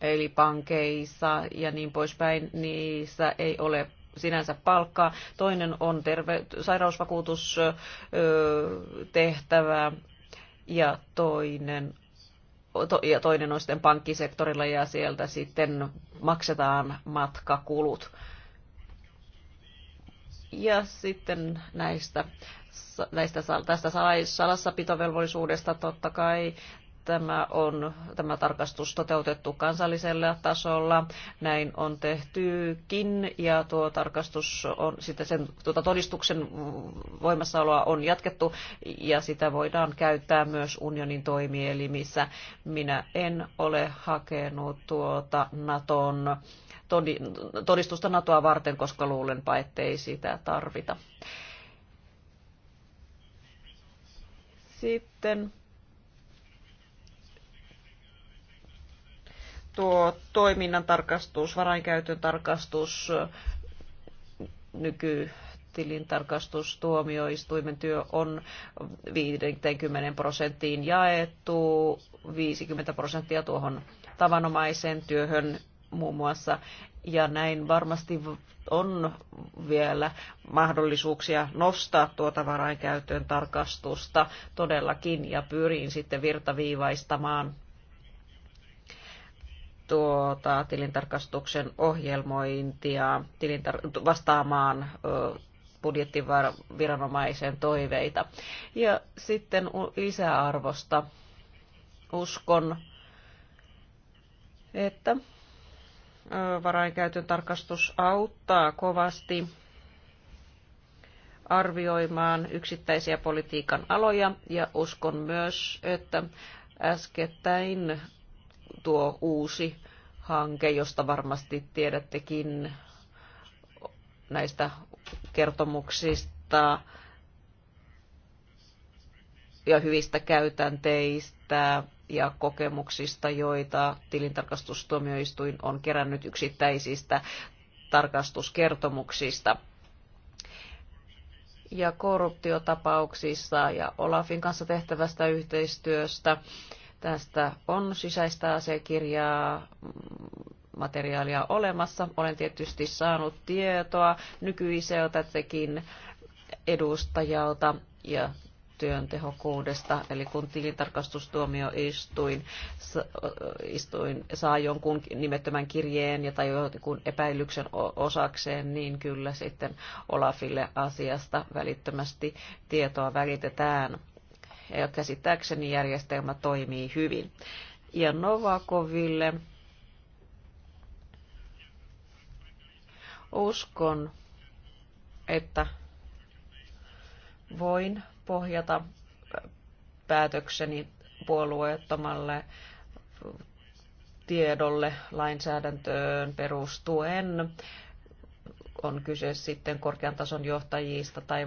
eli pankeissa ja niin poispäin, niissä ei ole sinänsä palkkaa. Toinen on terve, sairausvakuutustehtävä ja toinen ja toinen on sitten pankkisektorilla ja sieltä sitten maksetaan matkakulut. Ja sitten näistä, näistä tästä salassapitovelvollisuudesta totta kai Tämä, on, tämä tarkastus toteutettu kansallisella tasolla. Näin on tehtykin ja tuo tarkastus on, sitä sen tuota todistuksen voimassaoloa on jatkettu ja sitä voidaan käyttää myös unionin toimielimissä. Minä en ole hakenut tuota Naton todistusta NATOa varten, koska luulenpa, ettei sitä tarvita. Sitten tuo toiminnan tarkastus, varainkäytön tarkastus, nyky tuomioistuimen työ on 50 prosenttiin jaettu, 50 prosenttia tuohon tavanomaiseen työhön muun muassa. Ja näin varmasti on vielä mahdollisuuksia nostaa tuota varainkäytön tarkastusta todellakin ja pyrin sitten virtaviivaistamaan tuota tilintarkastuksen ohjelmointia tilintar- vastaamaan budjettiviranomaisen toiveita. Ja sitten lisäarvosta uskon, että varainkäytön tarkastus auttaa kovasti arvioimaan yksittäisiä politiikan aloja ja uskon myös, että äskettäin tuo uusi hanke, josta varmasti tiedättekin näistä kertomuksista ja hyvistä käytänteistä ja kokemuksista, joita tilintarkastustuomioistuin on kerännyt yksittäisistä tarkastuskertomuksista. Ja korruptiotapauksissa ja Olafin kanssa tehtävästä yhteistyöstä Tästä on sisäistä asiakirjaa, materiaalia olemassa. Olen tietysti saanut tietoa nykyiseltä tekin edustajalta ja työntehokkuudesta, eli kun tilintarkastustuomioistuin istuin, saa jonkun nimettömän kirjeen ja tai jonkun epäilyksen osakseen, niin kyllä sitten Olafille asiasta välittömästi tietoa välitetään ja käsittääkseni järjestelmä toimii hyvin. Ja Novakoville uskon, että voin pohjata päätökseni puolueettomalle tiedolle lainsäädäntöön perustuen on kyse sitten korkean tason johtajista tai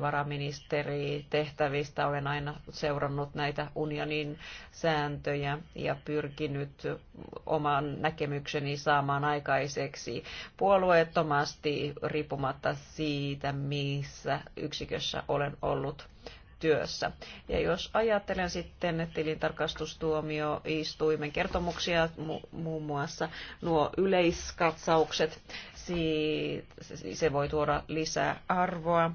tehtävistä. Olen aina seurannut näitä unionin sääntöjä ja pyrkinyt oman näkemykseni saamaan aikaiseksi puolueettomasti riippumatta siitä, missä yksikössä olen ollut työssä. Ja jos ajattelen sitten tilintarkastustuomioistuimen kertomuksia, muun muassa nuo yleiskatsaukset, se voi tuoda lisää arvoa.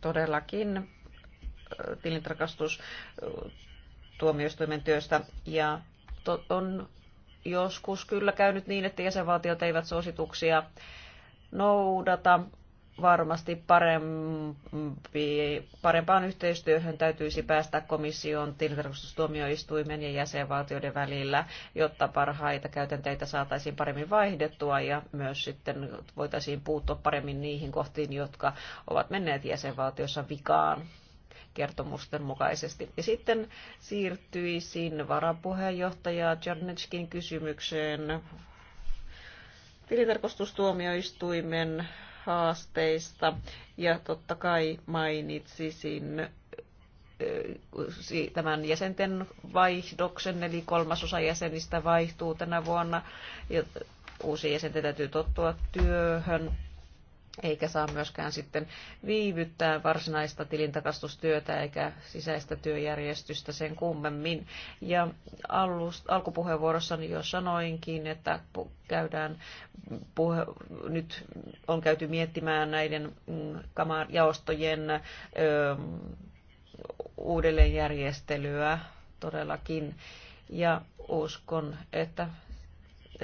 Todellakin tilintarkastustuomioistuimen työstä ja on joskus kyllä käynyt niin, että jäsenvaltiot eivät suosituksia noudata varmasti parempi, parempaan yhteistyöhön täytyisi päästä komission, tilintarkastustuomioistuimen ja jäsenvaltioiden välillä, jotta parhaita käytänteitä saataisiin paremmin vaihdettua ja myös sitten voitaisiin puuttua paremmin niihin kohtiin, jotka ovat menneet jäsenvaltiossa vikaan kertomusten mukaisesti. Ja sitten siirtyisin varapuheenjohtaja Jarnetskin kysymykseen tilintarkastustuomioistuimen haasteista ja totta kai mainitsisin eh, tämän jäsenten vaihdoksen, eli kolmasosa jäsenistä vaihtuu tänä vuonna. Ja uusi jäsenten täytyy tottua työhön eikä saa myöskään sitten viivyttää varsinaista tilintarkastustyötä eikä sisäistä työjärjestystä sen kummemmin. Ja alust, alkupuheenvuorossani jo sanoinkin, että käydään puhe, nyt on käyty miettimään näiden mm, jaostojen ö, uudelleenjärjestelyä todellakin. Ja uskon, että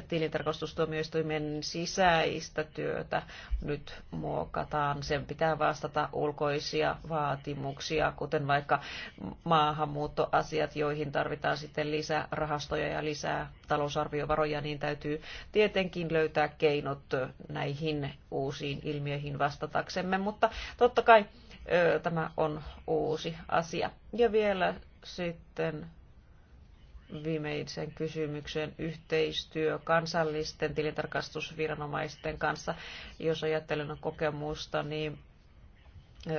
tilintarkastustuomioistuimen sisäistä työtä nyt muokataan. Sen pitää vastata ulkoisia vaatimuksia, kuten vaikka maahanmuuttoasiat, joihin tarvitaan sitten lisää rahastoja ja lisää talousarviovaroja, niin täytyy tietenkin löytää keinot näihin uusiin ilmiöihin vastataksemme, mutta totta kai tämä on uusi asia. Ja vielä sitten viimeisen kysymyksen yhteistyö kansallisten tilintarkastusviranomaisten kanssa. Jos ajattelen kokemusta, niin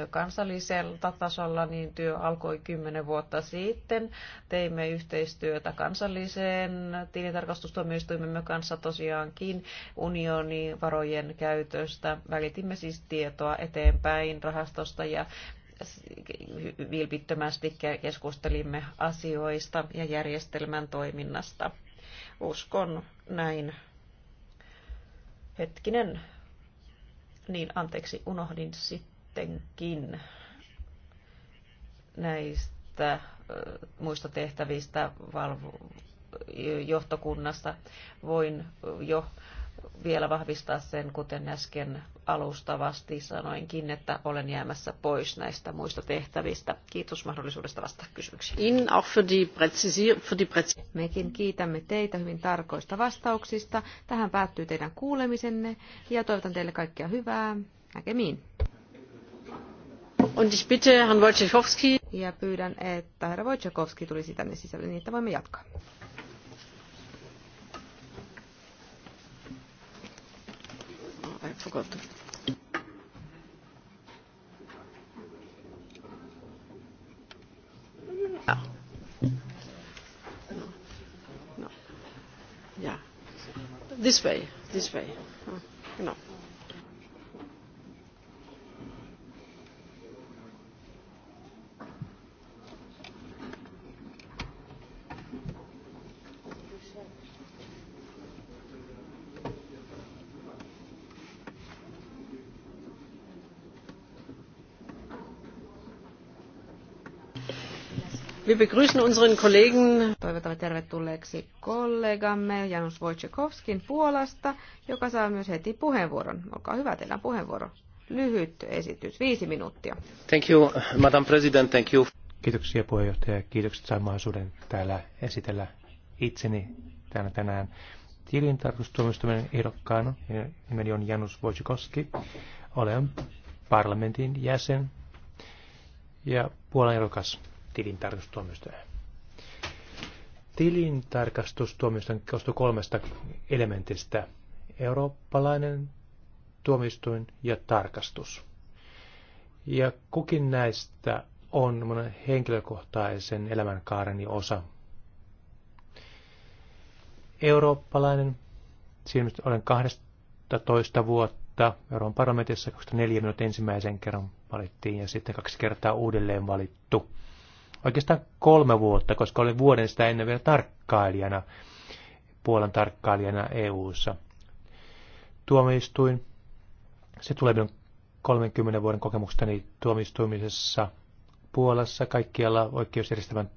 kansallisella tasolla niin työ alkoi kymmenen vuotta sitten. Teimme yhteistyötä kansalliseen tilintarkastustuomioistuimemme kanssa tosiaankin unionin varojen käytöstä. Välitimme siis tietoa eteenpäin rahastosta ja vilpittömästi keskustelimme asioista ja järjestelmän toiminnasta. Uskon näin. Hetkinen. Niin, anteeksi, unohdin sittenkin näistä muista tehtävistä valvo, johtokunnasta. Voin jo vielä vahvistaa sen, kuten äsken alustavasti sanoinkin, että olen jäämässä pois näistä muista tehtävistä. Kiitos mahdollisuudesta vastata kysymyksiin. In auch für die für die Mekin kiitämme teitä hyvin tarkoista vastauksista. Tähän päättyy teidän kuulemisenne ja toivotan teille kaikkia hyvää. Näkemiin. Und ich bitte Herrn Ja pyydän, että herra Wojciechowski tulisi tänne sisälle, niin että voimme jatkaa. forgotten. No. No. Ja. This way, this way. Ja. No. Genau. No. Wir begrüßen unseren Kollegen. Toivotamme tervetulleeksi kollegamme Janusz Wojciechowskin Puolasta, joka saa myös heti puheenvuoron. Olkaa hyvä, teillä on puheenvuoro. Lyhyt esitys, viisi minuuttia. Thank you, Madam President, thank you. Kiitoksia puheenjohtaja, kiitokset sain mahdollisuuden täällä esitellä itseni täällä tänään. Tilintarkastustuomioistuimen ehdokkaana, nimeni on Janus Wojciechowski, olen parlamentin jäsen ja Puolan ehdokas tilintarkastustuomioistuimeen. Tilintarkastustuomioistuin koostuu kolmesta elementistä. Eurooppalainen tuomioistuin ja tarkastus. Ja kukin näistä on mun henkilökohtaisen elämänkaareni osa. Eurooppalainen, siinä olen 12 vuotta Euroopan parlamentissa, koska neljä minut ensimmäisen kerran valittiin ja sitten kaksi kertaa uudelleen valittu oikeastaan kolme vuotta, koska olin vuoden sitä ennen vielä tarkkailijana, Puolan tarkkailijana EU-ssa. Tuomioistuin, se tulee minun 30 vuoden kokemuksestani tuomioistuimisessa Puolassa kaikkialla oikeusjärjestelmän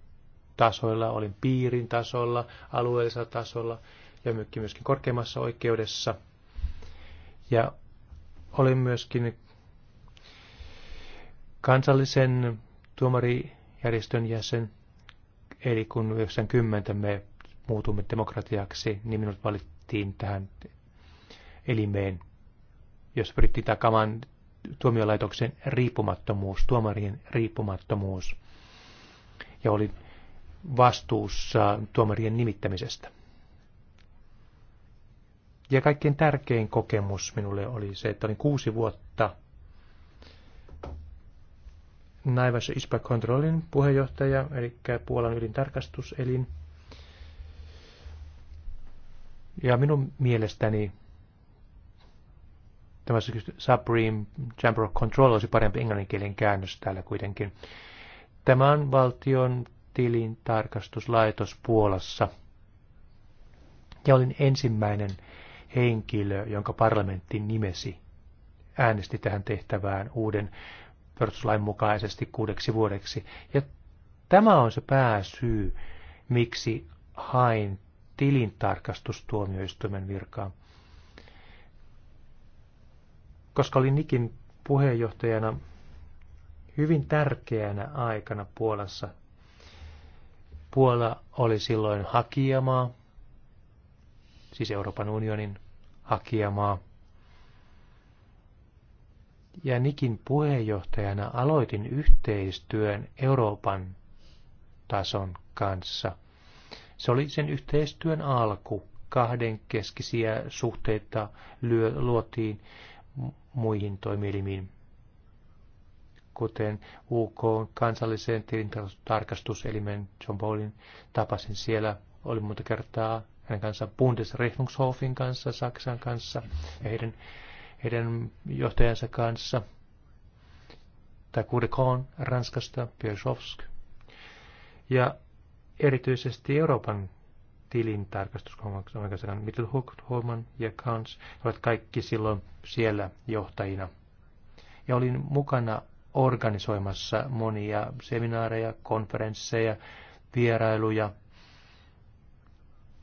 tasoilla, olin piirin tasolla, alueellisella tasolla ja myöskin korkeimmassa oikeudessa. Ja olin myöskin kansallisen tuomari järjestön jäsen. Eli kun 90 me muutumme demokratiaksi, niin minut valittiin tähän elimeen, jos pyrittiin takamaan tuomiolaitoksen riippumattomuus, tuomarien riippumattomuus, ja oli vastuussa tuomarien nimittämisestä. Ja kaikkein tärkein kokemus minulle oli se, että olin kuusi vuotta Naivassa Ispa Kontrollin puheenjohtaja, eli Puolan ylin tarkastuselin. Ja minun mielestäni tämä Supreme Chamber of Control olisi parempi englanninkielinen käännös täällä kuitenkin. Tämä on valtion tilintarkastuslaitos Puolassa. Ja olin ensimmäinen henkilö, jonka parlamentti nimesi äänesti tähän tehtävään uuden perustuslain mukaisesti kuudeksi vuodeksi. Ja tämä on se pääsyy, miksi hain tilintarkastustuomioistuimen virkaan. Koska olin Nikin puheenjohtajana hyvin tärkeänä aikana Puolassa. Puola oli silloin hakijamaa, siis Euroopan unionin hakijamaa ja Nikin puheenjohtajana aloitin yhteistyön Euroopan tason kanssa. Se oli sen yhteistyön alku. Kahden keskisiä suhteita lyö, luotiin muihin toimielimiin, kuten UK kansallisen tilintarkastuselimen John Paulin tapasin siellä. Oli monta kertaa hänen kanssaan Bundesrechnungshofin kanssa, Saksan kanssa ja heidän heidän johtajansa kanssa, tai Kudekon Ranskasta, Piersovsk, ja erityisesti Euroopan tilintarkastuskomission Mitchell Hook, Holman ja Kans ovat kaikki silloin siellä johtajina. Ja olin mukana organisoimassa monia seminaareja, konferensseja, vierailuja.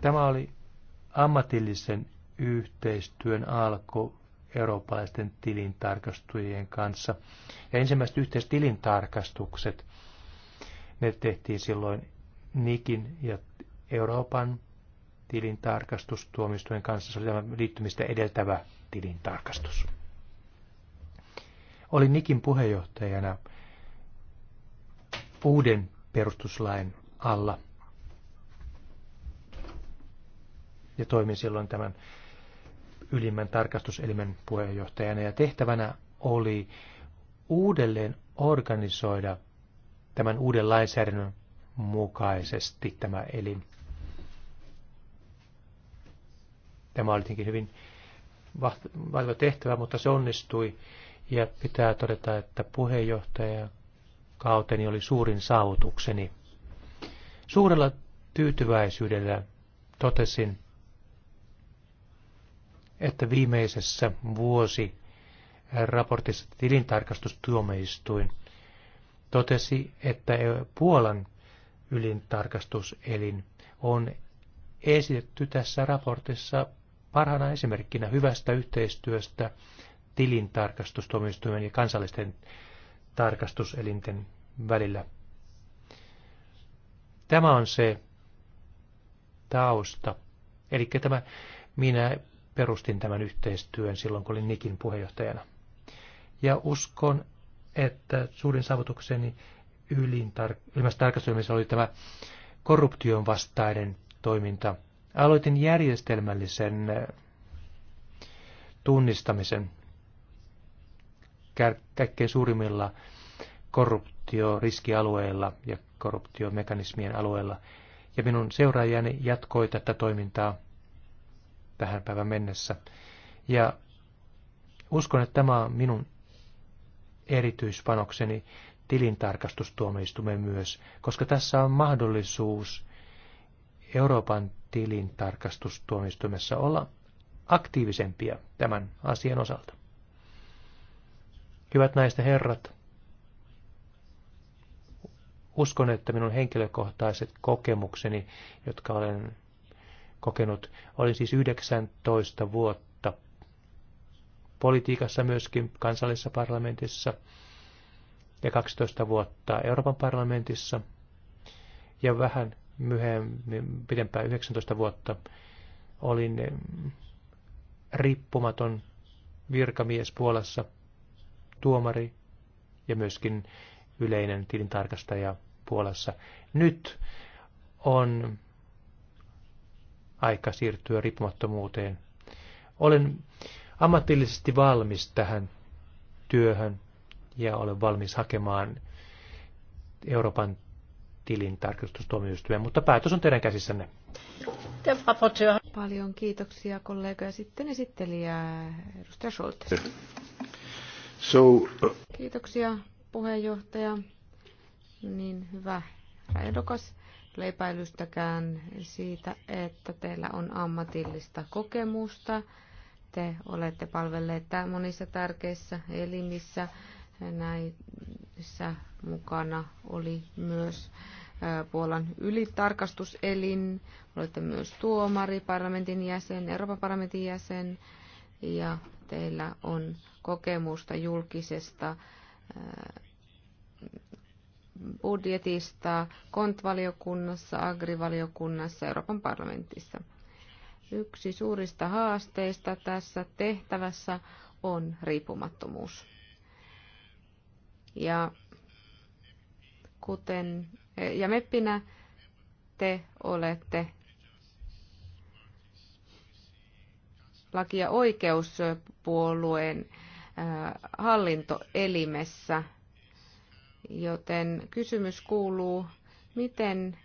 Tämä oli ammatillisen yhteistyön alku eurooppalaisten tilintarkastujien kanssa. Ja ensimmäiset yhteiset tilintarkastukset, ne tehtiin silloin Nikin ja Euroopan tilintarkastustuomioistuimen kanssa. Se oli tämä liittymistä edeltävä tilintarkastus. Olin Nikin puheenjohtajana uuden perustuslain alla ja toimin silloin tämän ylimmän tarkastuselimen puheenjohtajana ja tehtävänä oli uudelleen organisoida tämän uuden lainsäädännön mukaisesti tämä elin. Tämä oli tietenkin hyvin vaativa tehtävä, mutta se onnistui ja pitää todeta, että puheenjohtaja kauteni oli suurin saavutukseni. Suurella tyytyväisyydellä totesin, että viimeisessä vuosi eh, raportissa tilintarkastustuomioistuin totesi, että eh, Puolan ylintarkastuselin on esitetty tässä raportissa parhaana esimerkkinä hyvästä yhteistyöstä tilintarkastustuomioistuimen ja kansallisten tarkastuselinten välillä. Tämä on se tausta. Eli tämä minä perustin tämän yhteistyön silloin, kun olin Nikin puheenjohtajana. Ja uskon, että suurin saavutukseni ylimmässä tarkastelussa oli tämä korruption vastainen toiminta. Aloitin järjestelmällisen äh, tunnistamisen kaikkein suurimmilla korruptioriskialueilla ja korruptiomekanismien alueilla. Ja minun seuraajani jatkoi tätä toimintaa tähän päivän mennessä. Ja uskon, että tämä on minun erityispanokseni tilintarkastustuomioistuimeen myös, koska tässä on mahdollisuus Euroopan tilintarkastustuomioistuimessa olla aktiivisempia tämän asian osalta. Hyvät naiset ja herrat, uskon, että minun henkilökohtaiset kokemukseni, jotka olen kokenut. Olin siis 19 vuotta politiikassa myöskin kansallisessa parlamentissa ja 12 vuotta Euroopan parlamentissa ja vähän myöhemmin, pidempään 19 vuotta, olin riippumaton virkamies Puolassa, tuomari ja myöskin yleinen tilintarkastaja Puolassa. Nyt on aika siirtyä riippumattomuuteen. Olen ammatillisesti valmis tähän työhön ja olen valmis hakemaan Euroopan tarkistustuomioistuimen, mutta päätös on teidän käsissänne. Paljon kiitoksia kollegoja sitten esittelijä edustaja Scholte. So, uh... Kiitoksia puheenjohtaja. Niin hyvä, ehdokas ole epäilystäkään siitä, että teillä on ammatillista kokemusta. Te olette palvelleet monissa tärkeissä elimissä. Näissä mukana oli myös Puolan ylitarkastuselin. Olette myös tuomari, parlamentin jäsen, Euroopan parlamentin jäsen ja teillä on kokemusta julkisesta budjetista kontvaliokunnassa, agrivaliokunnassa, Euroopan parlamentissa. Yksi suurista haasteista tässä tehtävässä on riippumattomuus. Ja kuten ja meppinä te olette laki- ja oikeuspuolueen hallintoelimessä Joten kysymys kuuluu, miten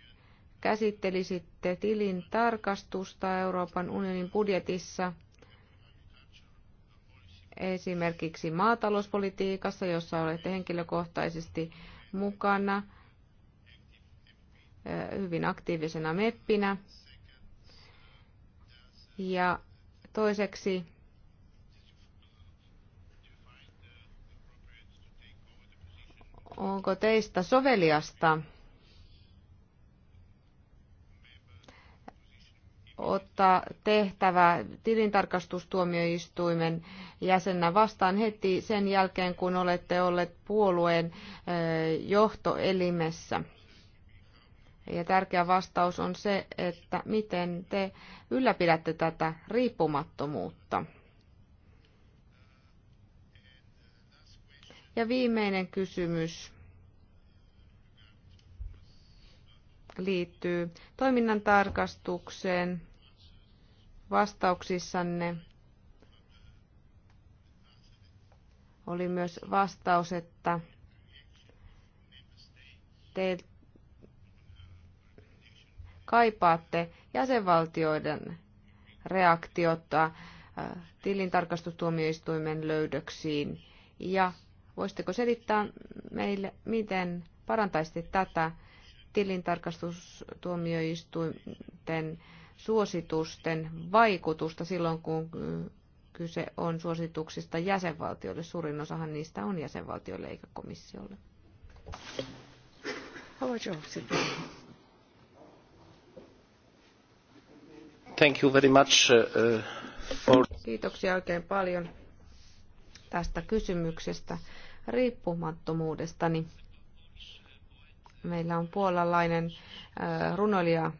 käsittelisitte tilin tarkastusta Euroopan unionin budjetissa esimerkiksi maatalouspolitiikassa, jossa olette henkilökohtaisesti mukana eh, hyvin aktiivisena meppinä. Ja toiseksi, Onko teistä soveliasta ottaa tehtävä tilintarkastustuomioistuimen jäsennä vastaan heti sen jälkeen, kun olette olleet puolueen johtoelimessä? Ja tärkeä vastaus on se, että miten te ylläpidätte tätä riippumattomuutta. Ja viimeinen kysymys liittyy toiminnan tarkastukseen vastauksissanne. Oli myös vastaus, että te kaipaatte jäsenvaltioiden reaktiota äh, tilintarkastustuomioistuimen löydöksiin ja Voisitteko selittää meille, miten parantaisitte tätä tilintarkastustuomioistuinten suositusten vaikutusta silloin, kun kyse on suosituksista jäsenvaltioille. Suurin osahan niistä on jäsenvaltioille eikä komissiolle. Thank you very much, uh, uh, for... Kiitoksia oikein paljon tästä kysymyksestä riippumattomuudestani. Meillä on puolalainen runoilija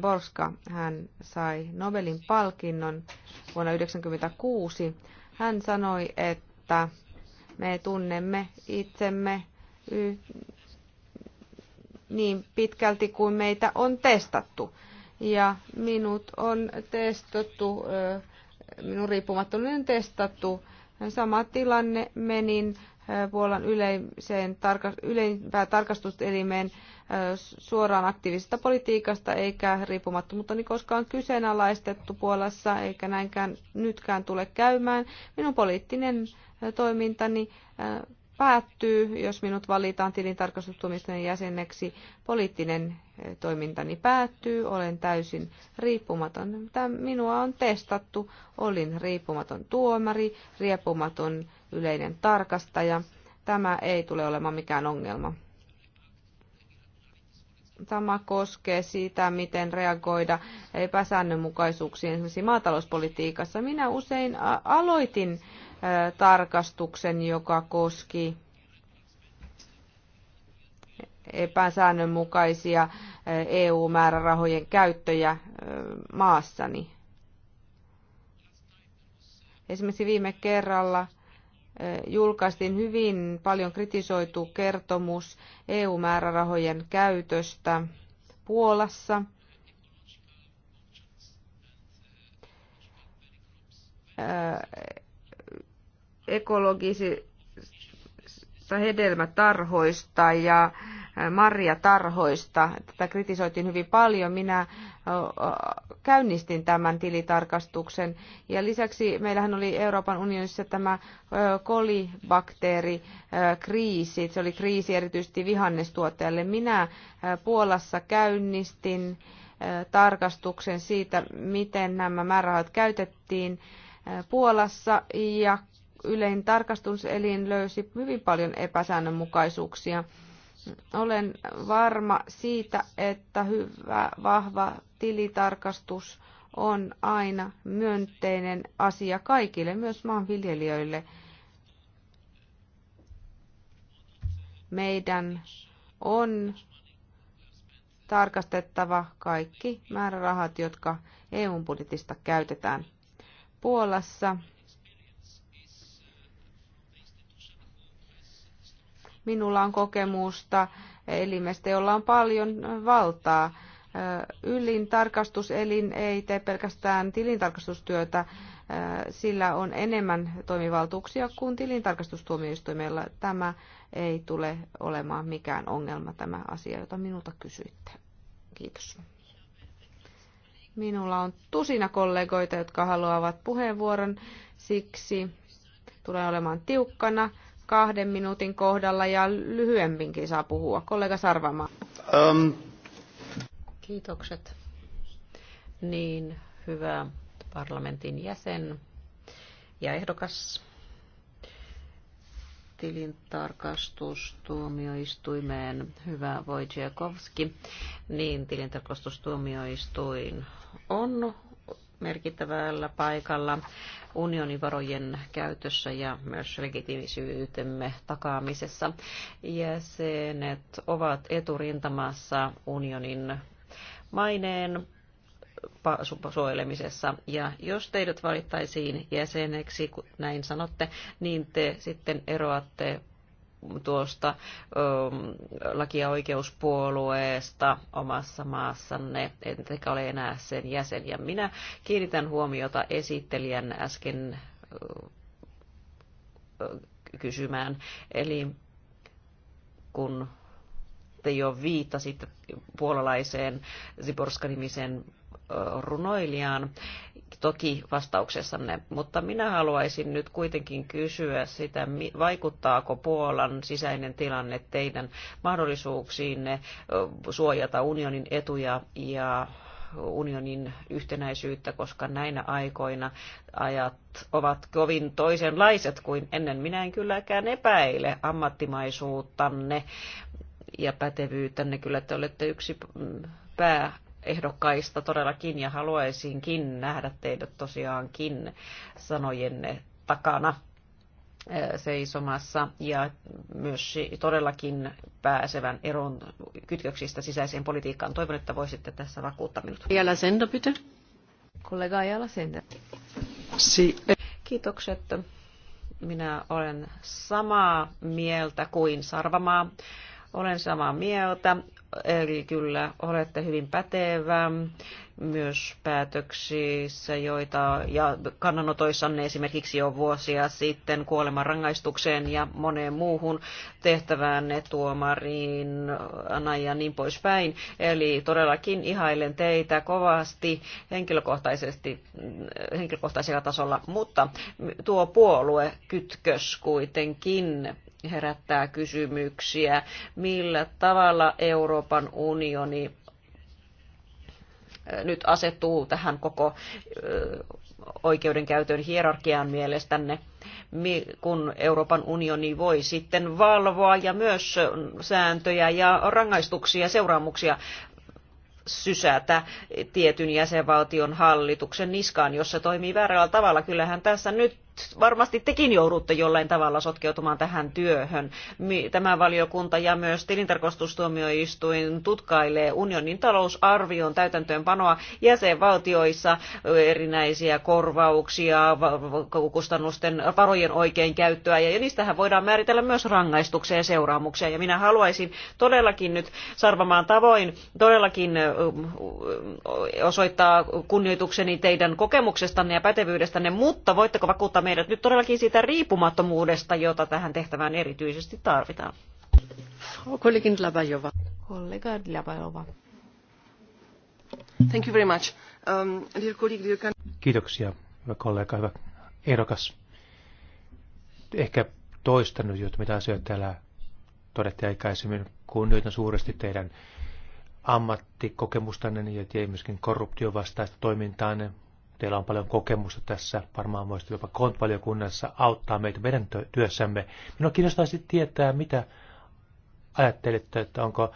Borska Hän sai Nobelin palkinnon vuonna 1996. Hän sanoi, että me tunnemme itsemme niin pitkälti kuin meitä on testattu. Ja minut on testattu, minun riippumattomuuden testattu Sama tilanne menin Puolan yleiseen tarka- yleimpään tarkastuselimeen suoraan aktiivisesta politiikasta eikä niin koskaan kyseenalaistettu Puolassa eikä näinkään nytkään tule käymään. Minun poliittinen toimintani päättyy, jos minut valitaan tilintarkastustumisten jäseneksi. Poliittinen toimintani päättyy, olen täysin riippumaton. Minua on testattu, olin riippumaton tuomari, riippumaton yleinen tarkastaja. Tämä ei tule olemaan mikään ongelma. Tämä koskee sitä, miten reagoida epäsäännönmukaisuuksiin esimerkiksi maatalouspolitiikassa. Minä usein aloitin tarkastuksen, joka koski epäsäännönmukaisia EU-määrärahojen käyttöjä maassani. Esimerkiksi viime kerralla julkaistiin hyvin paljon kritisoitu kertomus EU-määrärahojen käytöstä Puolassa. ekologisista hedelmätarhoista ja Äh, marjatarhoista. Tätä kritisoitiin hyvin paljon. Minä äh, käynnistin tämän tilitarkastuksen. Ja lisäksi meillähän oli Euroopan unionissa tämä äh, kolibakteerikriisi. Se oli kriisi erityisesti vihannestuottajalle. Minä Puolassa käynnistin tarkastuksen siitä, miten nämä määrärahat käytettiin Puolassa ja yleinen tarkastuselin löysi hyvin paljon epäsäännönmukaisuuksia. Olen varma siitä, että hyvä, vahva tilitarkastus on aina myönteinen asia kaikille, myös maanviljelijöille. Meidän on tarkastettava kaikki määrärahat, jotka EU-budjetista käytetään. Puolassa Minulla on kokemusta elimestä, jolla on paljon valtaa. Ylin tarkastuselin ei tee pelkästään tilintarkastustyötä, sillä on enemmän toimivaltuuksia kuin tilintarkastustuomioistuimella. Tämä ei tule olemaan mikään ongelma tämä asia, jota minulta kysyitte. Kiitos. Minulla on tusina kollegoita, jotka haluavat puheenvuoron, siksi tulee olemaan tiukkana kahden minuutin kohdalla ja lyhyemminkin saa puhua. Kollega Sarvama. Um. Ähm. Kiitokset. Niin, hyvä parlamentin jäsen ja ehdokas tilintarkastustuomioistuimeen, hyvä Wojciechowski, niin tilintarkastustuomioistuin on merkittävällä paikalla unionin varojen käytössä ja myös legitimisyytemme takaamisessa. Jäsenet ovat eturintamassa unionin maineen suojelemisessa. Ja jos teidät valittaisiin jäseneksi, kun näin sanotte, niin te sitten eroatte tuosta laki- ja oikeuspuolueesta omassa maassanne, ettekä ole enää sen jäsen. Ja minä kiinnitän huomiota esittelijän äsken kysymään. Eli kun te jo viittasitte puolalaiseen ziborska nimiseen runoilijaan toki vastauksessanne, mutta minä haluaisin nyt kuitenkin kysyä sitä, vaikuttaako Puolan sisäinen tilanne teidän mahdollisuuksiinne suojata unionin etuja ja unionin yhtenäisyyttä, koska näinä aikoina ajat ovat kovin toisenlaiset kuin ennen. Minä en kylläkään epäile ammattimaisuuttanne ja pätevyyttänne. Kyllä te olette yksi mm, pää ehdokkaista todellakin ja haluaisinkin nähdä teidät tosiaankin sanojenne takana seisomassa ja myös todellakin pääsevän eron kytköksistä sisäiseen politiikkaan. Toivon, että voisitte tässä vakuuttaa minut. Jala Senda, bitte. Kollega Jala Senda. Si- Kiitokset. Minä olen samaa mieltä kuin Sarvamaa. Olen samaa mieltä. Eli kyllä olette hyvin pätevä myös päätöksissä, joita ja kannanotoissanne esimerkiksi jo vuosia sitten kuolemanrangaistukseen ja moneen muuhun tehtävään tuomariin, Anna ja niin poispäin. Eli todellakin ihailen teitä kovasti henkilökohtaisesti, henkilökohtaisella tasolla, mutta tuo puolue kytkös kuitenkin herättää kysymyksiä, millä tavalla Euroopan unioni nyt asettuu tähän koko oikeudenkäytön hierarkiaan mielestänne, kun Euroopan unioni voi sitten valvoa ja myös sääntöjä ja rangaistuksia, seuraamuksia sysätä tietyn jäsenvaltion hallituksen niskaan, jossa toimii väärällä tavalla. Kyllähän tässä nyt varmasti tekin joudutte jollain tavalla sotkeutumaan tähän työhön. Tämä valiokunta ja myös tilintarkastustuomioistuin tutkailee unionin talousarvion täytäntöönpanoa jäsenvaltioissa erinäisiä korvauksia, kustannusten varojen oikein käyttöä ja niistähän voidaan määritellä myös rangaistuksia ja seuraamuksia. Ja minä haluaisin todellakin nyt Sarvamaan tavoin todellakin osoittaa kunnioitukseni teidän kokemuksestanne ja pätevyydestänne, mutta voitteko vakuuttaa meidät nyt todellakin siitä riippumattomuudesta, jota tähän tehtävään erityisesti tarvitaan. Kollegin Dlabajova. Kollega Thank you very much. Um, dear colleague, dear can... Kiitoksia, hyvä kollega, hyvä ehdokas. Ehkä toistanut jo, mitä asioita täällä todettiin aikaisemmin, kunnioitan suuresti teidän ammattikokemustanne ja myöskin korruptiovastaista toimintaanne, Teillä on paljon kokemusta tässä, varmaan voisitte jopa kontvaliokunnassa auttaa meitä meidän työssämme. Minua kiinnostaisi tietää, mitä ajattelette, että onko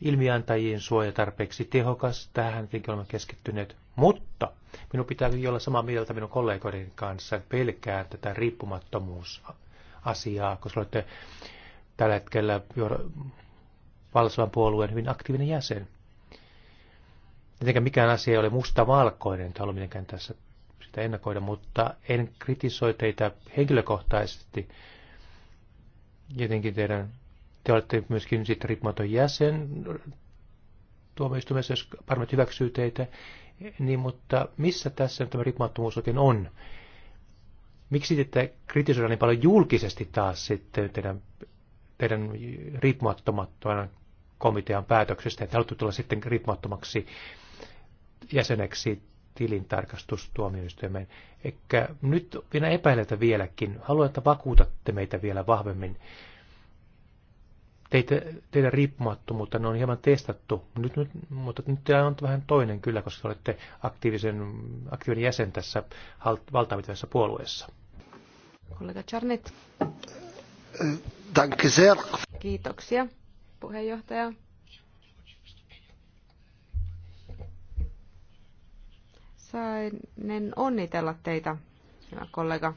ilmiantajien suoja tarpeeksi tehokas. Tähän tietenkin olemme keskittyneet. Mutta minun pitää olla samaa mieltä minun kollegoiden kanssa, että pelkään tätä riippumattomuusasiaa, koska olette tällä hetkellä Valsavan puolueen hyvin aktiivinen jäsen. Tietenkään mikään asia ei ole mustavalkoinen, että haluan mitenkään tässä sitä ennakoida, mutta en kritisoi teitä henkilökohtaisesti. Jotenkin teidän, te olette myöskin sitten riippumaton jäsen tuomioistuimessa, jos parmet hyväksyy teitä, niin, mutta missä tässä nyt tämä riippumattomuus oikein on? Miksi te kritisoidaan niin paljon julkisesti taas sitten teidän, teidän riippumattomattoman komitean päätöksestä, että haluatte tulla sitten riippumattomaksi jäseneksi tilintarkastustuomioistuimeen. Eikä nyt minä epäiletä vieläkin. Haluan, että vakuutatte meitä vielä vahvemmin. Teitä, teidän riippumattomuutta ne on hieman testattu, nyt, nyt, mutta nyt teillä on vähän toinen kyllä, koska olette aktiivisen, aktiivinen jäsen tässä valtaavitavassa puolueessa. Kollega Charnet. Danke sehr. Kiitoksia, puheenjohtaja. sainen onnitella teitä, hyvä kollega,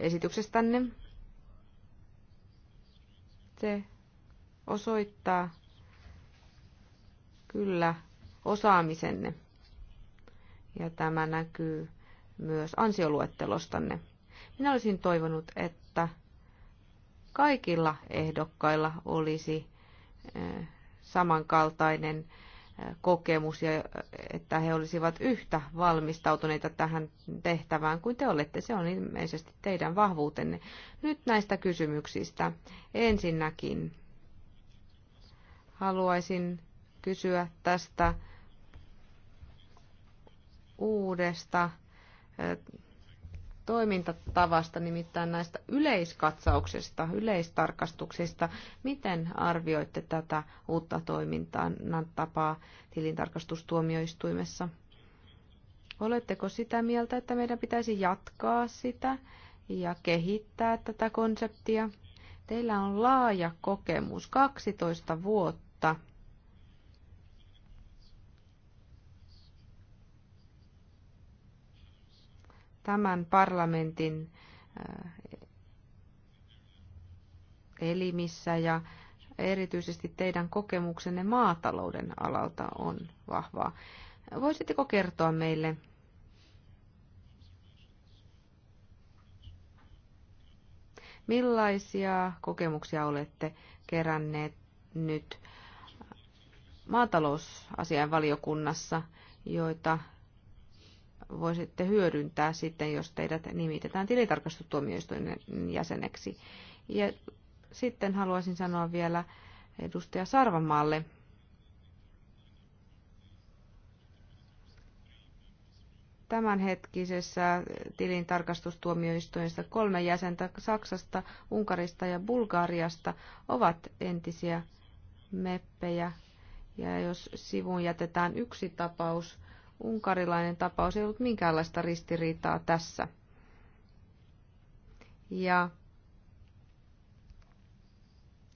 esityksestänne. Se osoittaa kyllä osaamisenne ja tämä näkyy myös ansioluettelostanne. Minä olisin toivonut, että kaikilla ehdokkailla olisi eh, samankaltainen kokemus ja eh, että he olisivat yhtä valmistautuneita tähän tehtävään kuin te olette. Se on ilmeisesti teidän vahvuutenne. Nyt näistä kysymyksistä. Ensinnäkin haluaisin kysyä tästä uudesta eh, toimintatavasta, nimittäin näistä yleiskatsauksista, yleistarkastuksista. Miten arvioitte tätä uutta toimintaa tapaa tilintarkastustuomioistuimessa? Oletteko sitä mieltä, että meidän pitäisi jatkaa sitä ja kehittää tätä konseptia? Teillä on laaja kokemus, 12 vuotta tämän parlamentin äh, elimissä ja erityisesti teidän kokemuksenne maatalouden alalta on vahvaa. Voisitteko kertoa meille millaisia kokemuksia olette keränneet nyt maatalousasian valiokunnassa, joita voisitte hyödyntää sitten, jos teidät nimitetään tilintarkastustuomioistuimen jäseneksi. Ja sitten haluaisin sanoa vielä edustaja Sarvamaalle, tämänhetkisessä tilintarkastustuomioistuimessa kolme jäsentä Saksasta, Unkarista ja Bulgariasta ovat entisiä meppejä. Ja jos sivuun jätetään yksi tapaus, unkarilainen tapaus ei ollut minkäänlaista ristiriitaa tässä. Ja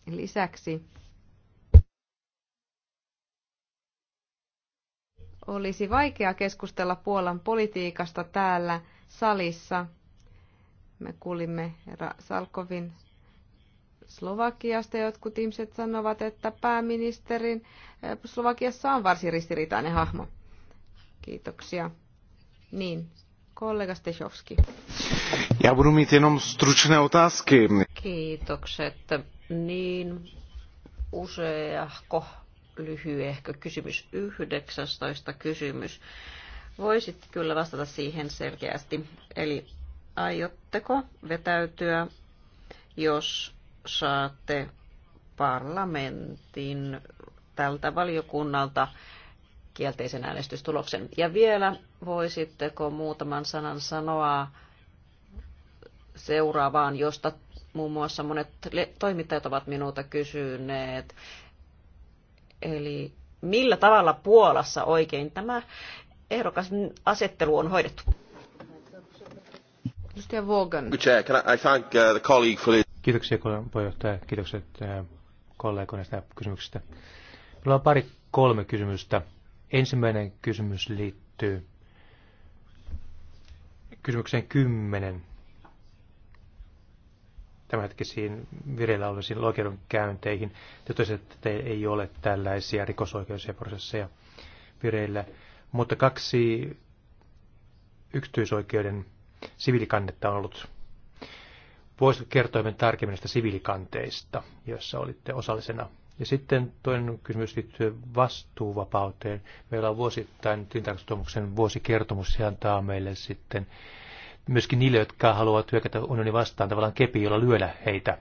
lisäksi olisi vaikea keskustella Puolan politiikasta täällä salissa. Me kuulimme herra Salkovin Slovakiasta. Jotkut ihmiset sanovat, että pääministerin eh, Slovakiassa on varsin ristiriitainen hahmo. Kiitoksia. Niin, kollega Stechowski. Ja budu mít jenom stručné otázky. Kiitokset. Niin, useahko ehkä kysymys 19 kysymys. Voisit kyllä vastata siihen selkeästi. Eli aiotteko vetäytyä, jos saatte parlamentin tältä valiokunnalta kielteisen äänestystuloksen. Ja vielä voisitteko muutaman sanan sanoa seuraavaan, josta muun muassa monet toimittajat ovat minulta kysyneet. Eli millä tavalla Puolassa oikein tämä ehdokas asettelu on hoidettu? Uh, Kiitoksia puheenjohtaja, kiitokset uh, kollegoista ja kysymyksistä. Meillä on pari kolme kysymystä Ensimmäinen kysymys liittyy kysymykseen 10 tämänhetkisiin vireillä oleviin oikeudenkäynteihin. Te totesitte, että ei ole tällaisia rikosoikeudellisia prosesseja vireillä, mutta kaksi yksityisoikeuden siviilikannetta on ollut. Voisitko kertoa tarkemmin näistä siviilikanteista, joissa olitte osallisena? Ja sitten toinen kysymys liittyy vastuuvapauteen. Meillä on vuosittain tilintarkastustomuksen vuosikertomus, se antaa meille sitten myöskin niille, jotka haluavat hyökätä unionin vastaan tavallaan kepi, jolla lyödä heitä.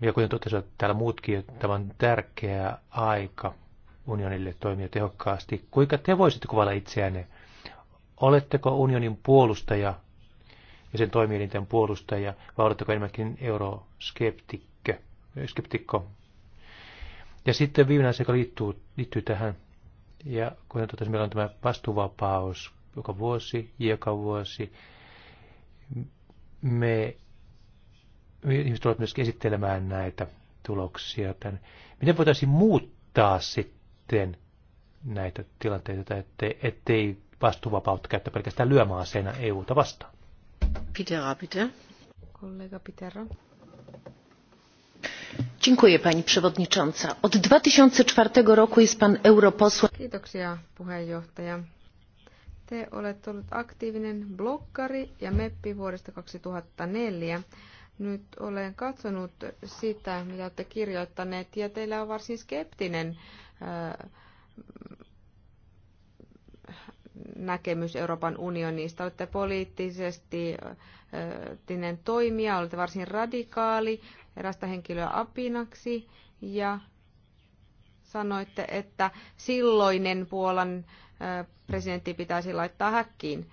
Ja kuten totesivat täällä muutkin, että tämä on tärkeä aika unionille toimia tehokkaasti. Kuinka te voisitte kuvailla itseänne? Oletteko unionin puolustaja ja sen toimielinten puolustaja, vai oletteko enemmänkin euroskeptikki? skeptikko. Ja sitten viimeinen asia, joka liittyy, liittyy tähän, ja kuten totesin, meillä on tämä vastuuvapaus joka vuosi, joka vuosi. Me, me ihmiset tulevat myöskin esittelemään näitä tuloksia. Tämän. Miten voitaisiin muuttaa sitten näitä tilanteita, ettei, ettei vastuuvapautta käyttää pelkästään lyömäaseena EUta vastaan? Pitera, pitää. Kollega Pitera pani przewodnicząca. Od cztery roku jest pan europosłem. Kiitoksia puheenjohtaja. Te olette ollut aktiivinen bloggari ja meppi vuodesta 2004. Nyt olen katsonut sitä, mitä olette kirjoittaneet, ja teillä on varsin skeptinen äh, näkemys Euroopan unionista. Olette poliittisesti äh, toimija, olette varsin radikaali, erästä henkilöä apinaksi ja sanoitte, että silloinen Puolan presidentti pitäisi laittaa häkkiin.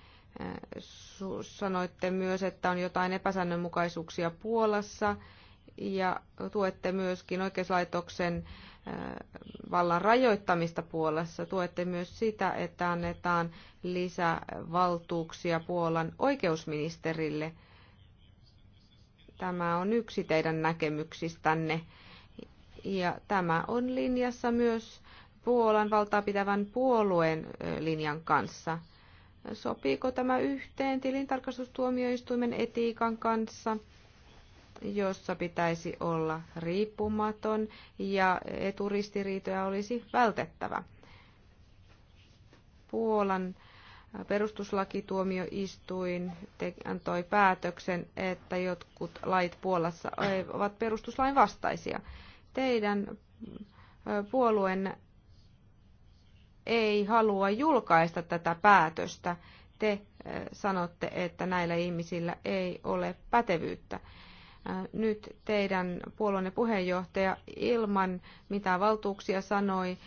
Sanoitte myös, että on jotain epäsäännönmukaisuuksia Puolassa ja tuette myöskin oikeuslaitoksen vallan rajoittamista Puolassa. Tuette myös sitä, että annetaan lisävaltuuksia Puolan oikeusministerille – Tämä on yksi teidän näkemyksistänne. Ja tämä on linjassa myös Puolan valtaa pitävän puolueen linjan kanssa. Sopiiko tämä yhteen tilintarkastustuomioistuimen etiikan kanssa, jossa pitäisi olla riippumaton ja eturistiriitoja olisi vältettävä? Puolan perustuslakituomioistuin antoi päätöksen, että jotkut lait Puolassa ovat perustuslain vastaisia. Teidän puolueen ei halua julkaista tätä päätöstä. Te sanotte, että näillä ihmisillä ei ole pätevyyttä. Nyt teidän puolueenne puheenjohtaja ilman mitään valtuuksia sanoi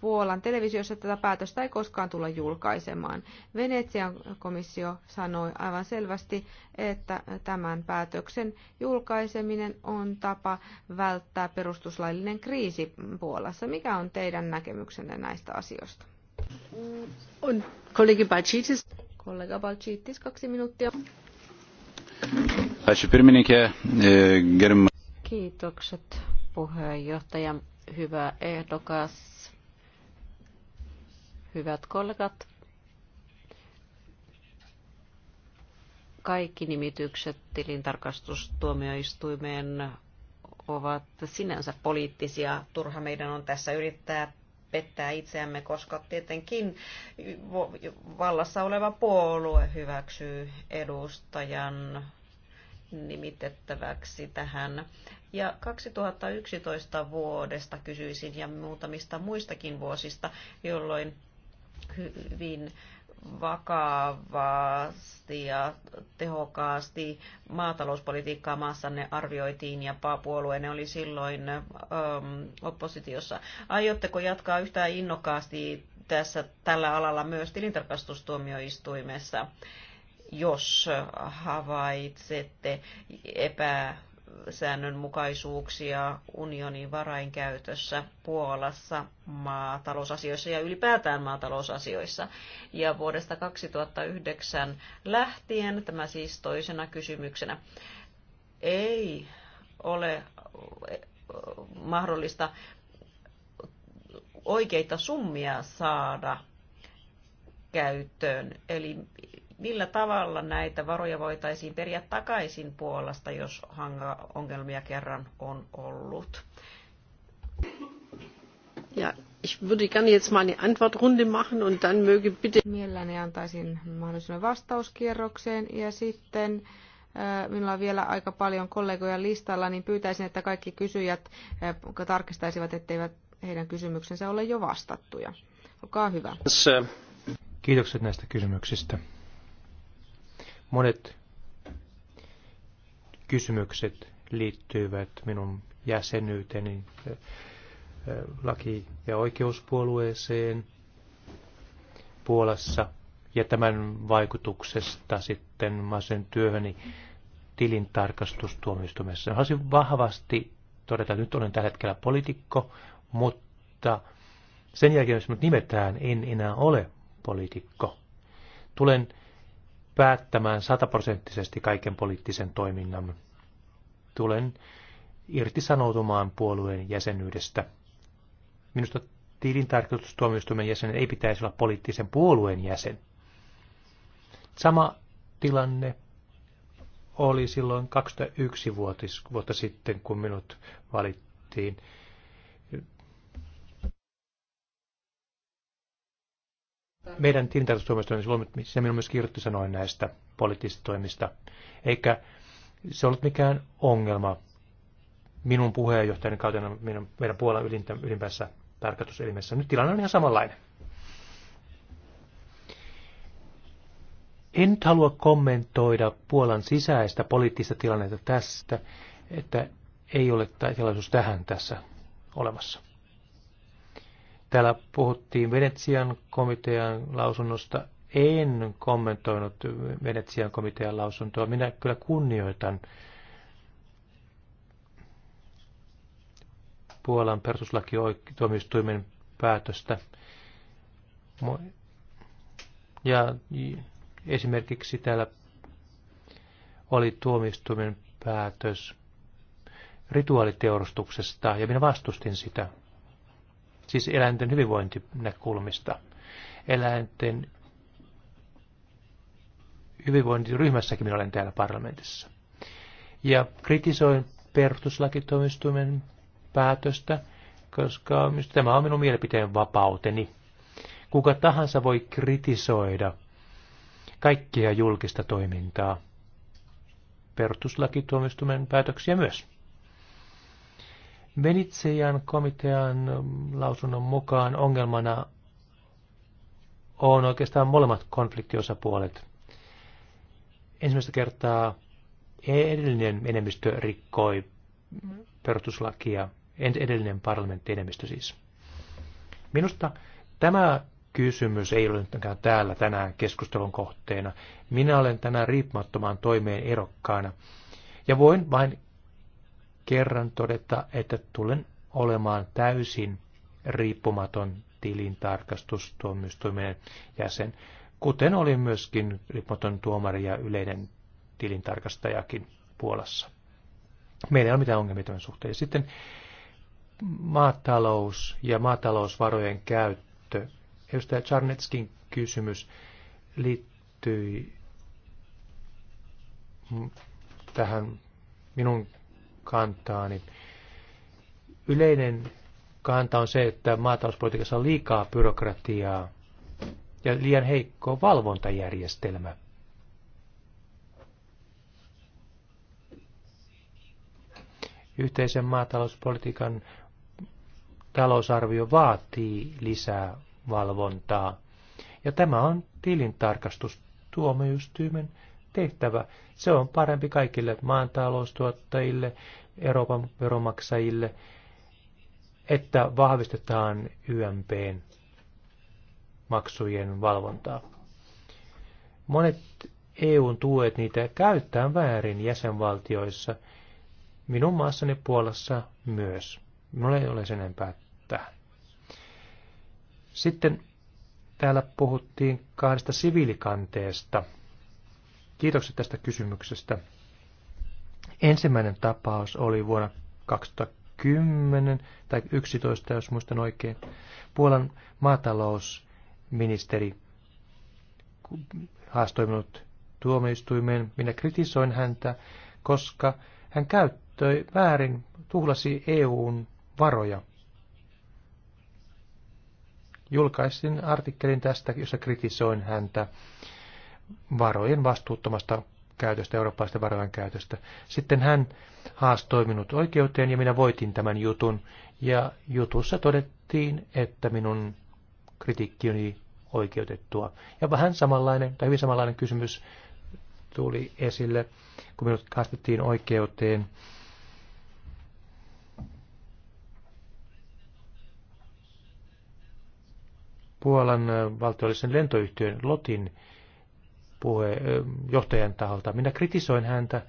Puolan televisiossa tätä päätöstä ei koskaan tulla julkaisemaan. Venetsian komissio sanoi aivan selvästi, että tämän päätöksen julkaiseminen on tapa välttää perustuslaillinen kriisi Puolassa. Mikä on teidän näkemyksenne näistä asioista? On kollegi Kollega Balcitis, kaksi minuuttia. E, Kiitokset puheenjohtaja. Hyvä ehdokas Hyvät kollegat, kaikki nimitykset tilintarkastustuomioistuimeen ovat sinänsä poliittisia. Turha meidän on tässä yrittää pettää itseämme, koska tietenkin vallassa oleva puolue hyväksyy edustajan nimitettäväksi tähän. Ja 2011 vuodesta kysyisin ja muutamista muistakin vuosista, jolloin hyvin vakavasti ja tehokkaasti maatalouspolitiikkaa maassanne arvioitiin ja puolueenne oli silloin äm, oppositiossa. Aiotteko jatkaa yhtään innokkaasti tässä, tällä alalla myös tilintarkastustuomioistuimessa, jos havaitsette epä säännönmukaisuuksia unionin varainkäytössä Puolassa maatalousasioissa ja ylipäätään maatalousasioissa. Ja vuodesta 2009 lähtien, tämä siis toisena kysymyksenä, ei ole mahdollista oikeita summia saada käyttöön. Eli millä tavalla näitä varoja voitaisiin periä takaisin Puolasta, jos ongelmia kerran on ollut? Ja, ich würde gerne jetzt mal eine Antwortrunde machen und dann möge bitte... Mielläni antaisin mahdollisimman vastauskierrokseen ja sitten äh, Minulla on vielä aika paljon kollegoja listalla, niin pyytäisin, että kaikki kysyjät äh, tarkistaisivat, etteivät heidän kysymyksensä ole jo vastattuja. Olkaa hyvä. Kiitokset näistä kysymyksistä. Monet kysymykset liittyvät minun jäsenyyteni laki- ja oikeuspuolueeseen Puolassa ja tämän vaikutuksesta sitten mä sen työhöni tilintarkastustuomioistuimessa. Haluaisin vahvasti todeta, että nyt olen tällä hetkellä poliitikko, mutta sen jälkeen, jos minut nimetään, en enää ole poliitikko. Tulen päättämään sataprosenttisesti kaiken poliittisen toiminnan. Tulen irtisanoutumaan puolueen jäsenyydestä. Minusta tilintarkastustuomioistuimen jäsen ei pitäisi olla poliittisen puolueen jäsen. Sama tilanne oli silloin 21 vuotta sitten, kun minut valittiin meidän tilintarkastustoimistoon on se minun myös kirjoitti sanoin näistä poliittisista toimista. Eikä se ollut mikään ongelma minun puheenjohtajani kautta minun, meidän Puolan ylintä, ylimpässä tarkastuselimessä. Nyt tilanne on ihan samanlainen. En halua kommentoida Puolan sisäistä poliittista tilannetta tästä, että ei ole tilaisuus tähän tässä olemassa. Täällä puhuttiin Venetsian komitean lausunnosta. En kommentoinut Venetsian komitean lausuntoa. Minä kyllä kunnioitan Puolan perustuslakituomioistuimen päätöstä. Ja esimerkiksi täällä oli tuomioistuimen päätös rituaaliteurustuksesta, ja minä vastustin sitä siis eläinten hyvinvointinäkulmista. Eläinten hyvinvointiryhmässäkin minä olen täällä parlamentissa. Ja kritisoin perustuslakitoimistuimen päätöstä, koska tämä on minun mielipiteen vapauteni. Kuka tahansa voi kritisoida kaikkia julkista toimintaa, perustuslakituomistumen päätöksiä myös. Venetsian komitean mm, lausunnon mukaan ongelmana on oikeastaan molemmat konfliktiosapuolet. Ensimmäistä kertaa edellinen enemmistö rikkoi perustuslakia, edellinen parlamentti enemmistö siis. Minusta tämä kysymys ei ole nytkään täällä tänään keskustelun kohteena. Minä olen tänään riippumattomaan toimeen erokkaana. Ja voin vain kerran todeta, että tulen olemaan täysin riippumaton tilintarkastustuomioistuimen jäsen, kuten oli myöskin riippumaton tuomari ja yleinen tilintarkastajakin Puolassa. Meillä ei ole mitään ongelmia tämän suhteen. Sitten maatalous ja maatalousvarojen käyttö. Edustaja Charnetskin kysymys liittyi tähän minun kantaa, niin yleinen kanta on se, että maatalouspolitiikassa on liikaa byrokratiaa ja liian heikko valvontajärjestelmä. Yhteisen maatalouspolitiikan talousarvio vaatii lisää valvontaa. Ja tämä on tilintarkastustuomioistuimen tehtävä. Se on parempi kaikille maantaloustuottajille, Euroopan veromaksajille, että vahvistetaan YMPn maksujen valvontaa. Monet EUn tuet niitä käyttää väärin jäsenvaltioissa, minun maassani Puolassa myös. Minulla ei ole sen enempää tähän. Sitten täällä puhuttiin kahdesta siviilikanteesta – Kiitokset tästä kysymyksestä. Ensimmäinen tapaus oli vuonna 2010 tai 2011, jos muistan oikein. Puolan maatalousministeri haastoi minut tuomioistuimeen. Minä kritisoin häntä, koska hän käyttöi väärin, tuhlasi EUn varoja. Julkaisin artikkelin tästä, jossa kritisoin häntä varojen vastuuttomasta käytöstä, eurooppalaisten varojen käytöstä. Sitten hän haastoi minut oikeuteen ja minä voitin tämän jutun. Ja jutussa todettiin, että minun oli oikeutettua. Ja vähän samanlainen, tai hyvin samanlainen kysymys tuli esille, kun minut haastettiin oikeuteen. Puolan valtiollisen lentoyhtiön Lotin puhe, johtajan taholta. Minä kritisoin häntä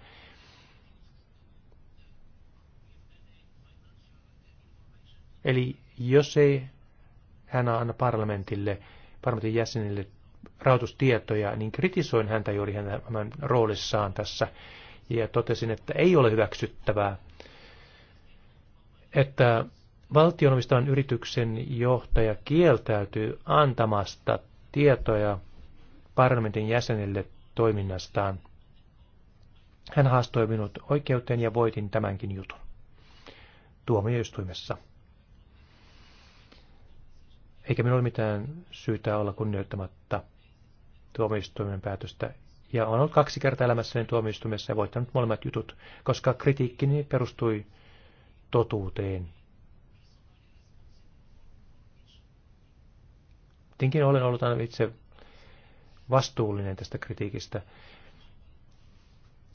Eli jos ei hän anna parlamentille, parlamentin jäsenille rahoitustietoja, niin kritisoin häntä juuri hänen roolissaan tässä ja totesin, että ei ole hyväksyttävää, että valtionomistavan yrityksen johtaja kieltäytyy antamasta tietoja parlamentin jäsenille toiminnastaan. Hän haastoi minut oikeuteen ja voitin tämänkin jutun tuomioistuimessa. Eikä minulla ole mitään syytä olla kunnioittamatta tuomioistuimen päätöstä. Ja olen ollut kaksi kertaa elämässäni tuomioistuimessa ja voittanut molemmat jutut, koska kritiikkini perustui totuuteen. Tinkin olen ollut aina itse vastuullinen tästä kritiikistä.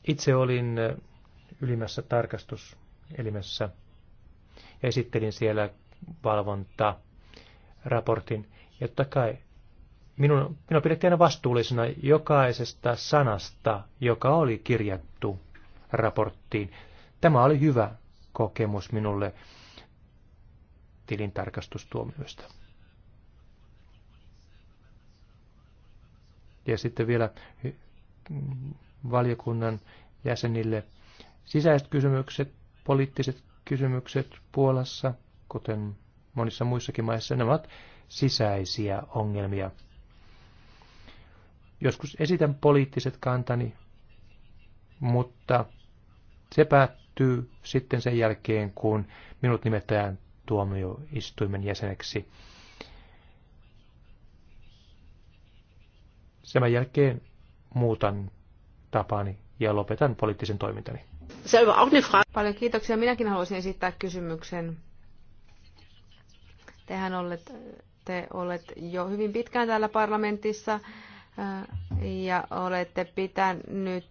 Itse olin ylimmässä tarkastuselimessä ja esittelin siellä valvontaraportin, raportin. Ja totta kai minun, minun pidettiin aina vastuullisena jokaisesta sanasta, joka oli kirjattu raporttiin. Tämä oli hyvä kokemus minulle tilintarkastustuomioista. ja sitten vielä valiokunnan jäsenille sisäiset kysymykset, poliittiset kysymykset Puolassa, kuten monissa muissakin maissa, nämä ovat sisäisiä ongelmia. Joskus esitän poliittiset kantani, mutta se päättyy sitten sen jälkeen, kun minut nimetään tuomioistuimen jäseneksi. Sen jälkeen muutan tapani ja lopetan poliittisen toimintani. Paljon kiitoksia. Minäkin haluaisin esittää kysymyksen. Tehän olet, te olet jo hyvin pitkään täällä parlamentissa ja olette pitänyt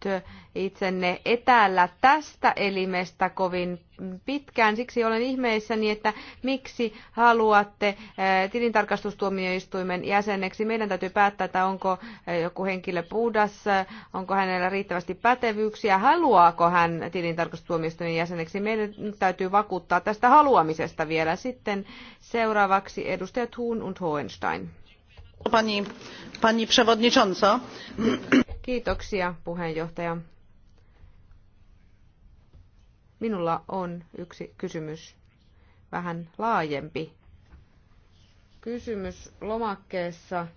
itsenne etäällä tästä elimestä kovin pitkään. Siksi olen ihmeissäni, että miksi haluatte eh, tilintarkastustuomioistuimen jäseneksi. Meidän täytyy päättää, että onko eh, joku henkilö puhdas, eh, onko hänellä riittävästi pätevyyksiä, haluaako hän tilintarkastustuomioistuimen jäseneksi. Meidän täytyy vakuuttaa tästä haluamisesta vielä. Sitten seuraavaksi edustajat Thun und Hohenstein arvoisa puhemies Kiitoksia puheenjohtaja. Minulla on yksi kysymys, vähän laajempi. Kysymys lomakkeessa.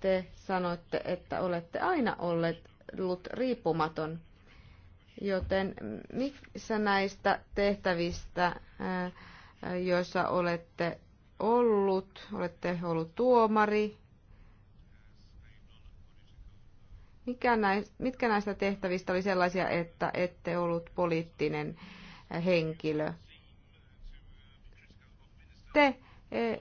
Te sanoitte, että olette aina ollut riippumaton, joten missä näistä tehtävistä, joissa olette ollut, olette ollut tuomari, Mikä näistä, mitkä näistä tehtävistä oli sellaisia, että ette ollut poliittinen eh, henkilö? Te eh,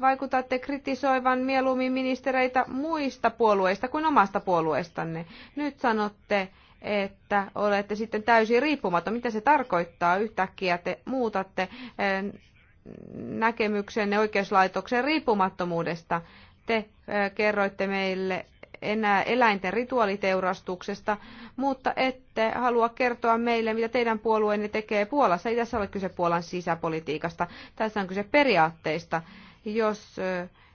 vaikutatte kritisoivan mieluummin ministereitä muista puolueista kuin omasta puolueestanne. Nyt sanotte, että olette sitten täysin riippumaton. Mitä se tarkoittaa? Yhtäkkiä te muutatte eh, näkemyksenne oikeuslaitoksen riippumattomuudesta. Te kerroitte meille enää eläinten rituaaliteurastuksesta, mutta ette halua kertoa meille, mitä teidän puolueenne tekee Puolassa. Ei tässä ole kyse Puolan sisäpolitiikasta, tässä on kyse periaatteista. Jos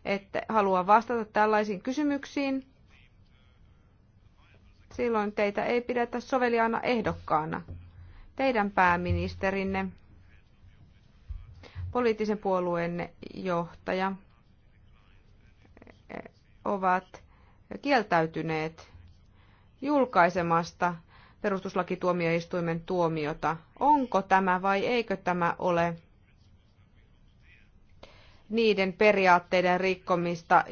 ette halua vastata tällaisiin kysymyksiin, silloin teitä ei pidetä soveliaana ehdokkaana. Teidän pääministerinne, poliittisen puolueenne johtaja, ovat kieltäytyneet julkaisemasta perustuslakituomioistuimen tuomiota. Onko tämä vai eikö tämä ole niiden periaatteiden rikkomista,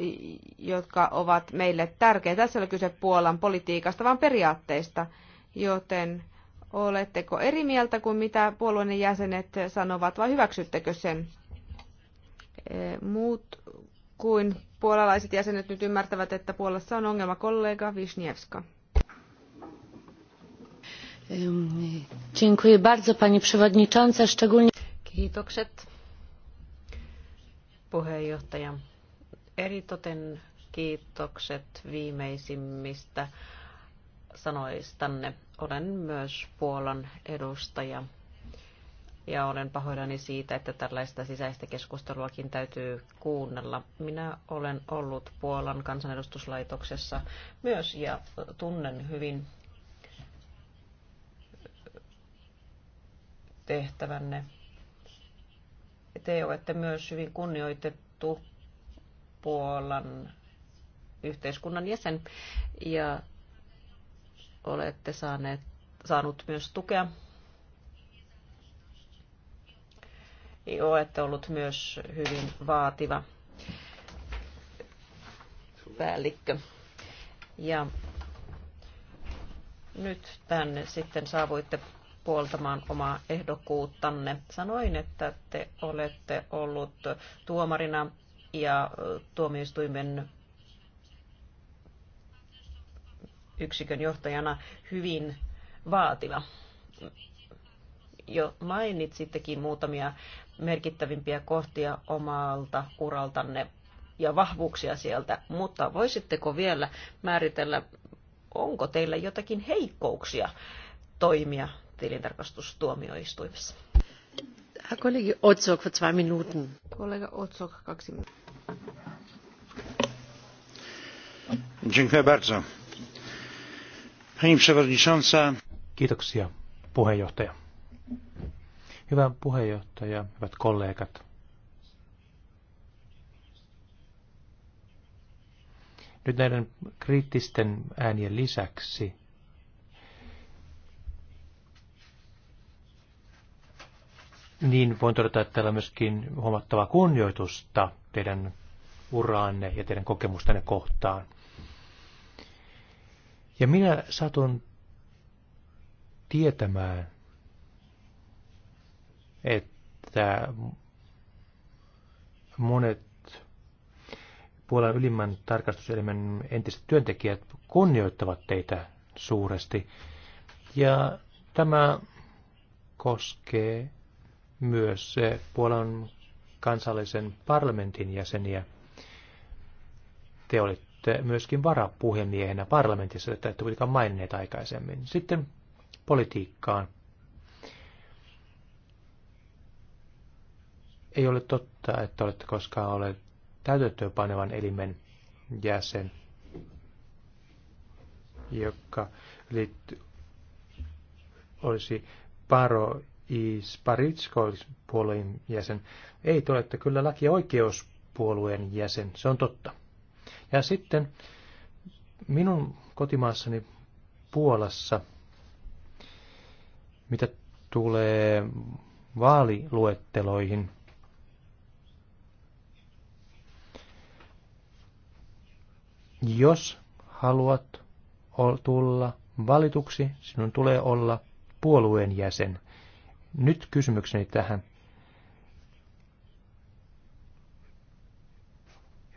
jotka ovat meille tärkeitä. Tässä oli kyse Puolan politiikasta, vaan periaatteista. Joten oletteko eri mieltä kuin mitä puolueen jäsenet sanovat vai hyväksyttekö sen? Eh, muut kuin puolalaiset jäsenet nyt ymmärtävät, että Puolassa on ongelma kollega Wisniewska. Dziękuję bardzo pani przewodnicząca, szczególnie... Kiitokset puheenjohtaja. Eritoten kiitokset viimeisimmistä sanoistanne. Olen myös Puolan edustaja ja olen pahoillani siitä, että tällaista sisäistä keskusteluakin täytyy kuunnella. Minä olen ollut Puolan kansanedustuslaitoksessa myös ja tunnen hyvin tehtävänne. Te olette myös hyvin kunnioitettu Puolan yhteiskunnan jäsen ja olette saaneet, saanut myös tukea olette ollut myös hyvin vaativa päällikkö. Ja nyt tänne sitten saavuitte puoltamaan omaa ehdokkuuttanne. Sanoin, että te olette ollut tuomarina ja tuomioistuimen yksikön johtajana hyvin vaativa. Jo mainitsittekin muutamia merkittävimpiä kohtia omalta uraltanne ja vahvuuksia sieltä, mutta voisitteko vielä määritellä, onko teillä jotakin heikkouksia toimia tilintarkastustuomioistuimessa? Kollega Otsok for zwei Minuten. Kollega Otsok, kaksi minuuttia. Dziękuję bardzo. Pani przewodnicząca. Kiitoksia, puheenjohtaja. Hyvä puheenjohtaja, hyvät kollegat. Nyt näiden kriittisten äänien lisäksi niin voin todeta, että täällä on myöskin huomattavaa kunnioitusta teidän uraanne ja teidän kokemustanne kohtaan. Ja minä satun tietämään, että monet Puolan ylimmän tarkastuselimen entiset työntekijät kunnioittavat teitä suuresti. Ja tämä koskee myös Puolan kansallisen parlamentin jäseniä. Te olitte myöskin varapuhemiehenä parlamentissa, että ette kuitenkaan maininneet aikaisemmin. Sitten politiikkaan. Ei ole totta, että olette koskaan ole panevan elimen jäsen, joka liittyy, olisi paro is puolueen jäsen. Ei, te olette kyllä laki- ja oikeuspuolueen jäsen, se on totta. Ja sitten minun kotimaassani Puolassa, mitä tulee vaaliluetteloihin, Jos haluat tulla valituksi, sinun tulee olla puolueen jäsen. Nyt kysymykseni tähän.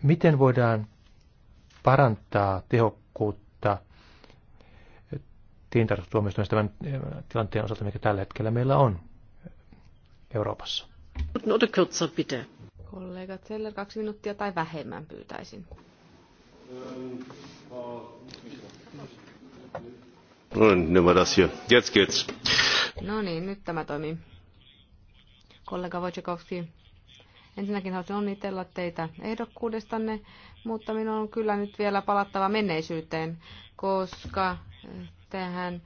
Miten voidaan parantaa tehokkuutta tilintarkastustuomioistuimessa tämän eh, tilanteen osalta, mikä tällä hetkellä meillä on Euroopassa? Kollega Zeller, kaksi minuuttia tai vähemmän pyytäisin. No niin, nyt tämä toimii. Kollega Wojciechowski, ensinnäkin haluaisin onnitella teitä ehdokkuudestanne, mutta minun on kyllä nyt vielä palattava menneisyyteen, koska tähän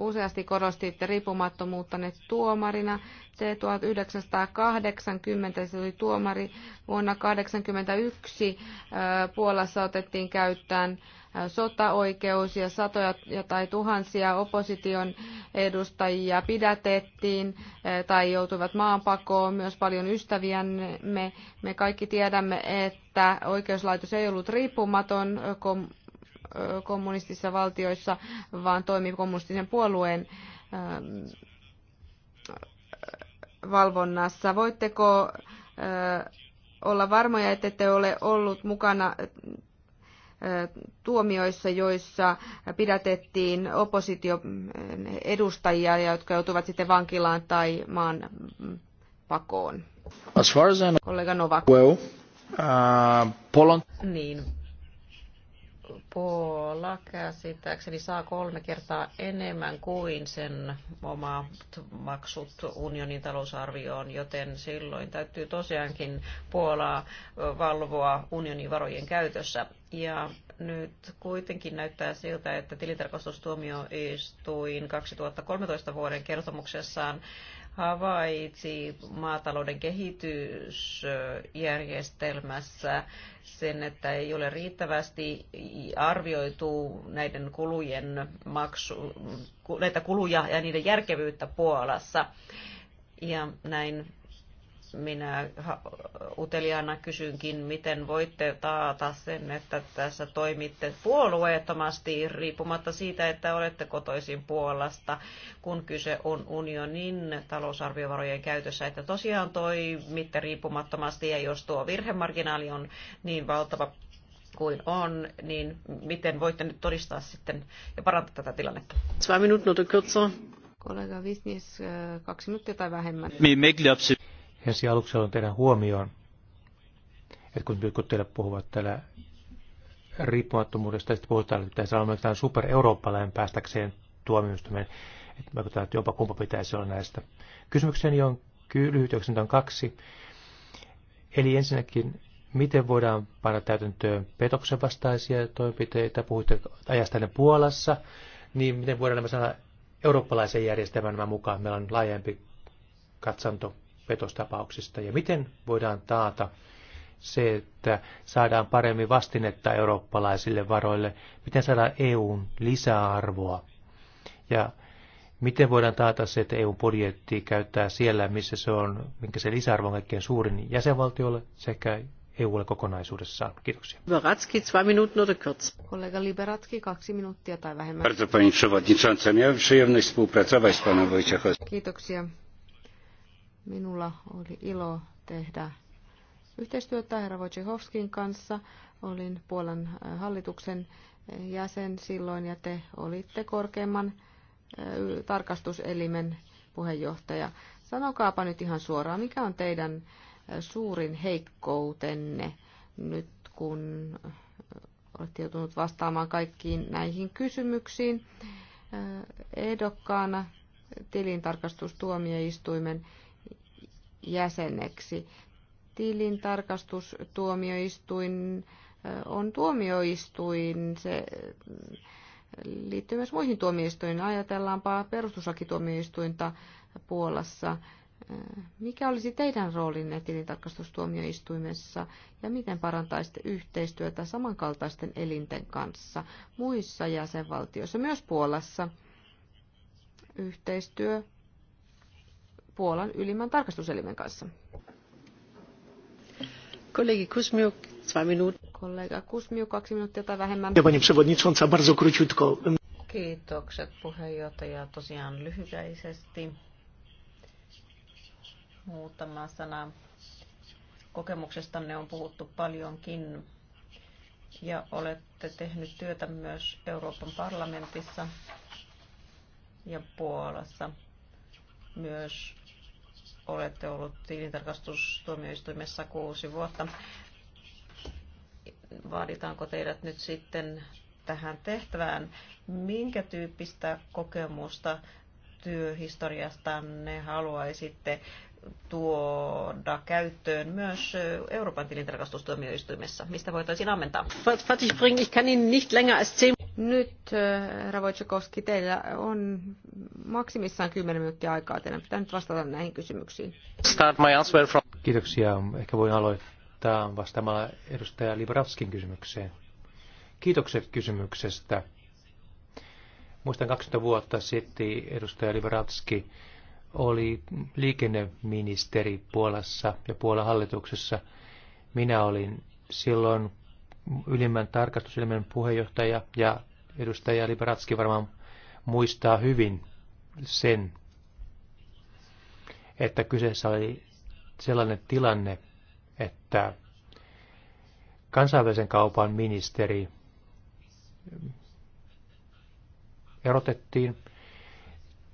useasti korostitte riippumattomuuttanne tuomarina. Te 1980 se oli tuomari. Vuonna 1981 Puolassa otettiin käyttöön sotaoikeus ja satoja tai tuhansia opposition edustajia pidätettiin tai joutuivat maanpakoon, myös paljon ystäviämme. Me kaikki tiedämme, että oikeuslaitos ei ollut riippumaton, kun kommunistisissa valtioissa, vaan toimi kommunistisen puolueen ähm, valvonnassa. Voitteko äh, olla varmoja, että te ole ollut mukana äh, tuomioissa, joissa pidätettiin äh, edustajia, jotka joutuvat sitten vankilaan tai maan mm, pakoon. As far as I know, Kollega Novak. Well, uh, Poland... Niin. Puola käsittääkseni saa kolme kertaa enemmän kuin sen omat maksut unionin talousarvioon, joten silloin täytyy tosiaankin Puolaa valvoa unionin varojen käytössä. Ja nyt kuitenkin näyttää siltä, että tilintarkastustuomioistuin 2013 vuoden kertomuksessaan havaitsi maatalouden kehitysjärjestelmässä sen, että ei ole riittävästi arvioitu näiden kulujen maksu, näitä kuluja ja niiden järkevyyttä Puolassa. Ja näin minä uteliaana kysynkin, miten voitte taata sen, että tässä toimitte puolueettomasti riippumatta siitä, että olette kotoisin Puolasta, kun kyse on unionin talousarviovarojen käytössä, että tosiaan toimitte riippumattomasti ja jos tuo virhemarginaali on niin valtava kuin on, niin miten voitte nyt todistaa sitten ja parantaa tätä tilannetta? Kollega Visnis, kaksi minuuttia tai vähemmän ensi aluksi haluan tehdä huomioon, että kun jotkut teille puhuvat täällä riippumattomuudesta, sitten puhutaan, että pitäisi olla jotain super-eurooppalainen päästäkseen tuomioistuimeen, että katsotaan, että jopa kumpa pitäisi olla näistä. Kysymykseni on lyhyt, on kaksi. Eli ensinnäkin, miten voidaan panna täytäntöön petoksen vastaisia toimenpiteitä, puhuitte ajasta Puolassa, niin miten voidaan nämä saada eurooppalaisen järjestelmän mukaan, meillä on laajempi katsanto petostapauksista ja miten voidaan taata se, että saadaan paremmin vastinetta eurooppalaisille varoille, miten saadaan EUn lisäarvoa ja miten voidaan taata se, että EUn budjetti käyttää siellä, missä se on, minkä se lisäarvo on kaikkein suurin jäsenvaltiolle sekä EUlle kokonaisuudessaan. Kiitoksia. Liberatski, kaksi minuuttia oder kurz. Kollega Liberatski, kaksi minuuttia tai vähemmän. Kiitoksia Minulla oli ilo tehdä yhteistyötä herra Wojciechowskin kanssa. Olin Puolan äh, hallituksen äh, jäsen silloin ja te olitte korkeimman äh, tarkastuselimen puheenjohtaja. Sanokaapa nyt ihan suoraan, mikä on teidän suurin heikkoutenne nyt, kun olette joutunut vastaamaan kaikkiin näihin kysymyksiin ehdokkaana tilintarkastustuomioistuimen jäseneksi. Tilintarkastustuomioistuin on tuomioistuin, se liittyy myös muihin tuomioistuin. Ajatellaanpa perustuslakituomioistuinta Puolassa. Mikä olisi teidän roolinne tilintarkastustuomioistuimessa ja miten parantaisitte yhteistyötä samankaltaisten elinten kanssa muissa jäsenvaltioissa, myös Puolassa? Yhteistyö Puolan ylimmän tarkastuselimen kanssa. Kollegi Kusmiuk, kaksi minuuttia. Kollega Kusmiuk, kaksi minuuttia tai vähemmän. Pani przewodnicząca, bardzo króciutko. Kiitokset puheenjohtaja tosiaan lyhykäisesti. Muutama sana. Kokemuksestanne on puhuttu paljonkin ja olette tehnyt työtä myös Euroopan parlamentissa ja Puolassa myös olette ollut tilintarkastustuomioistuimessa kuusi vuotta. Vaaditaanko teidät nyt sitten tähän tehtävään? Minkä tyyppistä kokemusta työhistoriastanne haluaisitte tuoda käyttöön myös Euroopan tilintarkastustuomioistuimessa, mistä voitaisiin ammentaa. Nyt, äh, herra Wojciechowski, teillä on maksimissaan 10 minuuttia aikaa. Teidän pitää nyt vastata näihin kysymyksiin. Start my answer from... Kiitoksia. Ehkä voin aloittaa vastaamalla edustaja Libravskin kysymykseen. Kiitokset kysymyksestä. Muistan 20 vuotta sitten edustaja Libravski oli liikenneministeri Puolassa ja Puolan hallituksessa. Minä olin silloin ylimmän tarkastusylimmän puheenjohtaja ja edustaja Liberatski varmaan muistaa hyvin sen, että kyseessä oli sellainen tilanne, että kansainvälisen kaupan ministeri erotettiin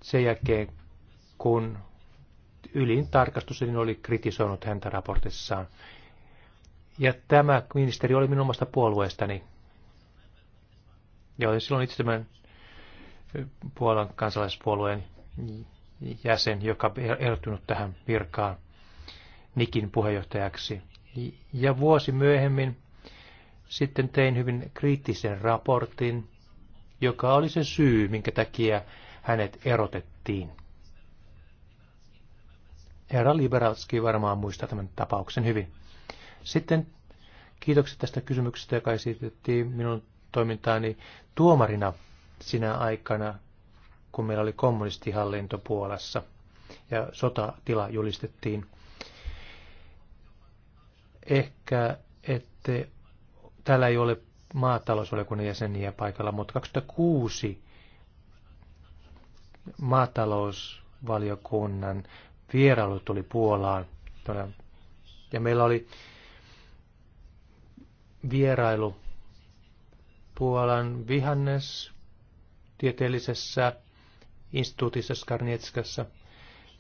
sen jälkeen, kun ylin tarkastus oli kritisoinut häntä raportissaan. Ja tämä ministeri oli minun omasta puolueestani. Ja silloin itse tämän Puolan kansalaispuolueen jäsen, joka erottunut tähän virkaan Nikin puheenjohtajaksi. Ja vuosi myöhemmin sitten tein hyvin kriittisen raportin, joka oli se syy, minkä takia hänet erotettiin. Herra Liberalski varmaan muistaa tämän tapauksen hyvin. Sitten kiitokset tästä kysymyksestä, joka esitettiin minun toimintaani tuomarina sinä aikana, kun meillä oli kommunistihallinto Puolassa ja sotatila julistettiin. Ehkä, että täällä ei ole maatalousvaliokunnan jäseniä paikalla, mutta 2006 maatalousvaliokunnan vierailu tuli Puolaan. Ja meillä oli vierailu Puolan vihannes tieteellisessä instituutissa Skarnietskassa.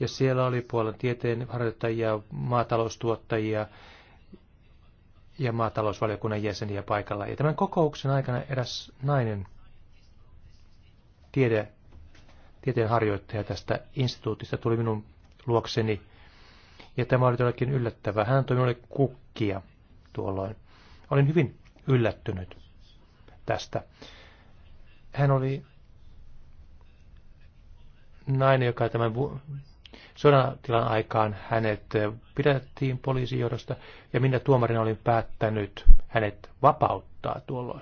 Ja siellä oli Puolan harjoittajia, maataloustuottajia ja maatalousvaliokunnan jäseniä paikalla. Ja tämän kokouksen aikana eräs nainen, tiede, tieteenharjoittaja tästä instituutista, tuli minun luokseni. Ja tämä oli todellakin yllättävää. Hän toi minulle kukkia tuolloin. Olin hyvin yllättynyt tästä. Hän oli nainen, joka tämän sodatilan aikaan hänet pidettiin poliisijohdosta, ja minä tuomarina olin päättänyt hänet vapauttaa tuolloin.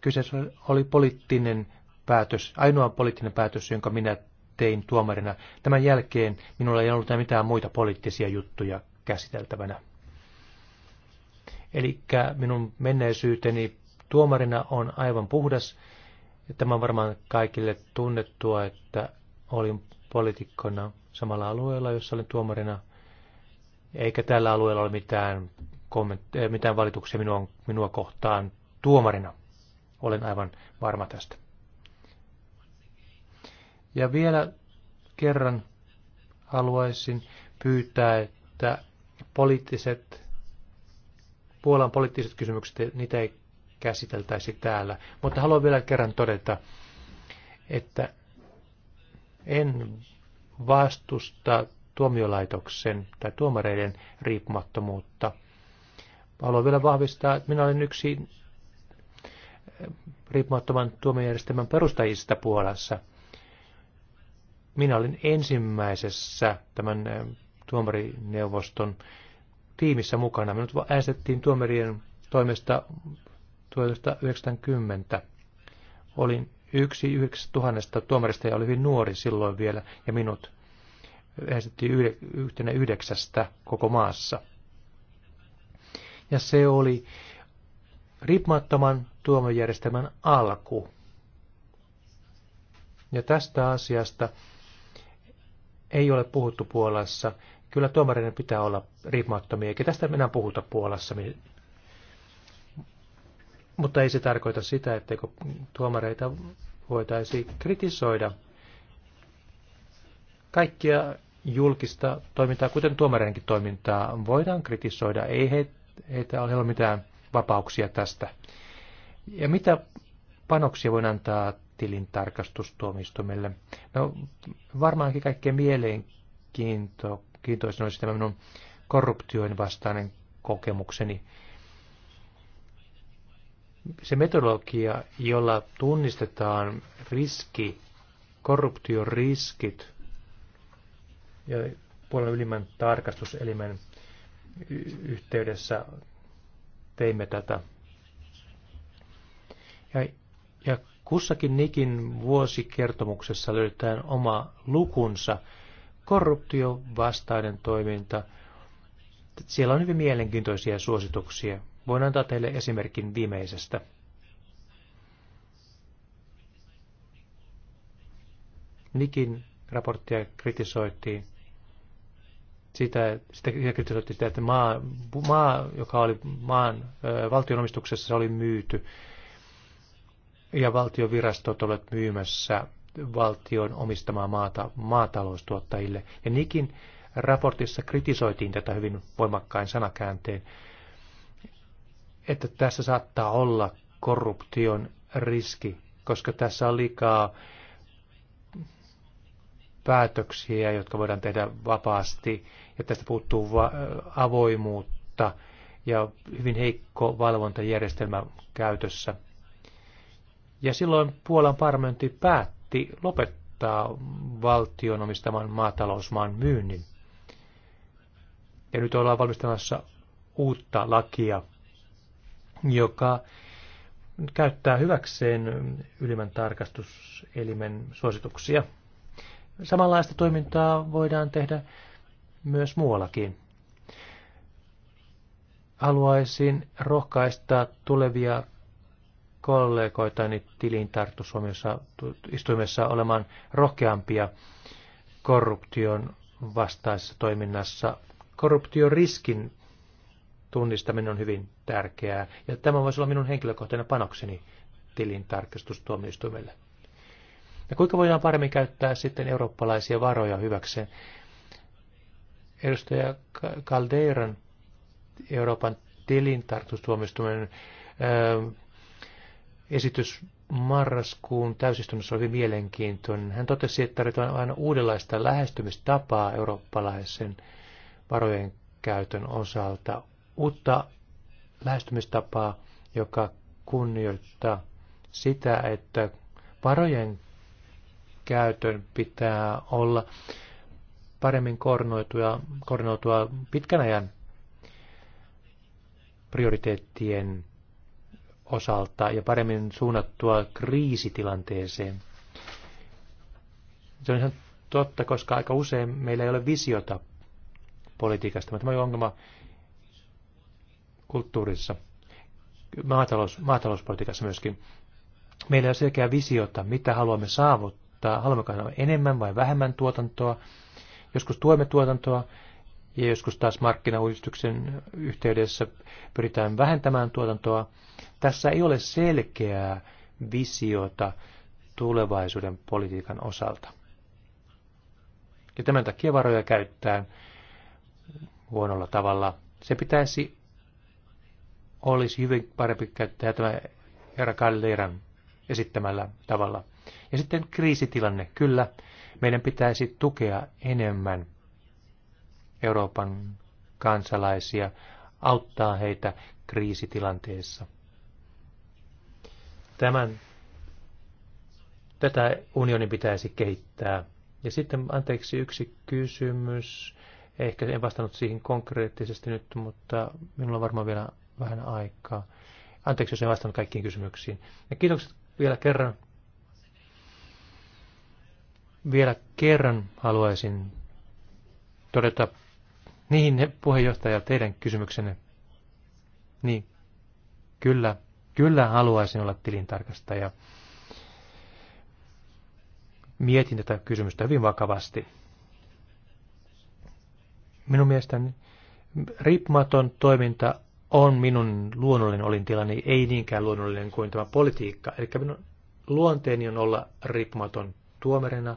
Kyseessä oli poliittinen päätös, ainoa poliittinen päätös, jonka minä tein tuomarina. Tämän jälkeen minulla ei ollut mitään muita poliittisia juttuja käsiteltävänä. Eli minun menneisyyteni tuomarina on aivan puhdas. Tämä on varmaan kaikille tunnettua, että olin poliitikkona samalla alueella, jossa olin tuomarina. Eikä tällä alueella ole mitään, komment- eh, mitään valituksia minua, minua kohtaan tuomarina. Olen aivan varma tästä. Ja vielä kerran haluaisin pyytää, että poliittiset, Puolan poliittiset kysymykset, niitä ei käsiteltäisi täällä. Mutta haluan vielä kerran todeta, että en vastusta tuomiolaitoksen tai tuomareiden riippumattomuutta. Haluan vielä vahvistaa, että minä olen yksi riippumattoman tuomiojärjestelmän perustajista Puolassa – minä olin ensimmäisessä tämän eh, tuomarineuvoston tiimissä mukana. Minut äänestettiin tuomarien toimesta 1990. Olin yksi yhdeksän tuhannesta tuomarista ja oli hyvin nuori silloin vielä ja minut äänestettiin yhtenä yhdeksästä koko maassa. Ja se oli riippumattoman tuomiojärjestelmän alku. Ja tästä asiasta ei ole puhuttu Puolassa. Kyllä tuomareiden pitää olla riippumattomia, eikä tästä mennään puhuta Puolassa. Mutta ei se tarkoita sitä, etteikö tuomareita voitaisiin kritisoida. Kaikkia julkista toimintaa, kuten tuomareidenkin toimintaa, voidaan kritisoida. Ei heitä ole mitään vapauksia tästä. Ja mitä panoksia voin antaa tilintarkastustuomistumille. No varmaankin kaikkein mielenkiintoisin olisi tämä minun korruptioin vastainen kokemukseni. Se metodologia, jolla tunnistetaan riski, korruption riskit ja puolen ylimmän tarkastuselimen yhteydessä teimme tätä. Ja, ja Kussakin Nikin vuosikertomuksessa löydetään oma lukunsa, korruptio, vastainen toiminta. Siellä on hyvin mielenkiintoisia suosituksia. Voin antaa teille esimerkin viimeisestä. Nikin raporttia kritisoitiin sitä, sitä, sitä kritisoitiin sitä, että maa, maa joka oli maan valtionomistuksessa, oli myyty ja valtiovirastot ovat myymässä valtion omistamaa maata maataloustuottajille. Ja Nikin raportissa kritisoitiin tätä hyvin voimakkain sanakäänteen, että tässä saattaa olla korruption riski, koska tässä on liikaa päätöksiä, jotka voidaan tehdä vapaasti, ja tästä puuttuu avoimuutta ja hyvin heikko valvontajärjestelmä käytössä. Ja silloin Puolan parlamentti päätti lopettaa valtion omistaman maatalousmaan myynnin. Ja nyt ollaan valmistamassa uutta lakia, joka käyttää hyväkseen ylimmän tarkastuselimen suosituksia. Samanlaista toimintaa voidaan tehdä myös muuallakin. Haluaisin rohkaista tulevia kollegoitani istuimessa olemaan rohkeampia korruption vastaisessa toiminnassa. Korruptioriskin tunnistaminen on hyvin tärkeää, ja tämä voisi olla minun henkilökohtainen panokseni tilintarkastustuomioistuimelle. Ja kuinka voidaan paremmin käyttää sitten eurooppalaisia varoja hyväkseen? Edustaja Caldeiran Euroopan tilintarkastustuomioistuimen esitys marraskuun täysistunnossa oli hyvin mielenkiintoinen. Hän totesi, että tarvitaan aina uudenlaista lähestymistapaa eurooppalaisen varojen käytön osalta. Uutta lähestymistapaa, joka kunnioittaa sitä, että varojen käytön pitää olla paremmin koordinoitua, koordinoitua pitkän ajan prioriteettien osalta ja paremmin suunnattua kriisitilanteeseen. Se on ihan totta, koska aika usein meillä ei ole visiota politiikasta. Tämä on ongelma kulttuurissa, maatalous, maatalouspolitiikassa myöskin. Meillä ei ole selkeää visiota, mitä haluamme saavuttaa, haluammeko enemmän vai vähemmän tuotantoa. Joskus tuemme tuotantoa, ja joskus taas markkinauudistuksen yhteydessä pyritään vähentämään tuotantoa. Tässä ei ole selkeää visiota tulevaisuuden politiikan osalta. Ja tämän takia varoja käyttää huonolla tavalla. Se pitäisi, olisi hyvin parempi käyttää tämä Herra Kalleiran esittämällä tavalla. Ja sitten kriisitilanne. Kyllä, meidän pitäisi tukea enemmän Euroopan kansalaisia, auttaa heitä kriisitilanteessa. Tämän, tätä unionin pitäisi kehittää. Ja sitten, anteeksi, yksi kysymys. Ehkä en vastannut siihen konkreettisesti nyt, mutta minulla on varmaan vielä vähän aikaa. Anteeksi, jos en vastannut kaikkiin kysymyksiin. Ja kiitokset vielä kerran. Vielä kerran haluaisin todeta niin, puheenjohtaja, teidän kysymyksenne. Niin, kyllä, kyllä haluaisin olla tilintarkastaja. Mietin tätä kysymystä hyvin vakavasti. Minun mielestäni riippumaton toiminta on minun luonnollinen olintilani, ei niinkään luonnollinen kuin tämä politiikka. Eli minun luonteeni on olla riippumaton tuomarina,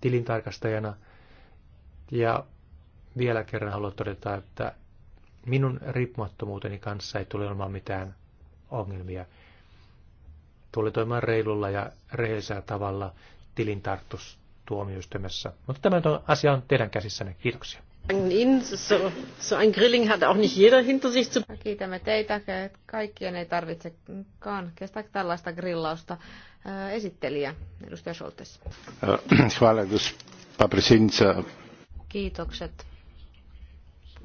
tilintarkastajana ja vielä kerran haluan todeta, että minun riippumattomuuteni kanssa ei tule olemaan mitään ongelmia. Tuli toimimaan reilulla ja rehellisellä tavalla tilintarkastustuomioistuimessa. Mutta tämä on, asia on teidän käsissänne. Kiitoksia. Kiitämme teitä. Kaikkien ei tarvitsekaan kestää tällaista grillausta. Äh, esittelijä, edustaja Scholtes. Äh, Kiitokset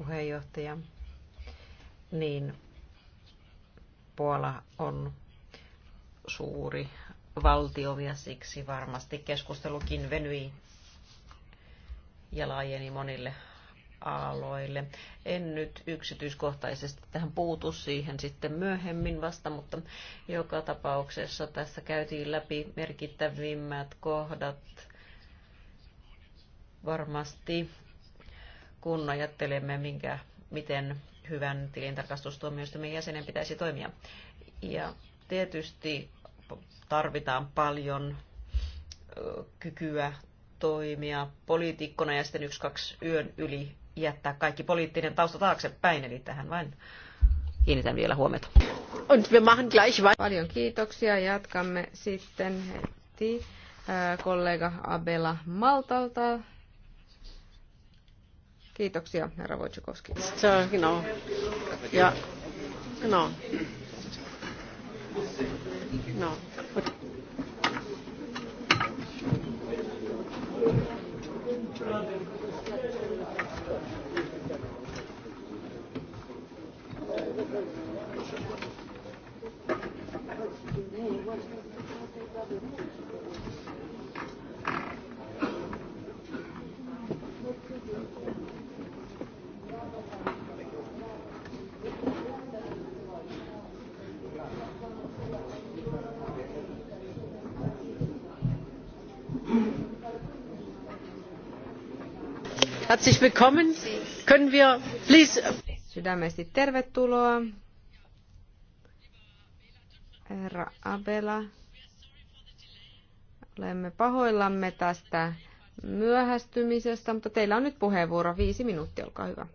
puheenjohtaja, niin Puola on suuri valtio ja siksi varmasti keskustelukin venyi ja laajeni monille aloille. En nyt yksityiskohtaisesti tähän puutu siihen sitten myöhemmin vasta, mutta joka tapauksessa tässä käytiin läpi merkittävimmät kohdat varmasti kun ajattelemme, minkä, miten hyvän tilintarkastustuomioistuimen jäsenen pitäisi toimia. Ja tietysti tarvitaan paljon kykyä toimia poliitikkona ja sitten yksi, kaksi yön yli jättää kaikki poliittinen tausta taaksepäin, eli tähän vain kiinnitän vielä huomiota. Und wir machen gleich Paljon kiitoksia. Jatkamme sitten heti kollega Abela Maltalta. Kiitoksia, herra Wojciechowski. So, Thank you. No. No. Herzlich willkommen. Können wir, please. Sydämesti tervetuloa. Herra Abela, olemme pahoillamme tästä myöhästymisestä, mutta teillä on nyt puheenvuoro. Viisi minuuttia, olkaa hyvä.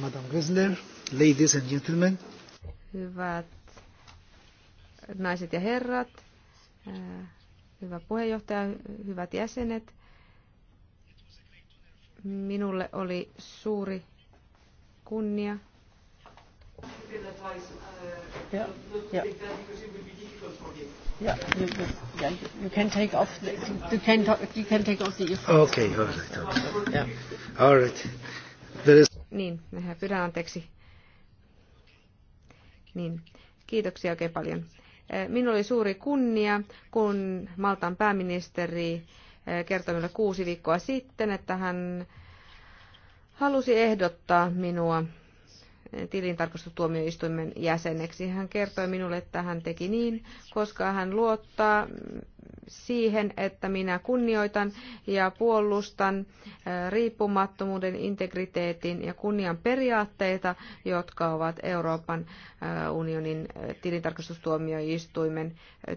Madame Gressler, ladies and gentlemen. Hyvät naiset ja herrat, äh, hyvä puheenjohtaja, hyvät jäsenet. Minulle oli suuri kunnia. Yeah, yeah. you, can take off. you can you can take off the Okay, all right, Yeah. all right. There is niin, pyydän anteeksi. Niin, kiitoksia oikein paljon. Minulla oli suuri kunnia, kun Maltan pääministeri kertoi minulle kuusi viikkoa sitten, että hän halusi ehdottaa minua tilintarkastustuomioistuimen jäseneksi. Hän kertoi minulle, että hän teki niin, koska hän luottaa siihen, että minä kunnioitan ja puolustan äh, riippumattomuuden, integriteetin ja kunnian periaatteita, jotka ovat Euroopan äh, unionin äh, tilintarkastustuomioistuimen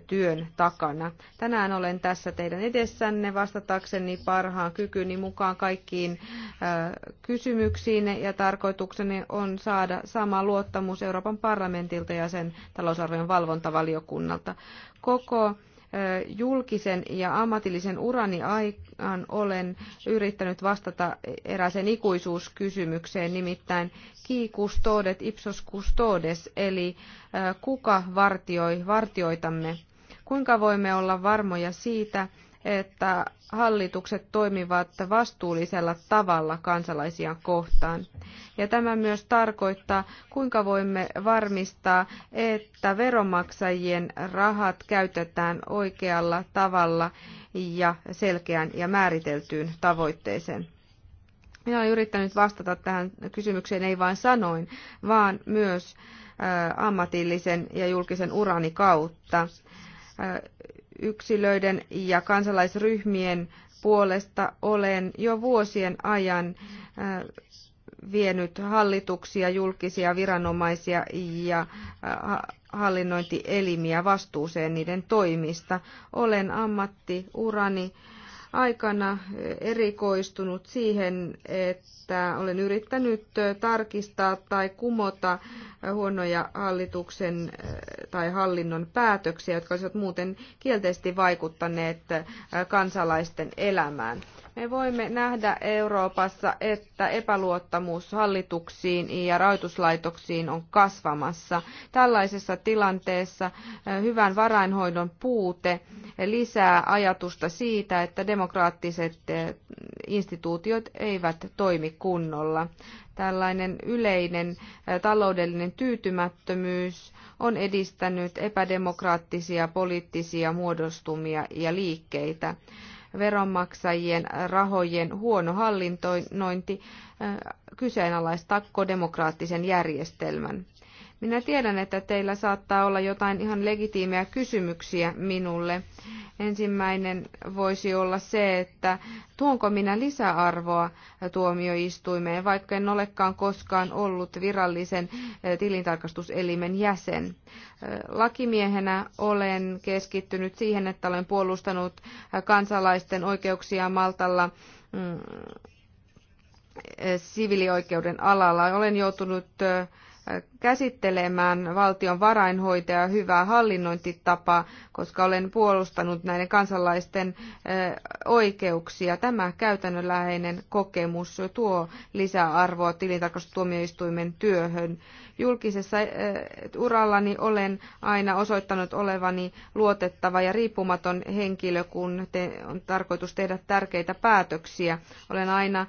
työn takana. Tänään olen tässä teidän edessänne vastatakseni parhaan kykyni mukaan kaikkiin kysymyksiin ja tarkoitukseni on saada sama luottamus Euroopan parlamentilta ja sen talousarvion valvontavaliokunnalta. Koko julkisen ja ammatillisen urani aikaan olen yrittänyt vastata erääseen ikuisuuskysymykseen, nimittäin ki custodet ipsos custodes, eli kuka vartioi vartioitamme. Kuinka voimme olla varmoja siitä, että hallitukset toimivat vastuullisella tavalla kansalaisia kohtaan. Ja tämä myös tarkoittaa, kuinka voimme varmistaa, että veronmaksajien rahat käytetään oikealla tavalla ja selkeän ja määriteltyyn tavoitteeseen. Minä olen yrittänyt vastata tähän kysymykseen ei vain sanoin, vaan myös äh, ammatillisen ja julkisen urani kautta äh, yksilöiden ja kansalaisryhmien puolesta olen jo vuosien ajan äh, vienyt hallituksia, julkisia viranomaisia ja äh, hallinnointielimiä vastuuseen niiden toimista. Olen ammattiurani aikana erikoistunut siihen, että olen yrittänyt tarkistaa tai kumota huonoja hallituksen äh, tai hallinnon päätöksiä, jotka olisivat muuten kielteisesti vaikuttaneet äh, kansalaisten elämään. Me voimme nähdä Euroopassa, että epäluottamus hallituksiin ja rahoituslaitoksiin on kasvamassa. Tällaisessa tilanteessa eh, hyvän varainhoidon puute lisää ajatusta siitä, että demokraattiset eh, instituutiot eivät toimi kunnolla. Tällainen yleinen eh, taloudellinen tyytymättömyys on edistänyt epädemokraattisia poliittisia muodostumia ja liikkeitä veronmaksajien rahojen huono hallintointi kyseenalaistaa koko demokraattisen järjestelmän. Minä tiedän, että teillä saattaa olla jotain ihan legitiimejä kysymyksiä minulle. Ensimmäinen voisi olla se, että tuonko minä lisäarvoa tuomioistuimeen, vaikka en olekaan koskaan ollut virallisen eh, tilintarkastuselimen jäsen. Eh, lakimiehenä olen keskittynyt siihen, että olen puolustanut eh, kansalaisten oikeuksia Maltalla mm, sivilioikeuden alalla. Olen joutunut käsittelemään valtion varainhoitaja hyvää hallinnointitapaa, koska olen puolustanut näiden kansalaisten oikeuksia. Tämä käytännönläheinen kokemus tuo lisäarvoa tilintarkastustuomioistuimen työhön. Julkisessa urallani olen aina osoittanut olevani luotettava ja riippumaton henkilö, kun on tarkoitus tehdä tärkeitä päätöksiä. Olen aina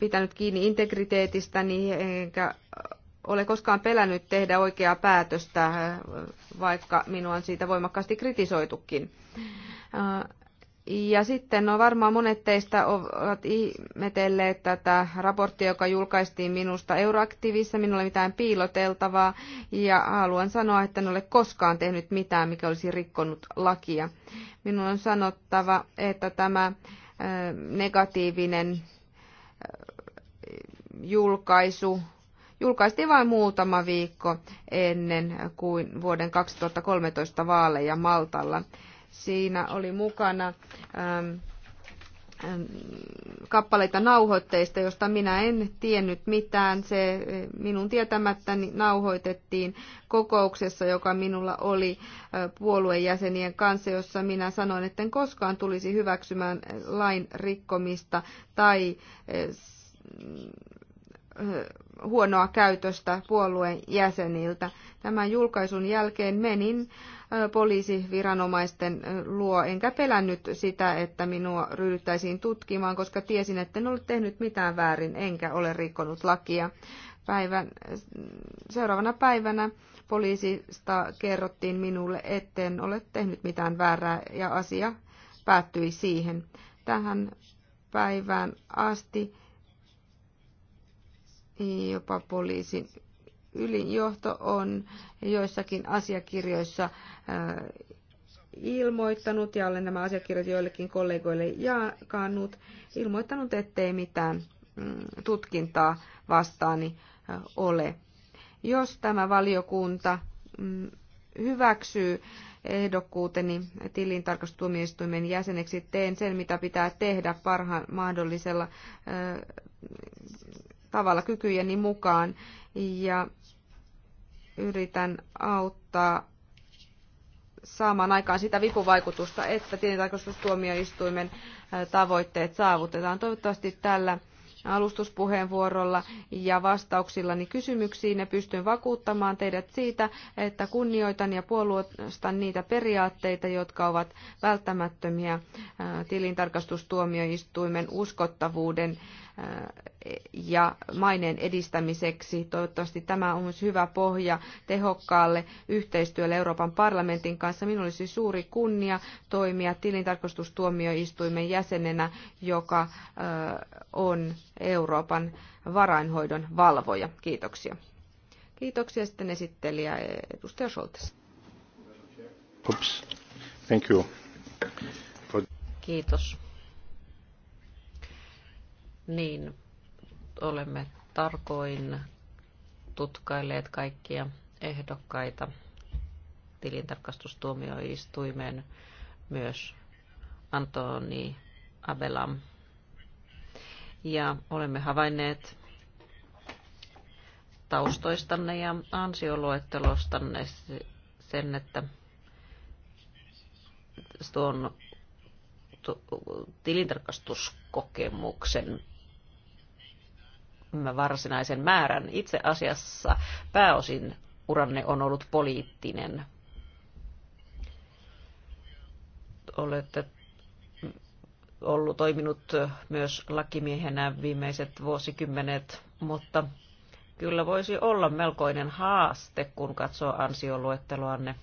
pitänyt kiinni integriteetistäni enkä ole koskaan pelännyt tehdä oikeaa päätöstä, vaikka minua on siitä voimakkaasti kritisoitukin. Ja sitten no varmaan monet teistä ovat ihmetelleet tätä raporttia, joka julkaistiin minusta Euroaktivissa. Minulla ei mitään piiloteltavaa ja haluan sanoa, että en ole koskaan tehnyt mitään, mikä olisi rikkonut lakia. Minun on sanottava, että tämä negatiivinen julkaisu julkaistiin vain muutama viikko ennen kuin vuoden 2013 vaaleja Maltalla. Siinä oli mukana ähm, ähm, kappaleita nauhoitteista, josta minä en tiennyt mitään. Se äh, minun tietämättäni nauhoitettiin kokouksessa, joka minulla oli äh, puoluejäsenien kanssa, jossa minä sanoin, että en koskaan tulisi hyväksymään lain rikkomista tai äh, huonoa käytöstä puolueen jäseniltä. Tämän julkaisun jälkeen menin poliisiviranomaisten luo, enkä pelännyt sitä, että minua ryhdyttäisiin tutkimaan, koska tiesin, että en ole tehnyt mitään väärin, enkä ole rikkonut lakia. Päivän, seuraavana päivänä poliisista kerrottiin minulle, etten ole tehnyt mitään väärää, ja asia päättyi siihen. Tähän päivään asti jopa poliisin ylin johto on joissakin asiakirjoissa äh, ilmoittanut, ja olen nämä asiakirjat joillekin kollegoille jakanut, ilmoittanut, ettei mitään mm, tutkintaa vastaani äh, ole. Jos tämä valiokunta mm, hyväksyy ehdokkuuteni tilintarkastustuomioistuimen jäseneksi, teen sen, mitä pitää tehdä parhaan mahdollisella äh, tavalla kykyjeni mukaan ja yritän auttaa saamaan aikaan sitä vipuvaikutusta, että tilintarkastustuomioistuimen tavoitteet saavutetaan. Toivottavasti tällä alustuspuheenvuorolla ja vastauksillani kysymyksiin ja pystyn vakuuttamaan teidät siitä, että kunnioitan ja puolustan niitä periaatteita, jotka ovat välttämättömiä tilintarkastustuomioistuimen uskottavuuden ja maineen edistämiseksi. Toivottavasti tämä on myös hyvä pohja tehokkaalle yhteistyölle Euroopan parlamentin kanssa. Minulla olisi suuri kunnia toimia tilintarkastustuomioistuimen jäsenenä, joka on Euroopan varainhoidon valvoja. Kiitoksia. Kiitoksia sitten esittelijä edustaja Scholtes. Oops. Thank you. For... Kiitos niin olemme tarkoin tutkailleet kaikkia ehdokkaita tilintarkastustuomioistuimeen myös Antoni Abelam. Ja olemme havainneet taustoistanne ja ansioluettelostanne sen, että tuon tilintarkastuskokemuksen varsinaisen määrän. Itse asiassa pääosin uranne on ollut poliittinen. Olette ollut toiminut myös lakimiehenä viimeiset vuosikymmenet, mutta kyllä voisi olla melkoinen haaste, kun katsoo ansioluetteloanne.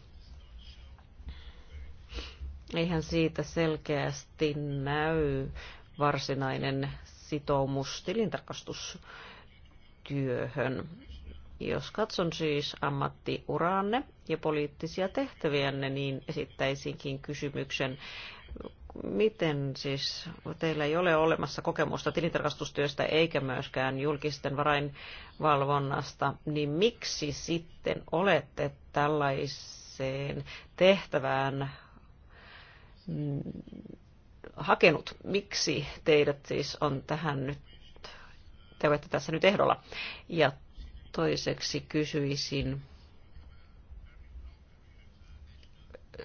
Eihän siitä selkeästi näy varsinainen sitoumus tilintarkastustyöhön. Jos katson siis ammattiuraanne ja poliittisia tehtäviänne, niin esittäisinkin kysymyksen, miten siis teillä ei ole olemassa kokemusta tilintarkastustyöstä eikä myöskään julkisten varainvalvonnasta, niin miksi sitten olette tällaiseen tehtävään hakenut. Miksi teidät siis on tähän nyt, te olette tässä nyt ehdolla? Ja toiseksi kysyisin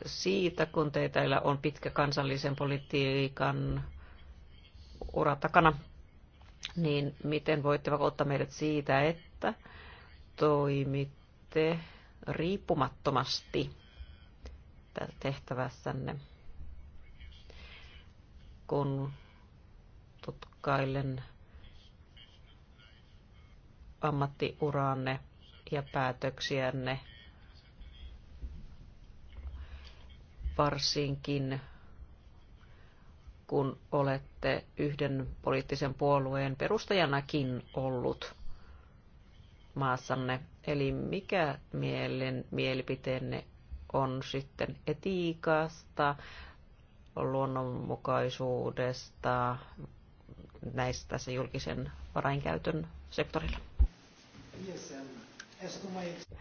siitä, kun teillä on pitkä kansallisen politiikan ura takana, niin miten voitte vakuuttaa meidät siitä, että toimitte riippumattomasti tehtävässänne? kun tutkailen ammattiuranne ja päätöksiänne, varsinkin kun olette yhden poliittisen puolueen perustajanakin ollut maassanne. Eli mikä mielen, mielipiteenne on sitten etiikasta, luonnonmukaisuudesta näissä tässä julkisen varainkäytön sektorilla.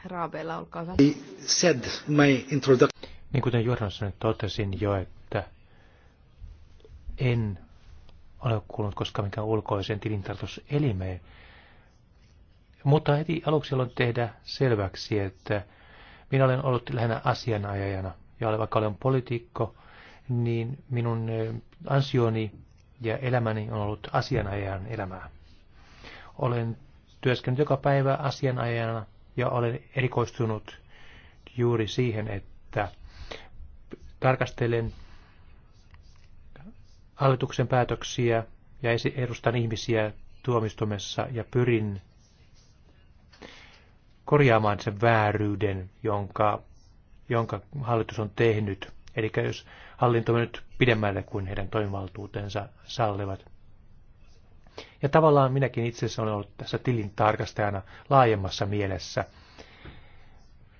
Raabeilla, olkaa hyvä. Said my introduction. Niin kuten Jornasen totesin jo, että en ole kuullut koskaan mikään ulkoisen tilintarkastuselimeen. Mutta heti aluksi haluan tehdä selväksi, että minä olen ollut lähinnä asianajajana. Ja vaikka olen poliitikko, niin minun ansioni ja elämäni on ollut asianajajan elämää. Olen työskennellyt joka päivä asianajajana ja olen erikoistunut juuri siihen, että tarkastelen hallituksen päätöksiä ja edustan ihmisiä tuomistumessa ja pyrin korjaamaan sen vääryyden, jonka, jonka hallitus on tehnyt Eli jos hallinto on nyt pidemmälle kuin heidän toimivaltuutensa sallivat. Ja tavallaan minäkin itse asiassa olen ollut tässä tilin tarkastajana laajemmassa mielessä,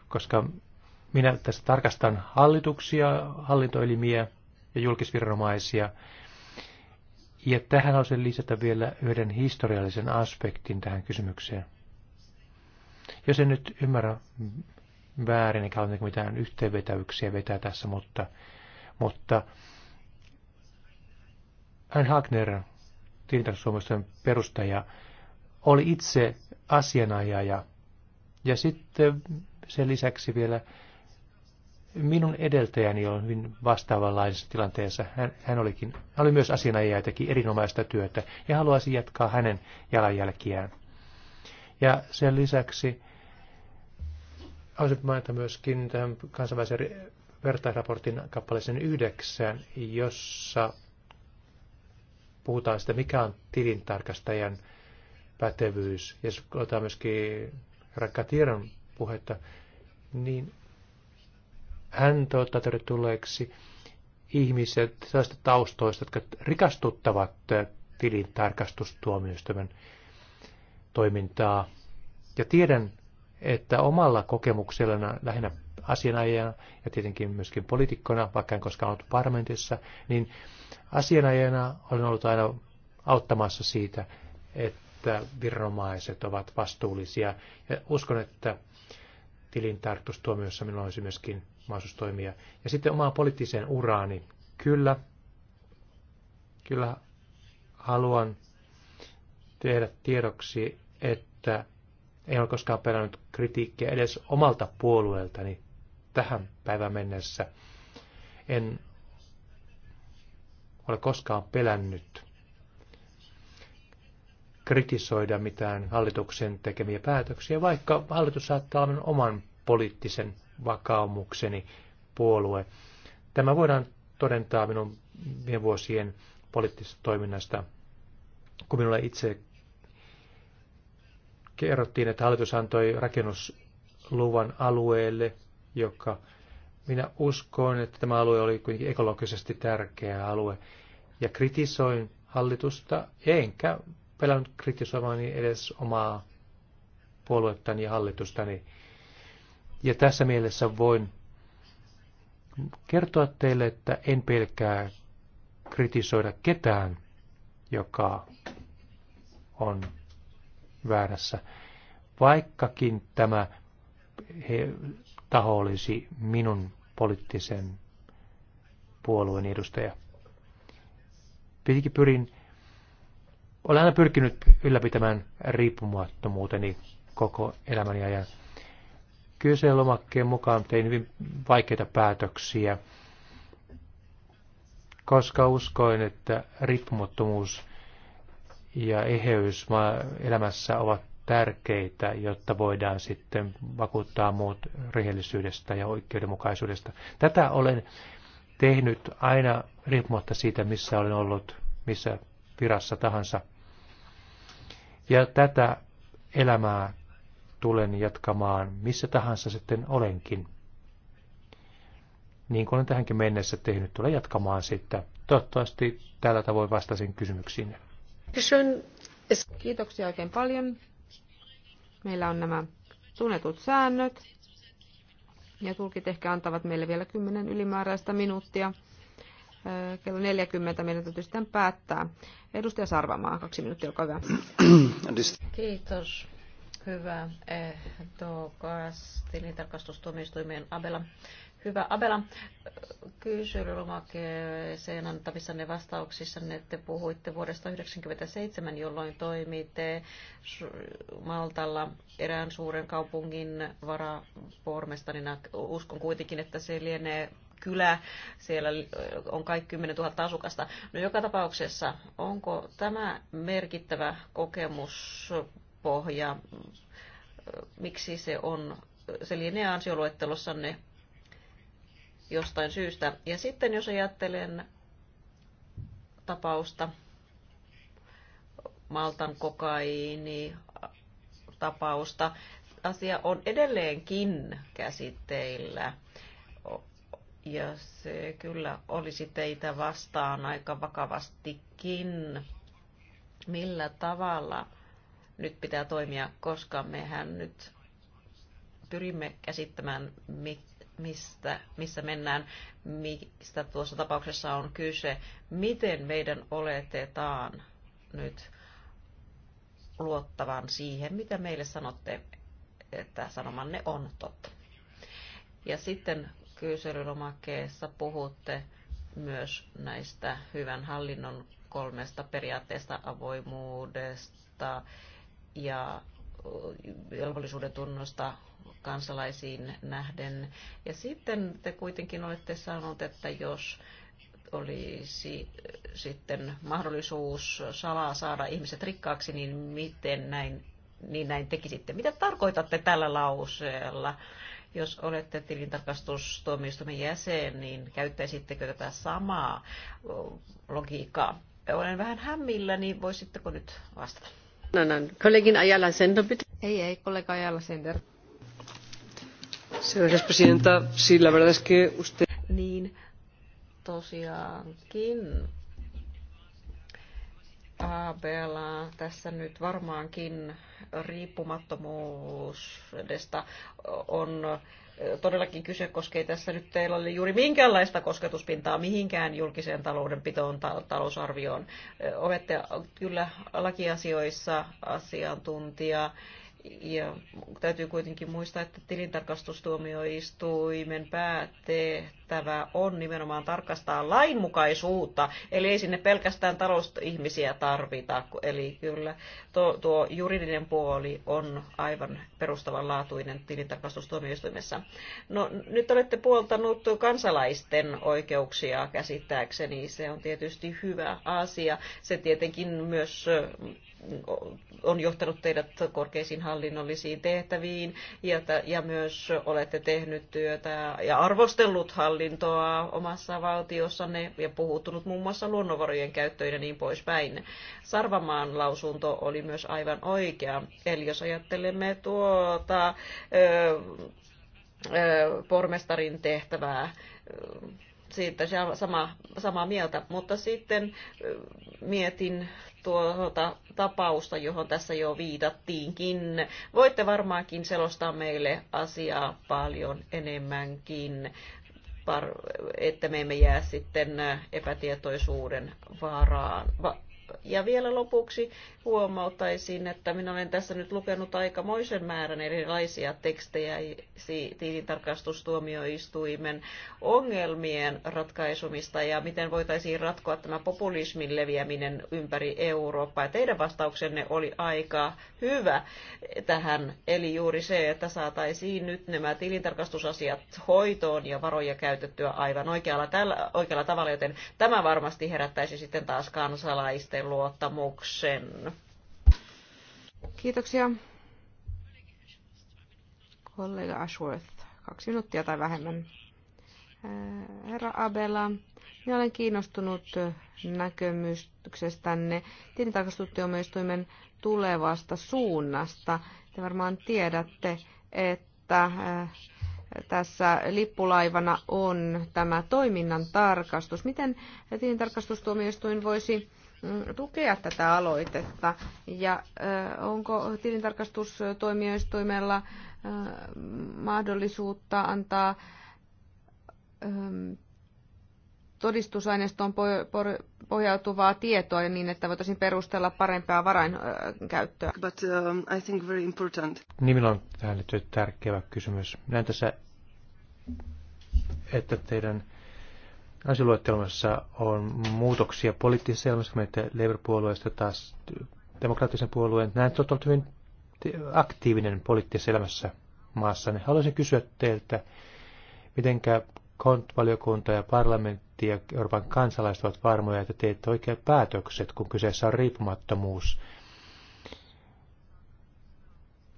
koska minä tässä tarkastan hallituksia, hallintoelimiä ja julkisviranomaisia. Ja tähän haluaisin lisätä vielä yhden historiallisen aspektin tähän kysymykseen. Jos en nyt ymmärrä väärin, eikä ole niinku mitään yhteenvetäyksiä vetää tässä, mutta, mutta Anne Hagner, tilintarkastustuomioistuimen perustaja, oli itse asianajaja ja sitten sen lisäksi vielä minun edeltäjäni on hyvin vastaavanlaisessa tilanteessa. Hän, hän, olikin, hän oli myös asianajaja ja teki erinomaista työtä ja haluaisi jatkaa hänen jalanjälkiään. Ja sen lisäksi Haluaisin mainita myöskin tähän kansainvälisen vertaisraportin kappaleeseen yhdeksän, jossa puhutaan sitä, mikä on tilintarkastajan pätevyys. Ja jos otetaan myöskin tiedon puhetta, niin hän tuottaa tervetulleeksi ihmiset sellaista taustoista, jotka rikastuttavat tilintarkastustuomioistuimen toimintaa. Ja tiedän että omalla kokemuksellana lähinnä asianajajana ja tietenkin myöskin poliitikkona, vaikka en koskaan ollut parlamentissa, niin asianajajana olen ollut aina auttamassa siitä, että viranomaiset ovat vastuullisia. Ja uskon, että tilintarkastustuomiossa minulla olisi myöskin mahdollisuus toimia. Ja sitten omaan poliittiseen uraani. Kyllä, kyllä haluan tehdä tiedoksi, että en ole koskaan pelannut kritiikkiä edes omalta puolueeltani tähän päivään mennessä. En ole koskaan pelännyt kritisoida mitään hallituksen tekemiä päätöksiä, vaikka hallitus saattaa olla oman poliittisen vakaumukseni puolue. Tämä voidaan todentaa minun viime vuosien poliittisesta toiminnasta, kun minulla itse kerrottiin, että hallitus antoi rakennusluvan alueelle, joka minä uskon, että tämä alue oli kuitenkin ekologisesti tärkeä alue. Ja kritisoin hallitusta, enkä pelannut kritisoimaan edes omaa puoluettani ja hallitustani. Ja tässä mielessä voin kertoa teille, että en pelkää kritisoida ketään, joka on väärässä, vaikkakin tämä taho olisi minun poliittisen puolueen edustaja. Pitikin pyrin, olen aina pyrkinyt ylläpitämään riippumattomuuteni koko elämäni ajan. Kyse lomakkeen mukaan tein hyvin vaikeita päätöksiä, koska uskoin, että riippumattomuus – ja eheys elämässä ovat tärkeitä, jotta voidaan sitten vakuuttaa muut rehellisyydestä ja oikeudenmukaisuudesta. Tätä olen tehnyt aina riippumatta siitä, missä olen ollut, missä virassa tahansa. Ja tätä elämää tulen jatkamaan missä tahansa sitten olenkin. Niin kuin olen tähänkin mennessä tehnyt, tulen jatkamaan sitä. Toivottavasti tällä tavoin vastasin kysymyksiin. Kiitoksia oikein paljon. Meillä on nämä tunnetut säännöt. Ja tulkit ehkä antavat meille vielä 10 ylimääräistä minuuttia. Kello 40 meidän täytyy sitten päättää. Edustaja Sarvamaa, kaksi minuuttia, olkaa hyvä. Kiitos. Hyvä ehdokas tilintarkastustuomioistuimien Abela. Hyvä Abela, kyselylomakkeeseen vastauksissa, vastauksissanne te puhuitte vuodesta 1997, jolloin toimitte Maltalla erään suuren kaupungin varapormestarina. Uskon kuitenkin, että se lienee kylä, siellä on kaikki 10 000 asukasta. No joka tapauksessa, onko tämä merkittävä kokemuspohja, miksi se on se lienee ansioluettelossanne jostain syystä. Ja sitten jos ajattelen tapausta, Maltan kokaiini tapausta, asia on edelleenkin käsitteillä. Ja se kyllä olisi teitä vastaan aika vakavastikin, millä tavalla nyt pitää toimia, koska mehän nyt pyrimme käsittämään, mit, mistä, missä mennään, mistä tuossa tapauksessa on kyse, miten meidän oletetaan nyt luottavan siihen, mitä meille sanotte, että sanomanne on totta. Ja sitten kyselylomakkeessa puhutte myös näistä hyvän hallinnon kolmesta periaatteesta avoimuudesta ja velvollisuuden tunnosta, kansalaisiin nähden. Ja sitten te kuitenkin olette sanonut, että jos olisi äh, sitten mahdollisuus salaa saada ihmiset rikkaaksi, niin miten näin, niin näin tekisitte? Mitä tarkoitatte tällä lauseella? Jos olette tilintarkastustuomioistuimen jäsen, niin käyttäisittekö tätä samaa äh, logiikkaa? Olen vähän hämmillä, niin voisitteko nyt vastata? No, no. no. Kollegin Ajala Sender, Ei, ei, kollega Ajala Sender. Señora presidenta, sí, la verdad es que usted... Niin, tosiaankin. Abela tässä nyt varmaankin riippumattomuudesta on todellakin kyse, koskee tässä nyt teillä oli juuri minkäänlaista kosketuspintaa mihinkään julkiseen taloudenpitoon ta- talousarvioon. Olette kyllä lakiasioissa asiantuntija ja täytyy kuitenkin muistaa, että tilintarkastustuomioistuimen päätehtävä on nimenomaan tarkastaa lainmukaisuutta, eli ei sinne pelkästään talousihmisiä tarvita. Eli kyllä tuo, tuo juridinen puoli on aivan perustavanlaatuinen tilintarkastustuomioistuimessa. No nyt olette puoltanut kansalaisten oikeuksia käsittääkseni. Se on tietysti hyvä asia. Se tietenkin myös on johtanut teidät korkeisiin hallinnollisiin tehtäviin ja, ja myös olette tehnyt työtä ja arvostellut hallintoa omassa valtiossanne ja puhuttunut muun muassa luonnonvarojen käyttöön ja niin poispäin. Sarvamaan lausunto oli myös aivan oikea. Eli jos ajattelemme tuota ö, ö, pormestarin tehtävää, siitä sama, samaa mieltä, mutta sitten mietin tuota tapausta, johon tässä jo viitattiinkin. Voitte varmaankin selostaa meille asiaa paljon enemmänkin, että me emme jää sitten epätietoisuuden varaan, va- ja vielä lopuksi huomauttaisin, että minä olen tässä nyt lukenut aikamoisen määrän erilaisia tekstejä tilintarkastustuomioistuimen ongelmien ratkaisumista ja miten voitaisiin ratkoa tämä populismin leviäminen ympäri Eurooppaa. Teidän vastauksenne oli aika hyvä tähän, eli juuri se, että saataisiin nyt nämä tilintarkastusasiat hoitoon ja varoja käytettyä aivan oikealla, tällä, oikealla tavalla, joten tämä varmasti herättäisi sitten taas kansalaisten kansalaisten luottamuksen. Kiitoksia. Kollega Ashworth, kaksi minuuttia tai vähemmän. Äh, herra Abela, minä olen kiinnostunut näkemyksestänne tilintarkastustuomioistuimen tulevasta suunnasta. Te varmaan tiedätte, että äh, tässä lippulaivana on tämä toiminnan tarkastus. Miten tilintarkastustuomioistuin voisi tukea tätä aloitetta ja onko tilintarkastustoimijoistoimella mahdollisuutta antaa todistusaineistoon pohjautuvaa tietoa niin, että voitaisiin perustella parempaa varainkäyttöä. But, um, I think very important. on tähän tärkeä kysymys. Näen tässä, että teidän Ansiluettelmassa on muutoksia poliittisessa elämässä, että Labour-puolueesta taas demokraattisen puolueen. Näin olet ollut hyvin aktiivinen poliittisessa elämässä maassa. Haluaisin kysyä teiltä, mitenkä valiokunta ja parlamentti ja Euroopan kansalaiset ovat varmoja, että teette oikeat päätökset, kun kyseessä on riippumattomuus.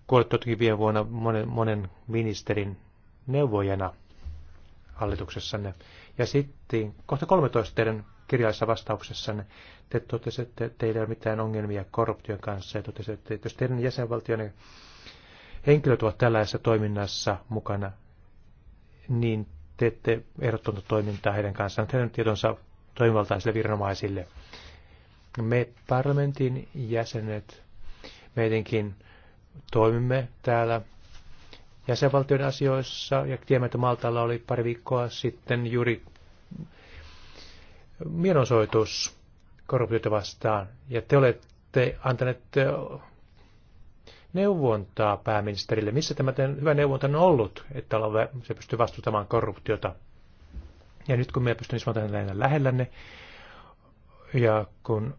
Kuolet toki viime vuonna monen, monen ministerin neuvojana hallituksessanne. Ja sitten kohta 13 teidän kirjallisessa vastauksessanne te totesitte, että teillä ei ole mitään ongelmia korruption kanssa ja totesitte, että jos teidän jäsenvaltioiden henkilöt ovat tällaisessa toiminnassa mukana, niin teette ehdottonta toimintaa heidän kanssaan, teidän tietonsa toimivaltaisille viranomaisille. Me parlamentin jäsenet, me toimimme täällä jäsenvaltioiden asioissa, ja tiedämme, että Maltalla oli pari viikkoa sitten juuri mielenosoitus korruptiota vastaan, ja te olette antaneet neuvontaa pääministerille. Missä tämä hyvä neuvonta on ollut, että se pystyy vastustamaan korruptiota? Ja nyt kun me pystymme istumaan siis teidän lähellänne, ja kun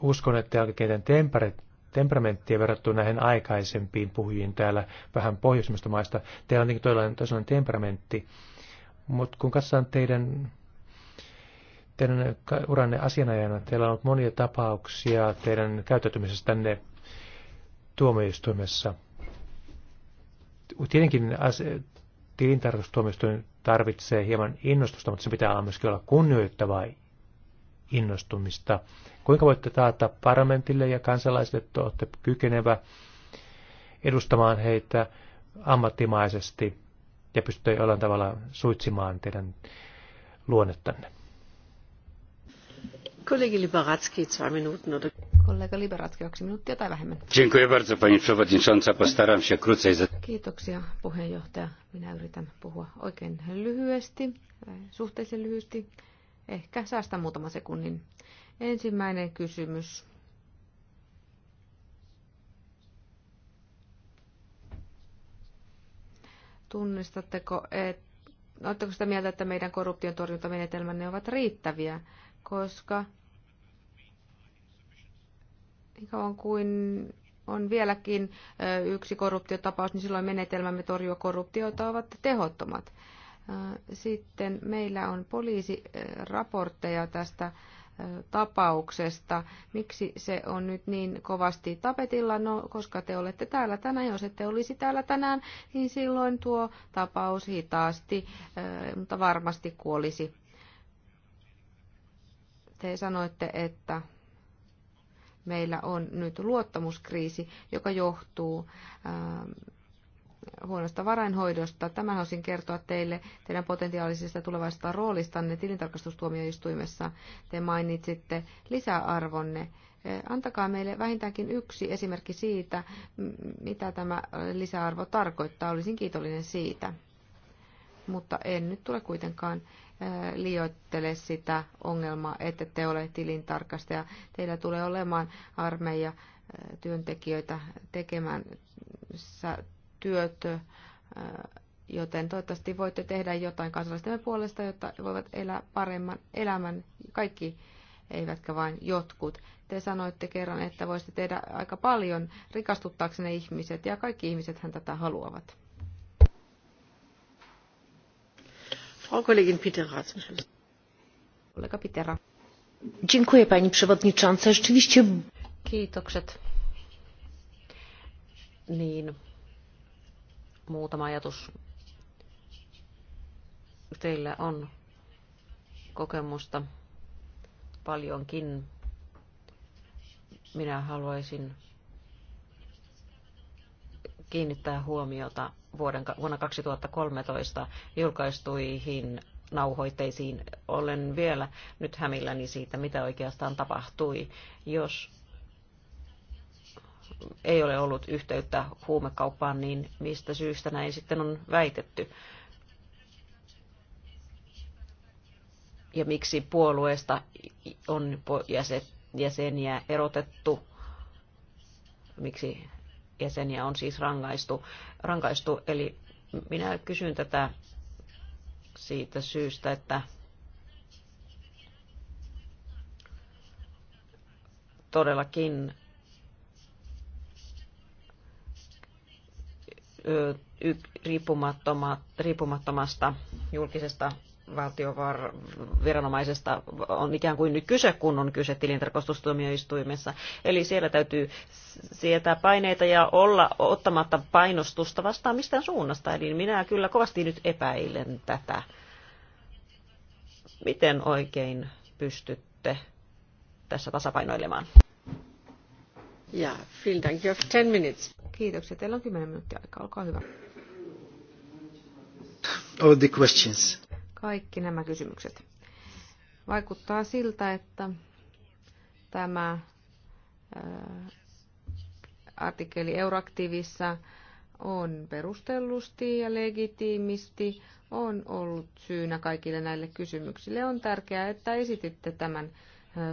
uskon, että jälkikäteen teidän temperamenttia verrattuna näihin aikaisempiin puhujiin täällä vähän pohjoisimmista maista. Teillä on niin toinen, toinen temperamentti, mutta kun katsotaan teidän, teidän uranne asianajana, teillä on ollut monia tapauksia teidän tänne tuomioistuimessa. Tietenkin tilintarkastustuomioistuin tarvitsee hieman innostusta, mutta se pitää olla myöskin olla kunnioittavaa innostumista. Kuinka voitte taata parlamentille ja kansalaisille, että olette kykenevä edustamaan heitä ammattimaisesti ja pystytte jollain tavalla suitsimaan teidän luonnettanne? Kollega Liberatski kaksi minuuttia. No Kollega Liberatski kaksi minuuttia tai vähemmän. Dziękuję bardzo, pani przewodnicząca. Postaram się krócej. Kiitoksia, puheenjohtaja. Minä yritän puhua oikein lyhyesti, suhteellisen lyhyesti ehkä säästä muutama sekunnin. Ensimmäinen kysymys. Tunnistatteko, että oletteko sitä mieltä, että meidän korruption torjuntamenetelmänne ovat riittäviä, koska niin kauan kuin on vieläkin yksi korruptiotapaus, niin silloin menetelmämme torjua korruptiota ovat tehottomat. Sitten meillä on poliisiraportteja tästä tapauksesta. Miksi se on nyt niin kovasti tapetilla? No, koska te olette täällä tänään. Jos ette olisi täällä tänään, niin silloin tuo tapaus hitaasti, mutta varmasti kuolisi. Te sanoitte, että meillä on nyt luottamuskriisi, joka johtuu huonosta varainhoidosta. Tämän haluaisin kertoa teille teidän potentiaalisesta tulevaisesta roolistanne tilintarkastustuomioistuimessa. Te mainitsitte lisäarvonne. Eh, antakaa meille vähintäänkin yksi esimerkki siitä, mitä tämä lisäarvo tarkoittaa. Olisin kiitollinen siitä. Mutta en nyt tule kuitenkaan eh, liioittele sitä ongelmaa, että te ole tilintarkastaja. Teillä tulee olemaan armeija eh, työntekijöitä tekemään työt, joten toivottavasti voitte tehdä jotain kansalaisten puolesta, jotta voivat elää paremman elämän kaikki eivätkä vain jotkut. Te sanoitte kerran, että voisitte tehdä aika paljon rikastuttaaksenne ihmiset, ja kaikki ihmisethän tätä haluavat. Frau Kollegin Pitera Kollega Pitera. Dziękuję Pani Przewodnicząca. Rzeczywiście... Kiitokset. Niin, muutama ajatus. Teillä on kokemusta paljonkin. Minä haluaisin kiinnittää huomiota vuoden, vuonna 2013 julkaistuihin nauhoitteisiin. Olen vielä nyt hämilläni siitä, mitä oikeastaan tapahtui. Jos ei ole ollut yhteyttä huumekauppaan, niin mistä syystä näin sitten on väitetty? Ja miksi puolueesta on jäseniä erotettu? Miksi jäseniä on siis rangaistu? rankaistu? Eli minä kysyn tätä siitä syystä, että todellakin riippumattomasta julkisesta valtioviranomaisesta on ikään kuin nyt kyse, kun on kyse tilintarkastustuomioistuimessa. Eli siellä täytyy sietää paineita ja olla ottamatta painostusta vastaan mistään suunnasta. Eli minä kyllä kovasti nyt epäilen tätä. Miten oikein pystytte tässä tasapainoilemaan? Ja, vielen Dank. You have 10 minutes. Kiitoksia. Teillä on 10 minuuttia aikaa. Olkaa hyvä. All the questions. Kaikki nämä kysymykset. Vaikuttaa siltä, että tämä äh, artikkeli Euraktivissa on perustellusti ja legitiimisti on ollut syynä kaikille näille kysymyksille. On tärkeää, että esititte tämän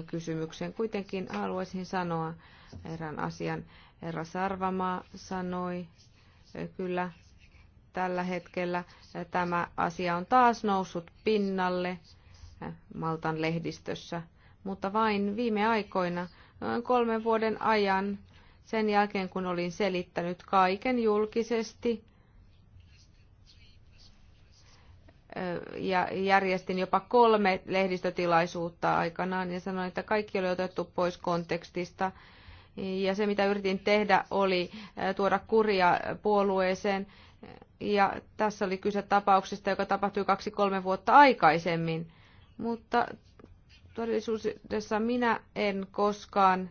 kysymykseen. Kuitenkin haluaisin sanoa erään asian. Herra Sarvamaa sanoi, kyllä tällä hetkellä tämä asia on taas noussut pinnalle Maltan lehdistössä, mutta vain viime aikoina, noin kolmen vuoden ajan, sen jälkeen kun olin selittänyt kaiken julkisesti, ja järjestin jopa kolme lehdistötilaisuutta aikanaan ja sanoin, että kaikki oli otettu pois kontekstista. Ja se, mitä yritin tehdä, oli tuoda kuria puolueeseen. Ja tässä oli kyse tapauksesta, joka tapahtui kaksi-kolme vuotta aikaisemmin. Mutta todellisuudessa minä en koskaan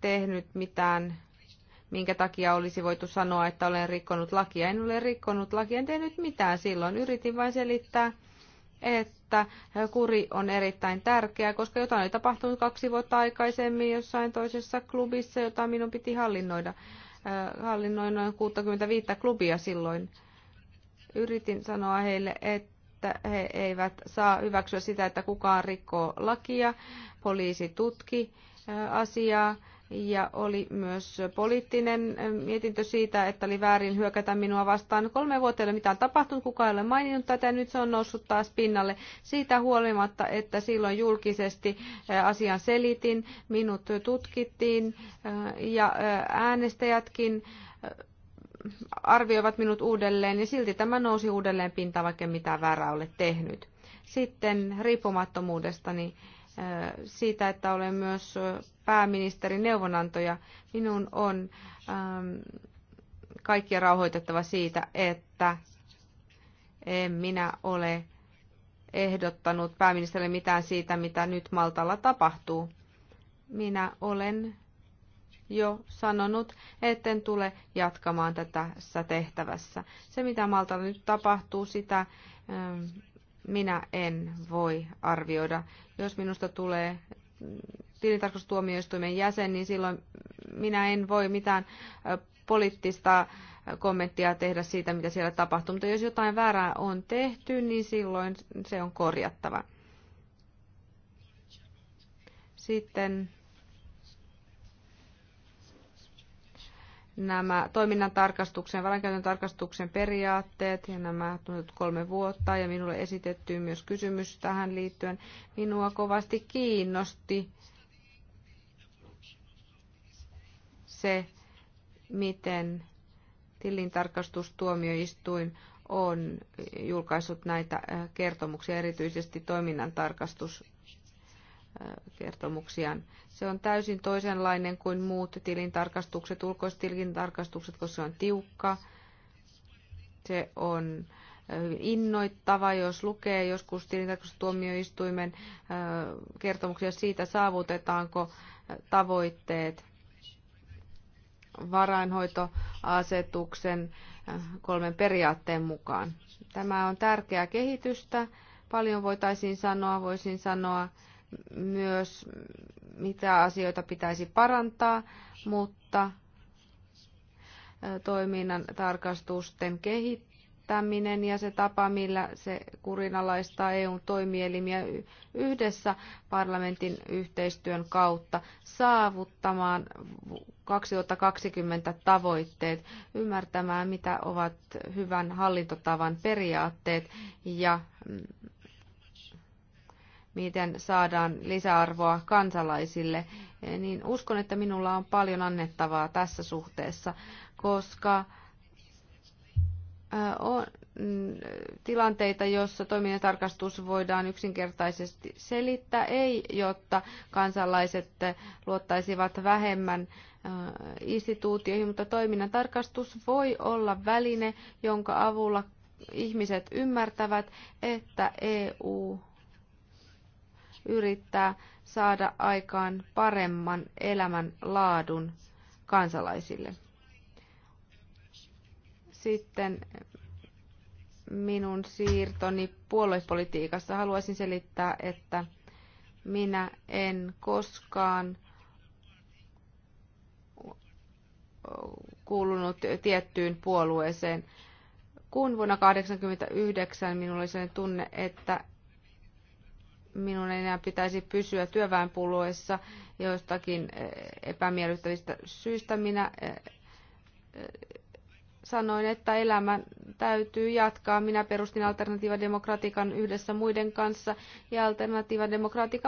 tehnyt mitään minkä takia olisi voitu sanoa, että olen rikkonut lakia. En ole rikkonut lakia, en tehnyt mitään silloin. Yritin vain selittää, että kuri on erittäin tärkeä, koska jotain oli tapahtunut kaksi vuotta aikaisemmin jossain toisessa klubissa, jota minun piti hallinnoida. Äh, hallinnoin noin 65 klubia silloin. Yritin sanoa heille, että he eivät saa hyväksyä sitä, että kukaan rikkoo lakia. Poliisi tutki äh, asiaa ja oli myös poliittinen eh, mietintö siitä, että oli väärin hyökätä minua vastaan. Kolme vuotta ei ole mitään tapahtunut, kukaan ei ole maininnut tätä, ja nyt se on noussut taas pinnalle. Siitä huolimatta, että silloin julkisesti eh, asian selitin, minut tutkittiin eh, ja äänestäjätkin arvioivat minut uudelleen ja silti tämä nousi uudelleen pintaan, vaikka mitä väärää ole tehnyt. Sitten riippumattomuudestani. Niin siitä, että olen myös pääministerin neuvonantoja. Minun on ähm, kaikkia rauhoitettava siitä, että en minä ole ehdottanut pääministerille mitään siitä, mitä nyt Maltalla tapahtuu. Minä olen jo sanonut, etten tule jatkamaan tätä tehtävässä. Se, mitä Maltalla nyt tapahtuu, sitä ähm, minä en voi arvioida. Jos minusta tulee tilintarkastustuomioistuimen jäsen, niin silloin minä en voi mitään poliittista kommenttia tehdä siitä, mitä siellä tapahtuu. Mutta jos jotain väärää on tehty, niin silloin se on korjattava. Sitten nämä toiminnan tarkastuksen, varankäytön tarkastuksen periaatteet ja nämä kolme vuotta ja minulle esitetty myös kysymys tähän liittyen. Minua kovasti kiinnosti se, miten tilintarkastustuomioistuin on julkaissut näitä äh, kertomuksia, erityisesti toiminnan tarkastus kertomuksiaan. Se on täysin toisenlainen kuin muut tilintarkastukset, ulkoiset tilintarkastukset, koska se on tiukka. Se on innoittava, jos lukee joskus tilintarkastustuomioistuimen kertomuksia siitä, saavutetaanko tavoitteet varainhoitoasetuksen kolmen periaatteen mukaan. Tämä on tärkeää kehitystä. Paljon voitaisiin sanoa, voisin sanoa myös, mitä asioita pitäisi parantaa, mutta toiminnan tarkastusten kehittäminen ja se tapa, millä se kurinalaistaa eu toimielimiä yhdessä parlamentin yhteistyön kautta saavuttamaan 2020 tavoitteet, ymmärtämään, mitä ovat hyvän hallintotavan periaatteet ja mm, miten saadaan lisäarvoa kansalaisille, niin uskon, että minulla on paljon annettavaa tässä suhteessa, koska on mm, tilanteita, joissa toimintatarkastus voidaan yksinkertaisesti selittää, ei jotta kansalaiset luottaisivat vähemmän instituutioihin, mutta toiminnan tarkastus voi olla väline, jonka avulla ihmiset ymmärtävät, että EU yrittää saada aikaan paremman elämän laadun kansalaisille. Sitten minun siirtoni puoluepolitiikassa haluaisin selittää, että minä en koskaan kuulunut tiettyyn puolueeseen. Kun vuonna 1989 minulla oli sellainen tunne, että minun ei enää pitäisi pysyä työväenpuolueessa joistakin eh, epämiellyttävistä syistä. Minä eh, eh, sanoin, että elämä täytyy jatkaa. Minä perustin alternatiivademokratiikan yhdessä muiden kanssa ja Alternativa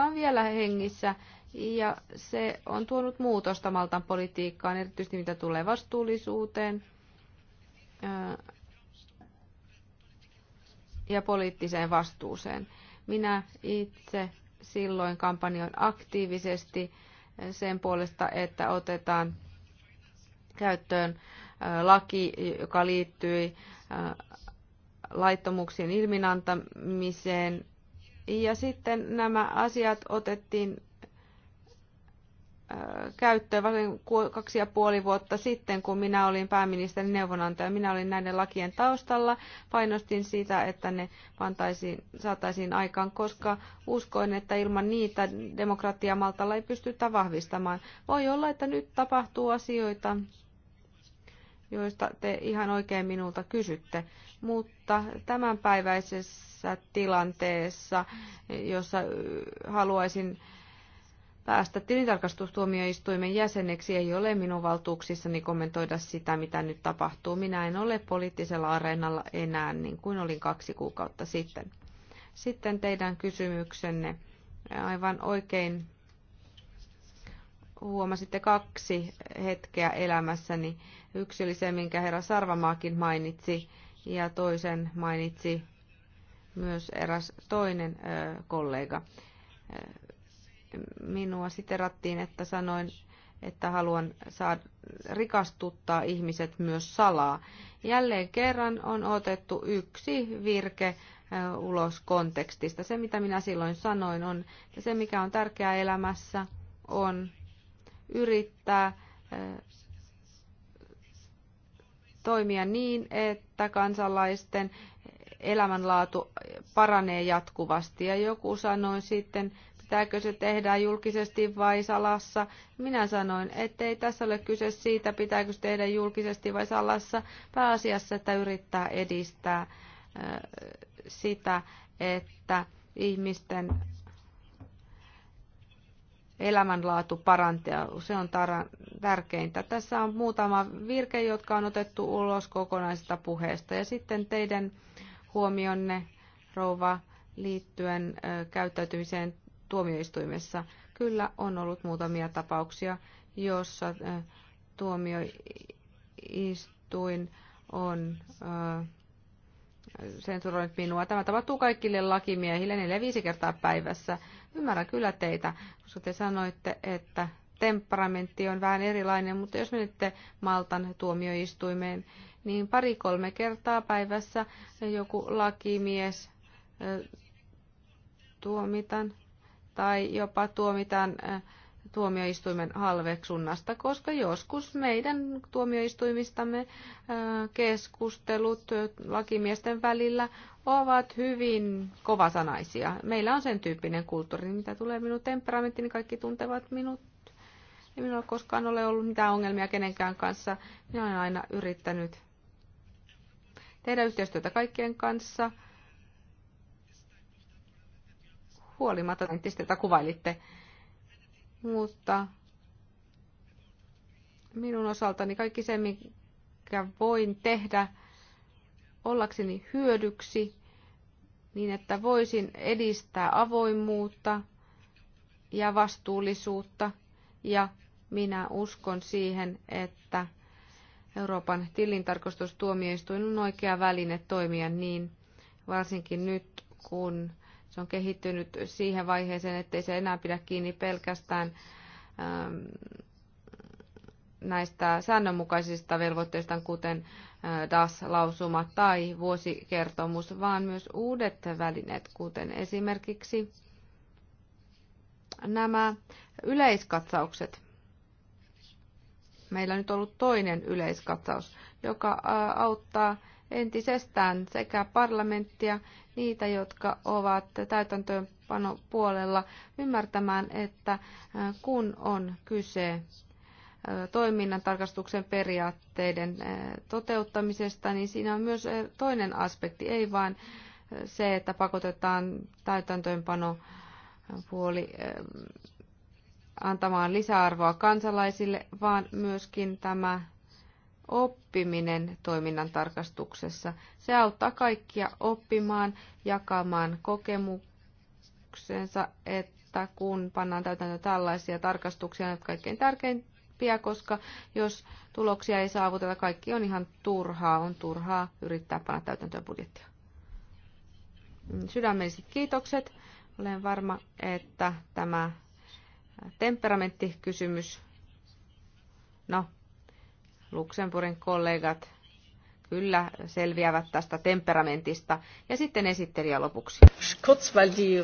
on vielä hengissä. Ja se on tuonut muutosta Maltan politiikkaan, erityisesti mitä tulee vastuullisuuteen ja poliittiseen vastuuseen. Minä itse silloin kampanjoin aktiivisesti sen puolesta, että otetaan käyttöön laki, joka liittyi laittomuuksien ilminantamiseen. Ja sitten nämä asiat otettiin käyttöön varsin kaksi ja puoli vuotta sitten, kun minä olin pääministerin neuvonantaja. Minä olin näiden lakien taustalla, painostin sitä, että ne pantaisiin, saataisiin aikaan, koska uskoin, että ilman niitä demokratia Maltalla ei pystytä vahvistamaan. Voi olla, että nyt tapahtuu asioita, joista te ihan oikein minulta kysytte. Mutta tämänpäiväisessä tilanteessa, jossa haluaisin päästä tilintarkastustuomioistuimen jäseneksi ei ole minun valtuuksissani kommentoida sitä, mitä nyt tapahtuu. Minä en ole poliittisella areenalla enää niin kuin olin kaksi kuukautta sitten. Sitten teidän kysymyksenne. Aivan oikein huomasitte kaksi hetkeä elämässäni. Yksi oli se, minkä herra Sarvamaakin mainitsi, ja toisen mainitsi myös eräs toinen kollega minua siterattiin, että sanoin, että haluan saada rikastuttaa ihmiset myös salaa. Jälleen kerran on otettu yksi virke ulos kontekstista. Se, mitä minä silloin sanoin, on, että se, mikä on tärkeää elämässä, on yrittää toimia niin, että kansalaisten elämänlaatu paranee jatkuvasti. Ja joku sanoi sitten, pitääkö se tehdä julkisesti vai salassa. Minä sanoin, ettei tässä ole kyse siitä, pitääkö se tehdä julkisesti vai salassa. Pääasiassa, että yrittää edistää sitä, että ihmisten elämänlaatu parantaa. Se on tar- tärkeintä. Tässä on muutama virke, jotka on otettu ulos kokonaisesta puheesta. Ja sitten teidän huomionne, rouva, liittyen käyttäytymiseen tuomioistuimessa. Kyllä on ollut muutamia tapauksia, jossa äh, tuomioistuin on äh, sensuroinut minua. Tämä tapahtuu kaikille lakimiehille neljä viisi kertaa päivässä. Ymmärrän kyllä teitä, koska te sanoitte, että temperamentti on vähän erilainen, mutta jos menette Maltan tuomioistuimeen, niin pari-kolme kertaa päivässä joku lakimies äh, tuomitan tai jopa tuomitaan tuomioistuimen halveksunnasta, koska joskus meidän tuomioistuimistamme keskustelut lakimiesten välillä ovat hyvin kovasanaisia. Meillä on sen tyyppinen kulttuuri, mitä tulee minun temperamenttini, niin kaikki tuntevat minut. Ei minulla koskaan ole ollut mitään ongelmia kenenkään kanssa. Minä olen aina yrittänyt tehdä yhteistyötä kaikkien kanssa – huolimatta entistä, jota kuvailitte. Mutta minun osaltani kaikki se, mikä voin tehdä ollakseni hyödyksi, niin että voisin edistää avoimuutta ja vastuullisuutta. Ja minä uskon siihen, että Euroopan tilintarkastustuomioistuin on oikea väline toimia niin, varsinkin nyt kun se on kehittynyt siihen vaiheeseen, ettei se enää pidä kiinni pelkästään ähm, näistä säännönmukaisista velvoitteista, kuten äh, DAS-lausuma tai vuosikertomus, vaan myös uudet välineet, kuten esimerkiksi nämä yleiskatsaukset. Meillä on nyt ollut toinen yleiskatsaus, joka äh, auttaa entisestään sekä parlamenttia niitä, jotka ovat täytäntöönpano puolella ymmärtämään, että kun on kyse toiminnan tarkastuksen periaatteiden toteuttamisesta, niin siinä on myös toinen aspekti, ei vain se, että pakotetaan täytäntöönpano puoli antamaan lisäarvoa kansalaisille, vaan myöskin tämä oppiminen toiminnan tarkastuksessa. Se auttaa kaikkia oppimaan, jakamaan kokemuksensa, että kun pannaan täytäntöön tällaisia tarkastuksia, ne ovat kaikkein tärkeimpiä, koska jos tuloksia ei saavuteta, kaikki on ihan turhaa. On turhaa yrittää panna täytäntöön budjettia. Sydämelliset kiitokset. Olen varma, että tämä temperamenttikysymys, no Luxemburgin kollegat kyllä selviävät tästä temperamentista. Ja sitten esittelijä lopuksi. Kurz, weil die,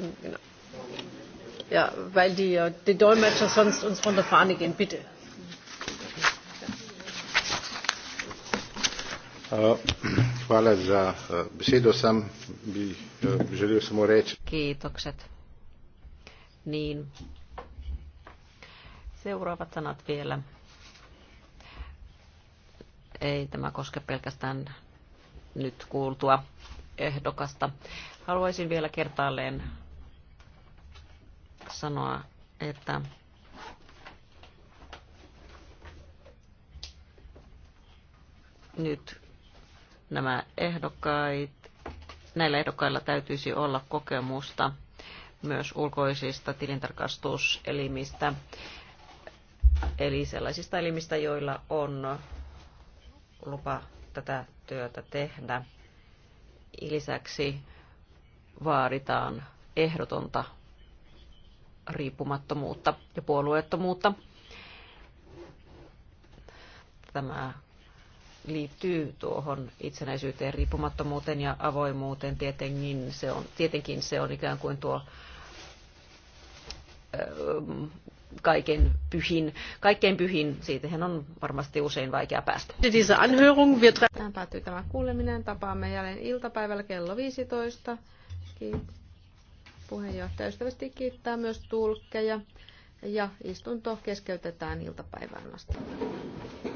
ja, weil die, äh, die Dolmetscher sonst uns von der Fahne gehen, bitte. Hvala za äh, besedo. Sam bi äh, samo Kiitokset. Niin. Seuraavat sanat vielä. Ei tämä koske pelkästään nyt kuultua ehdokasta. Haluaisin vielä kertaalleen sanoa, että nyt nämä ehdokkaat, näillä ehdokkailla täytyisi olla kokemusta myös ulkoisista tilintarkastuselimistä, eli sellaisista elimistä, joilla on lupa tätä työtä tehdä. Lisäksi vaaditaan ehdotonta riippumattomuutta ja puolueettomuutta. Tämä liittyy tuohon itsenäisyyteen, riippumattomuuteen ja avoimuuteen. Tietenkin se on, tietenkin se on ikään kuin tuo kaiken pyhin, kaikkein pyhin. Siitähän on varmasti usein vaikea päästä. Tähän päättyy tämä kuuleminen. Tapaamme jälleen iltapäivällä kello 15. Kiit. Puheenjohtaja ystävästi kiittää myös tulkkeja ja istunto keskeytetään iltapäivään asti.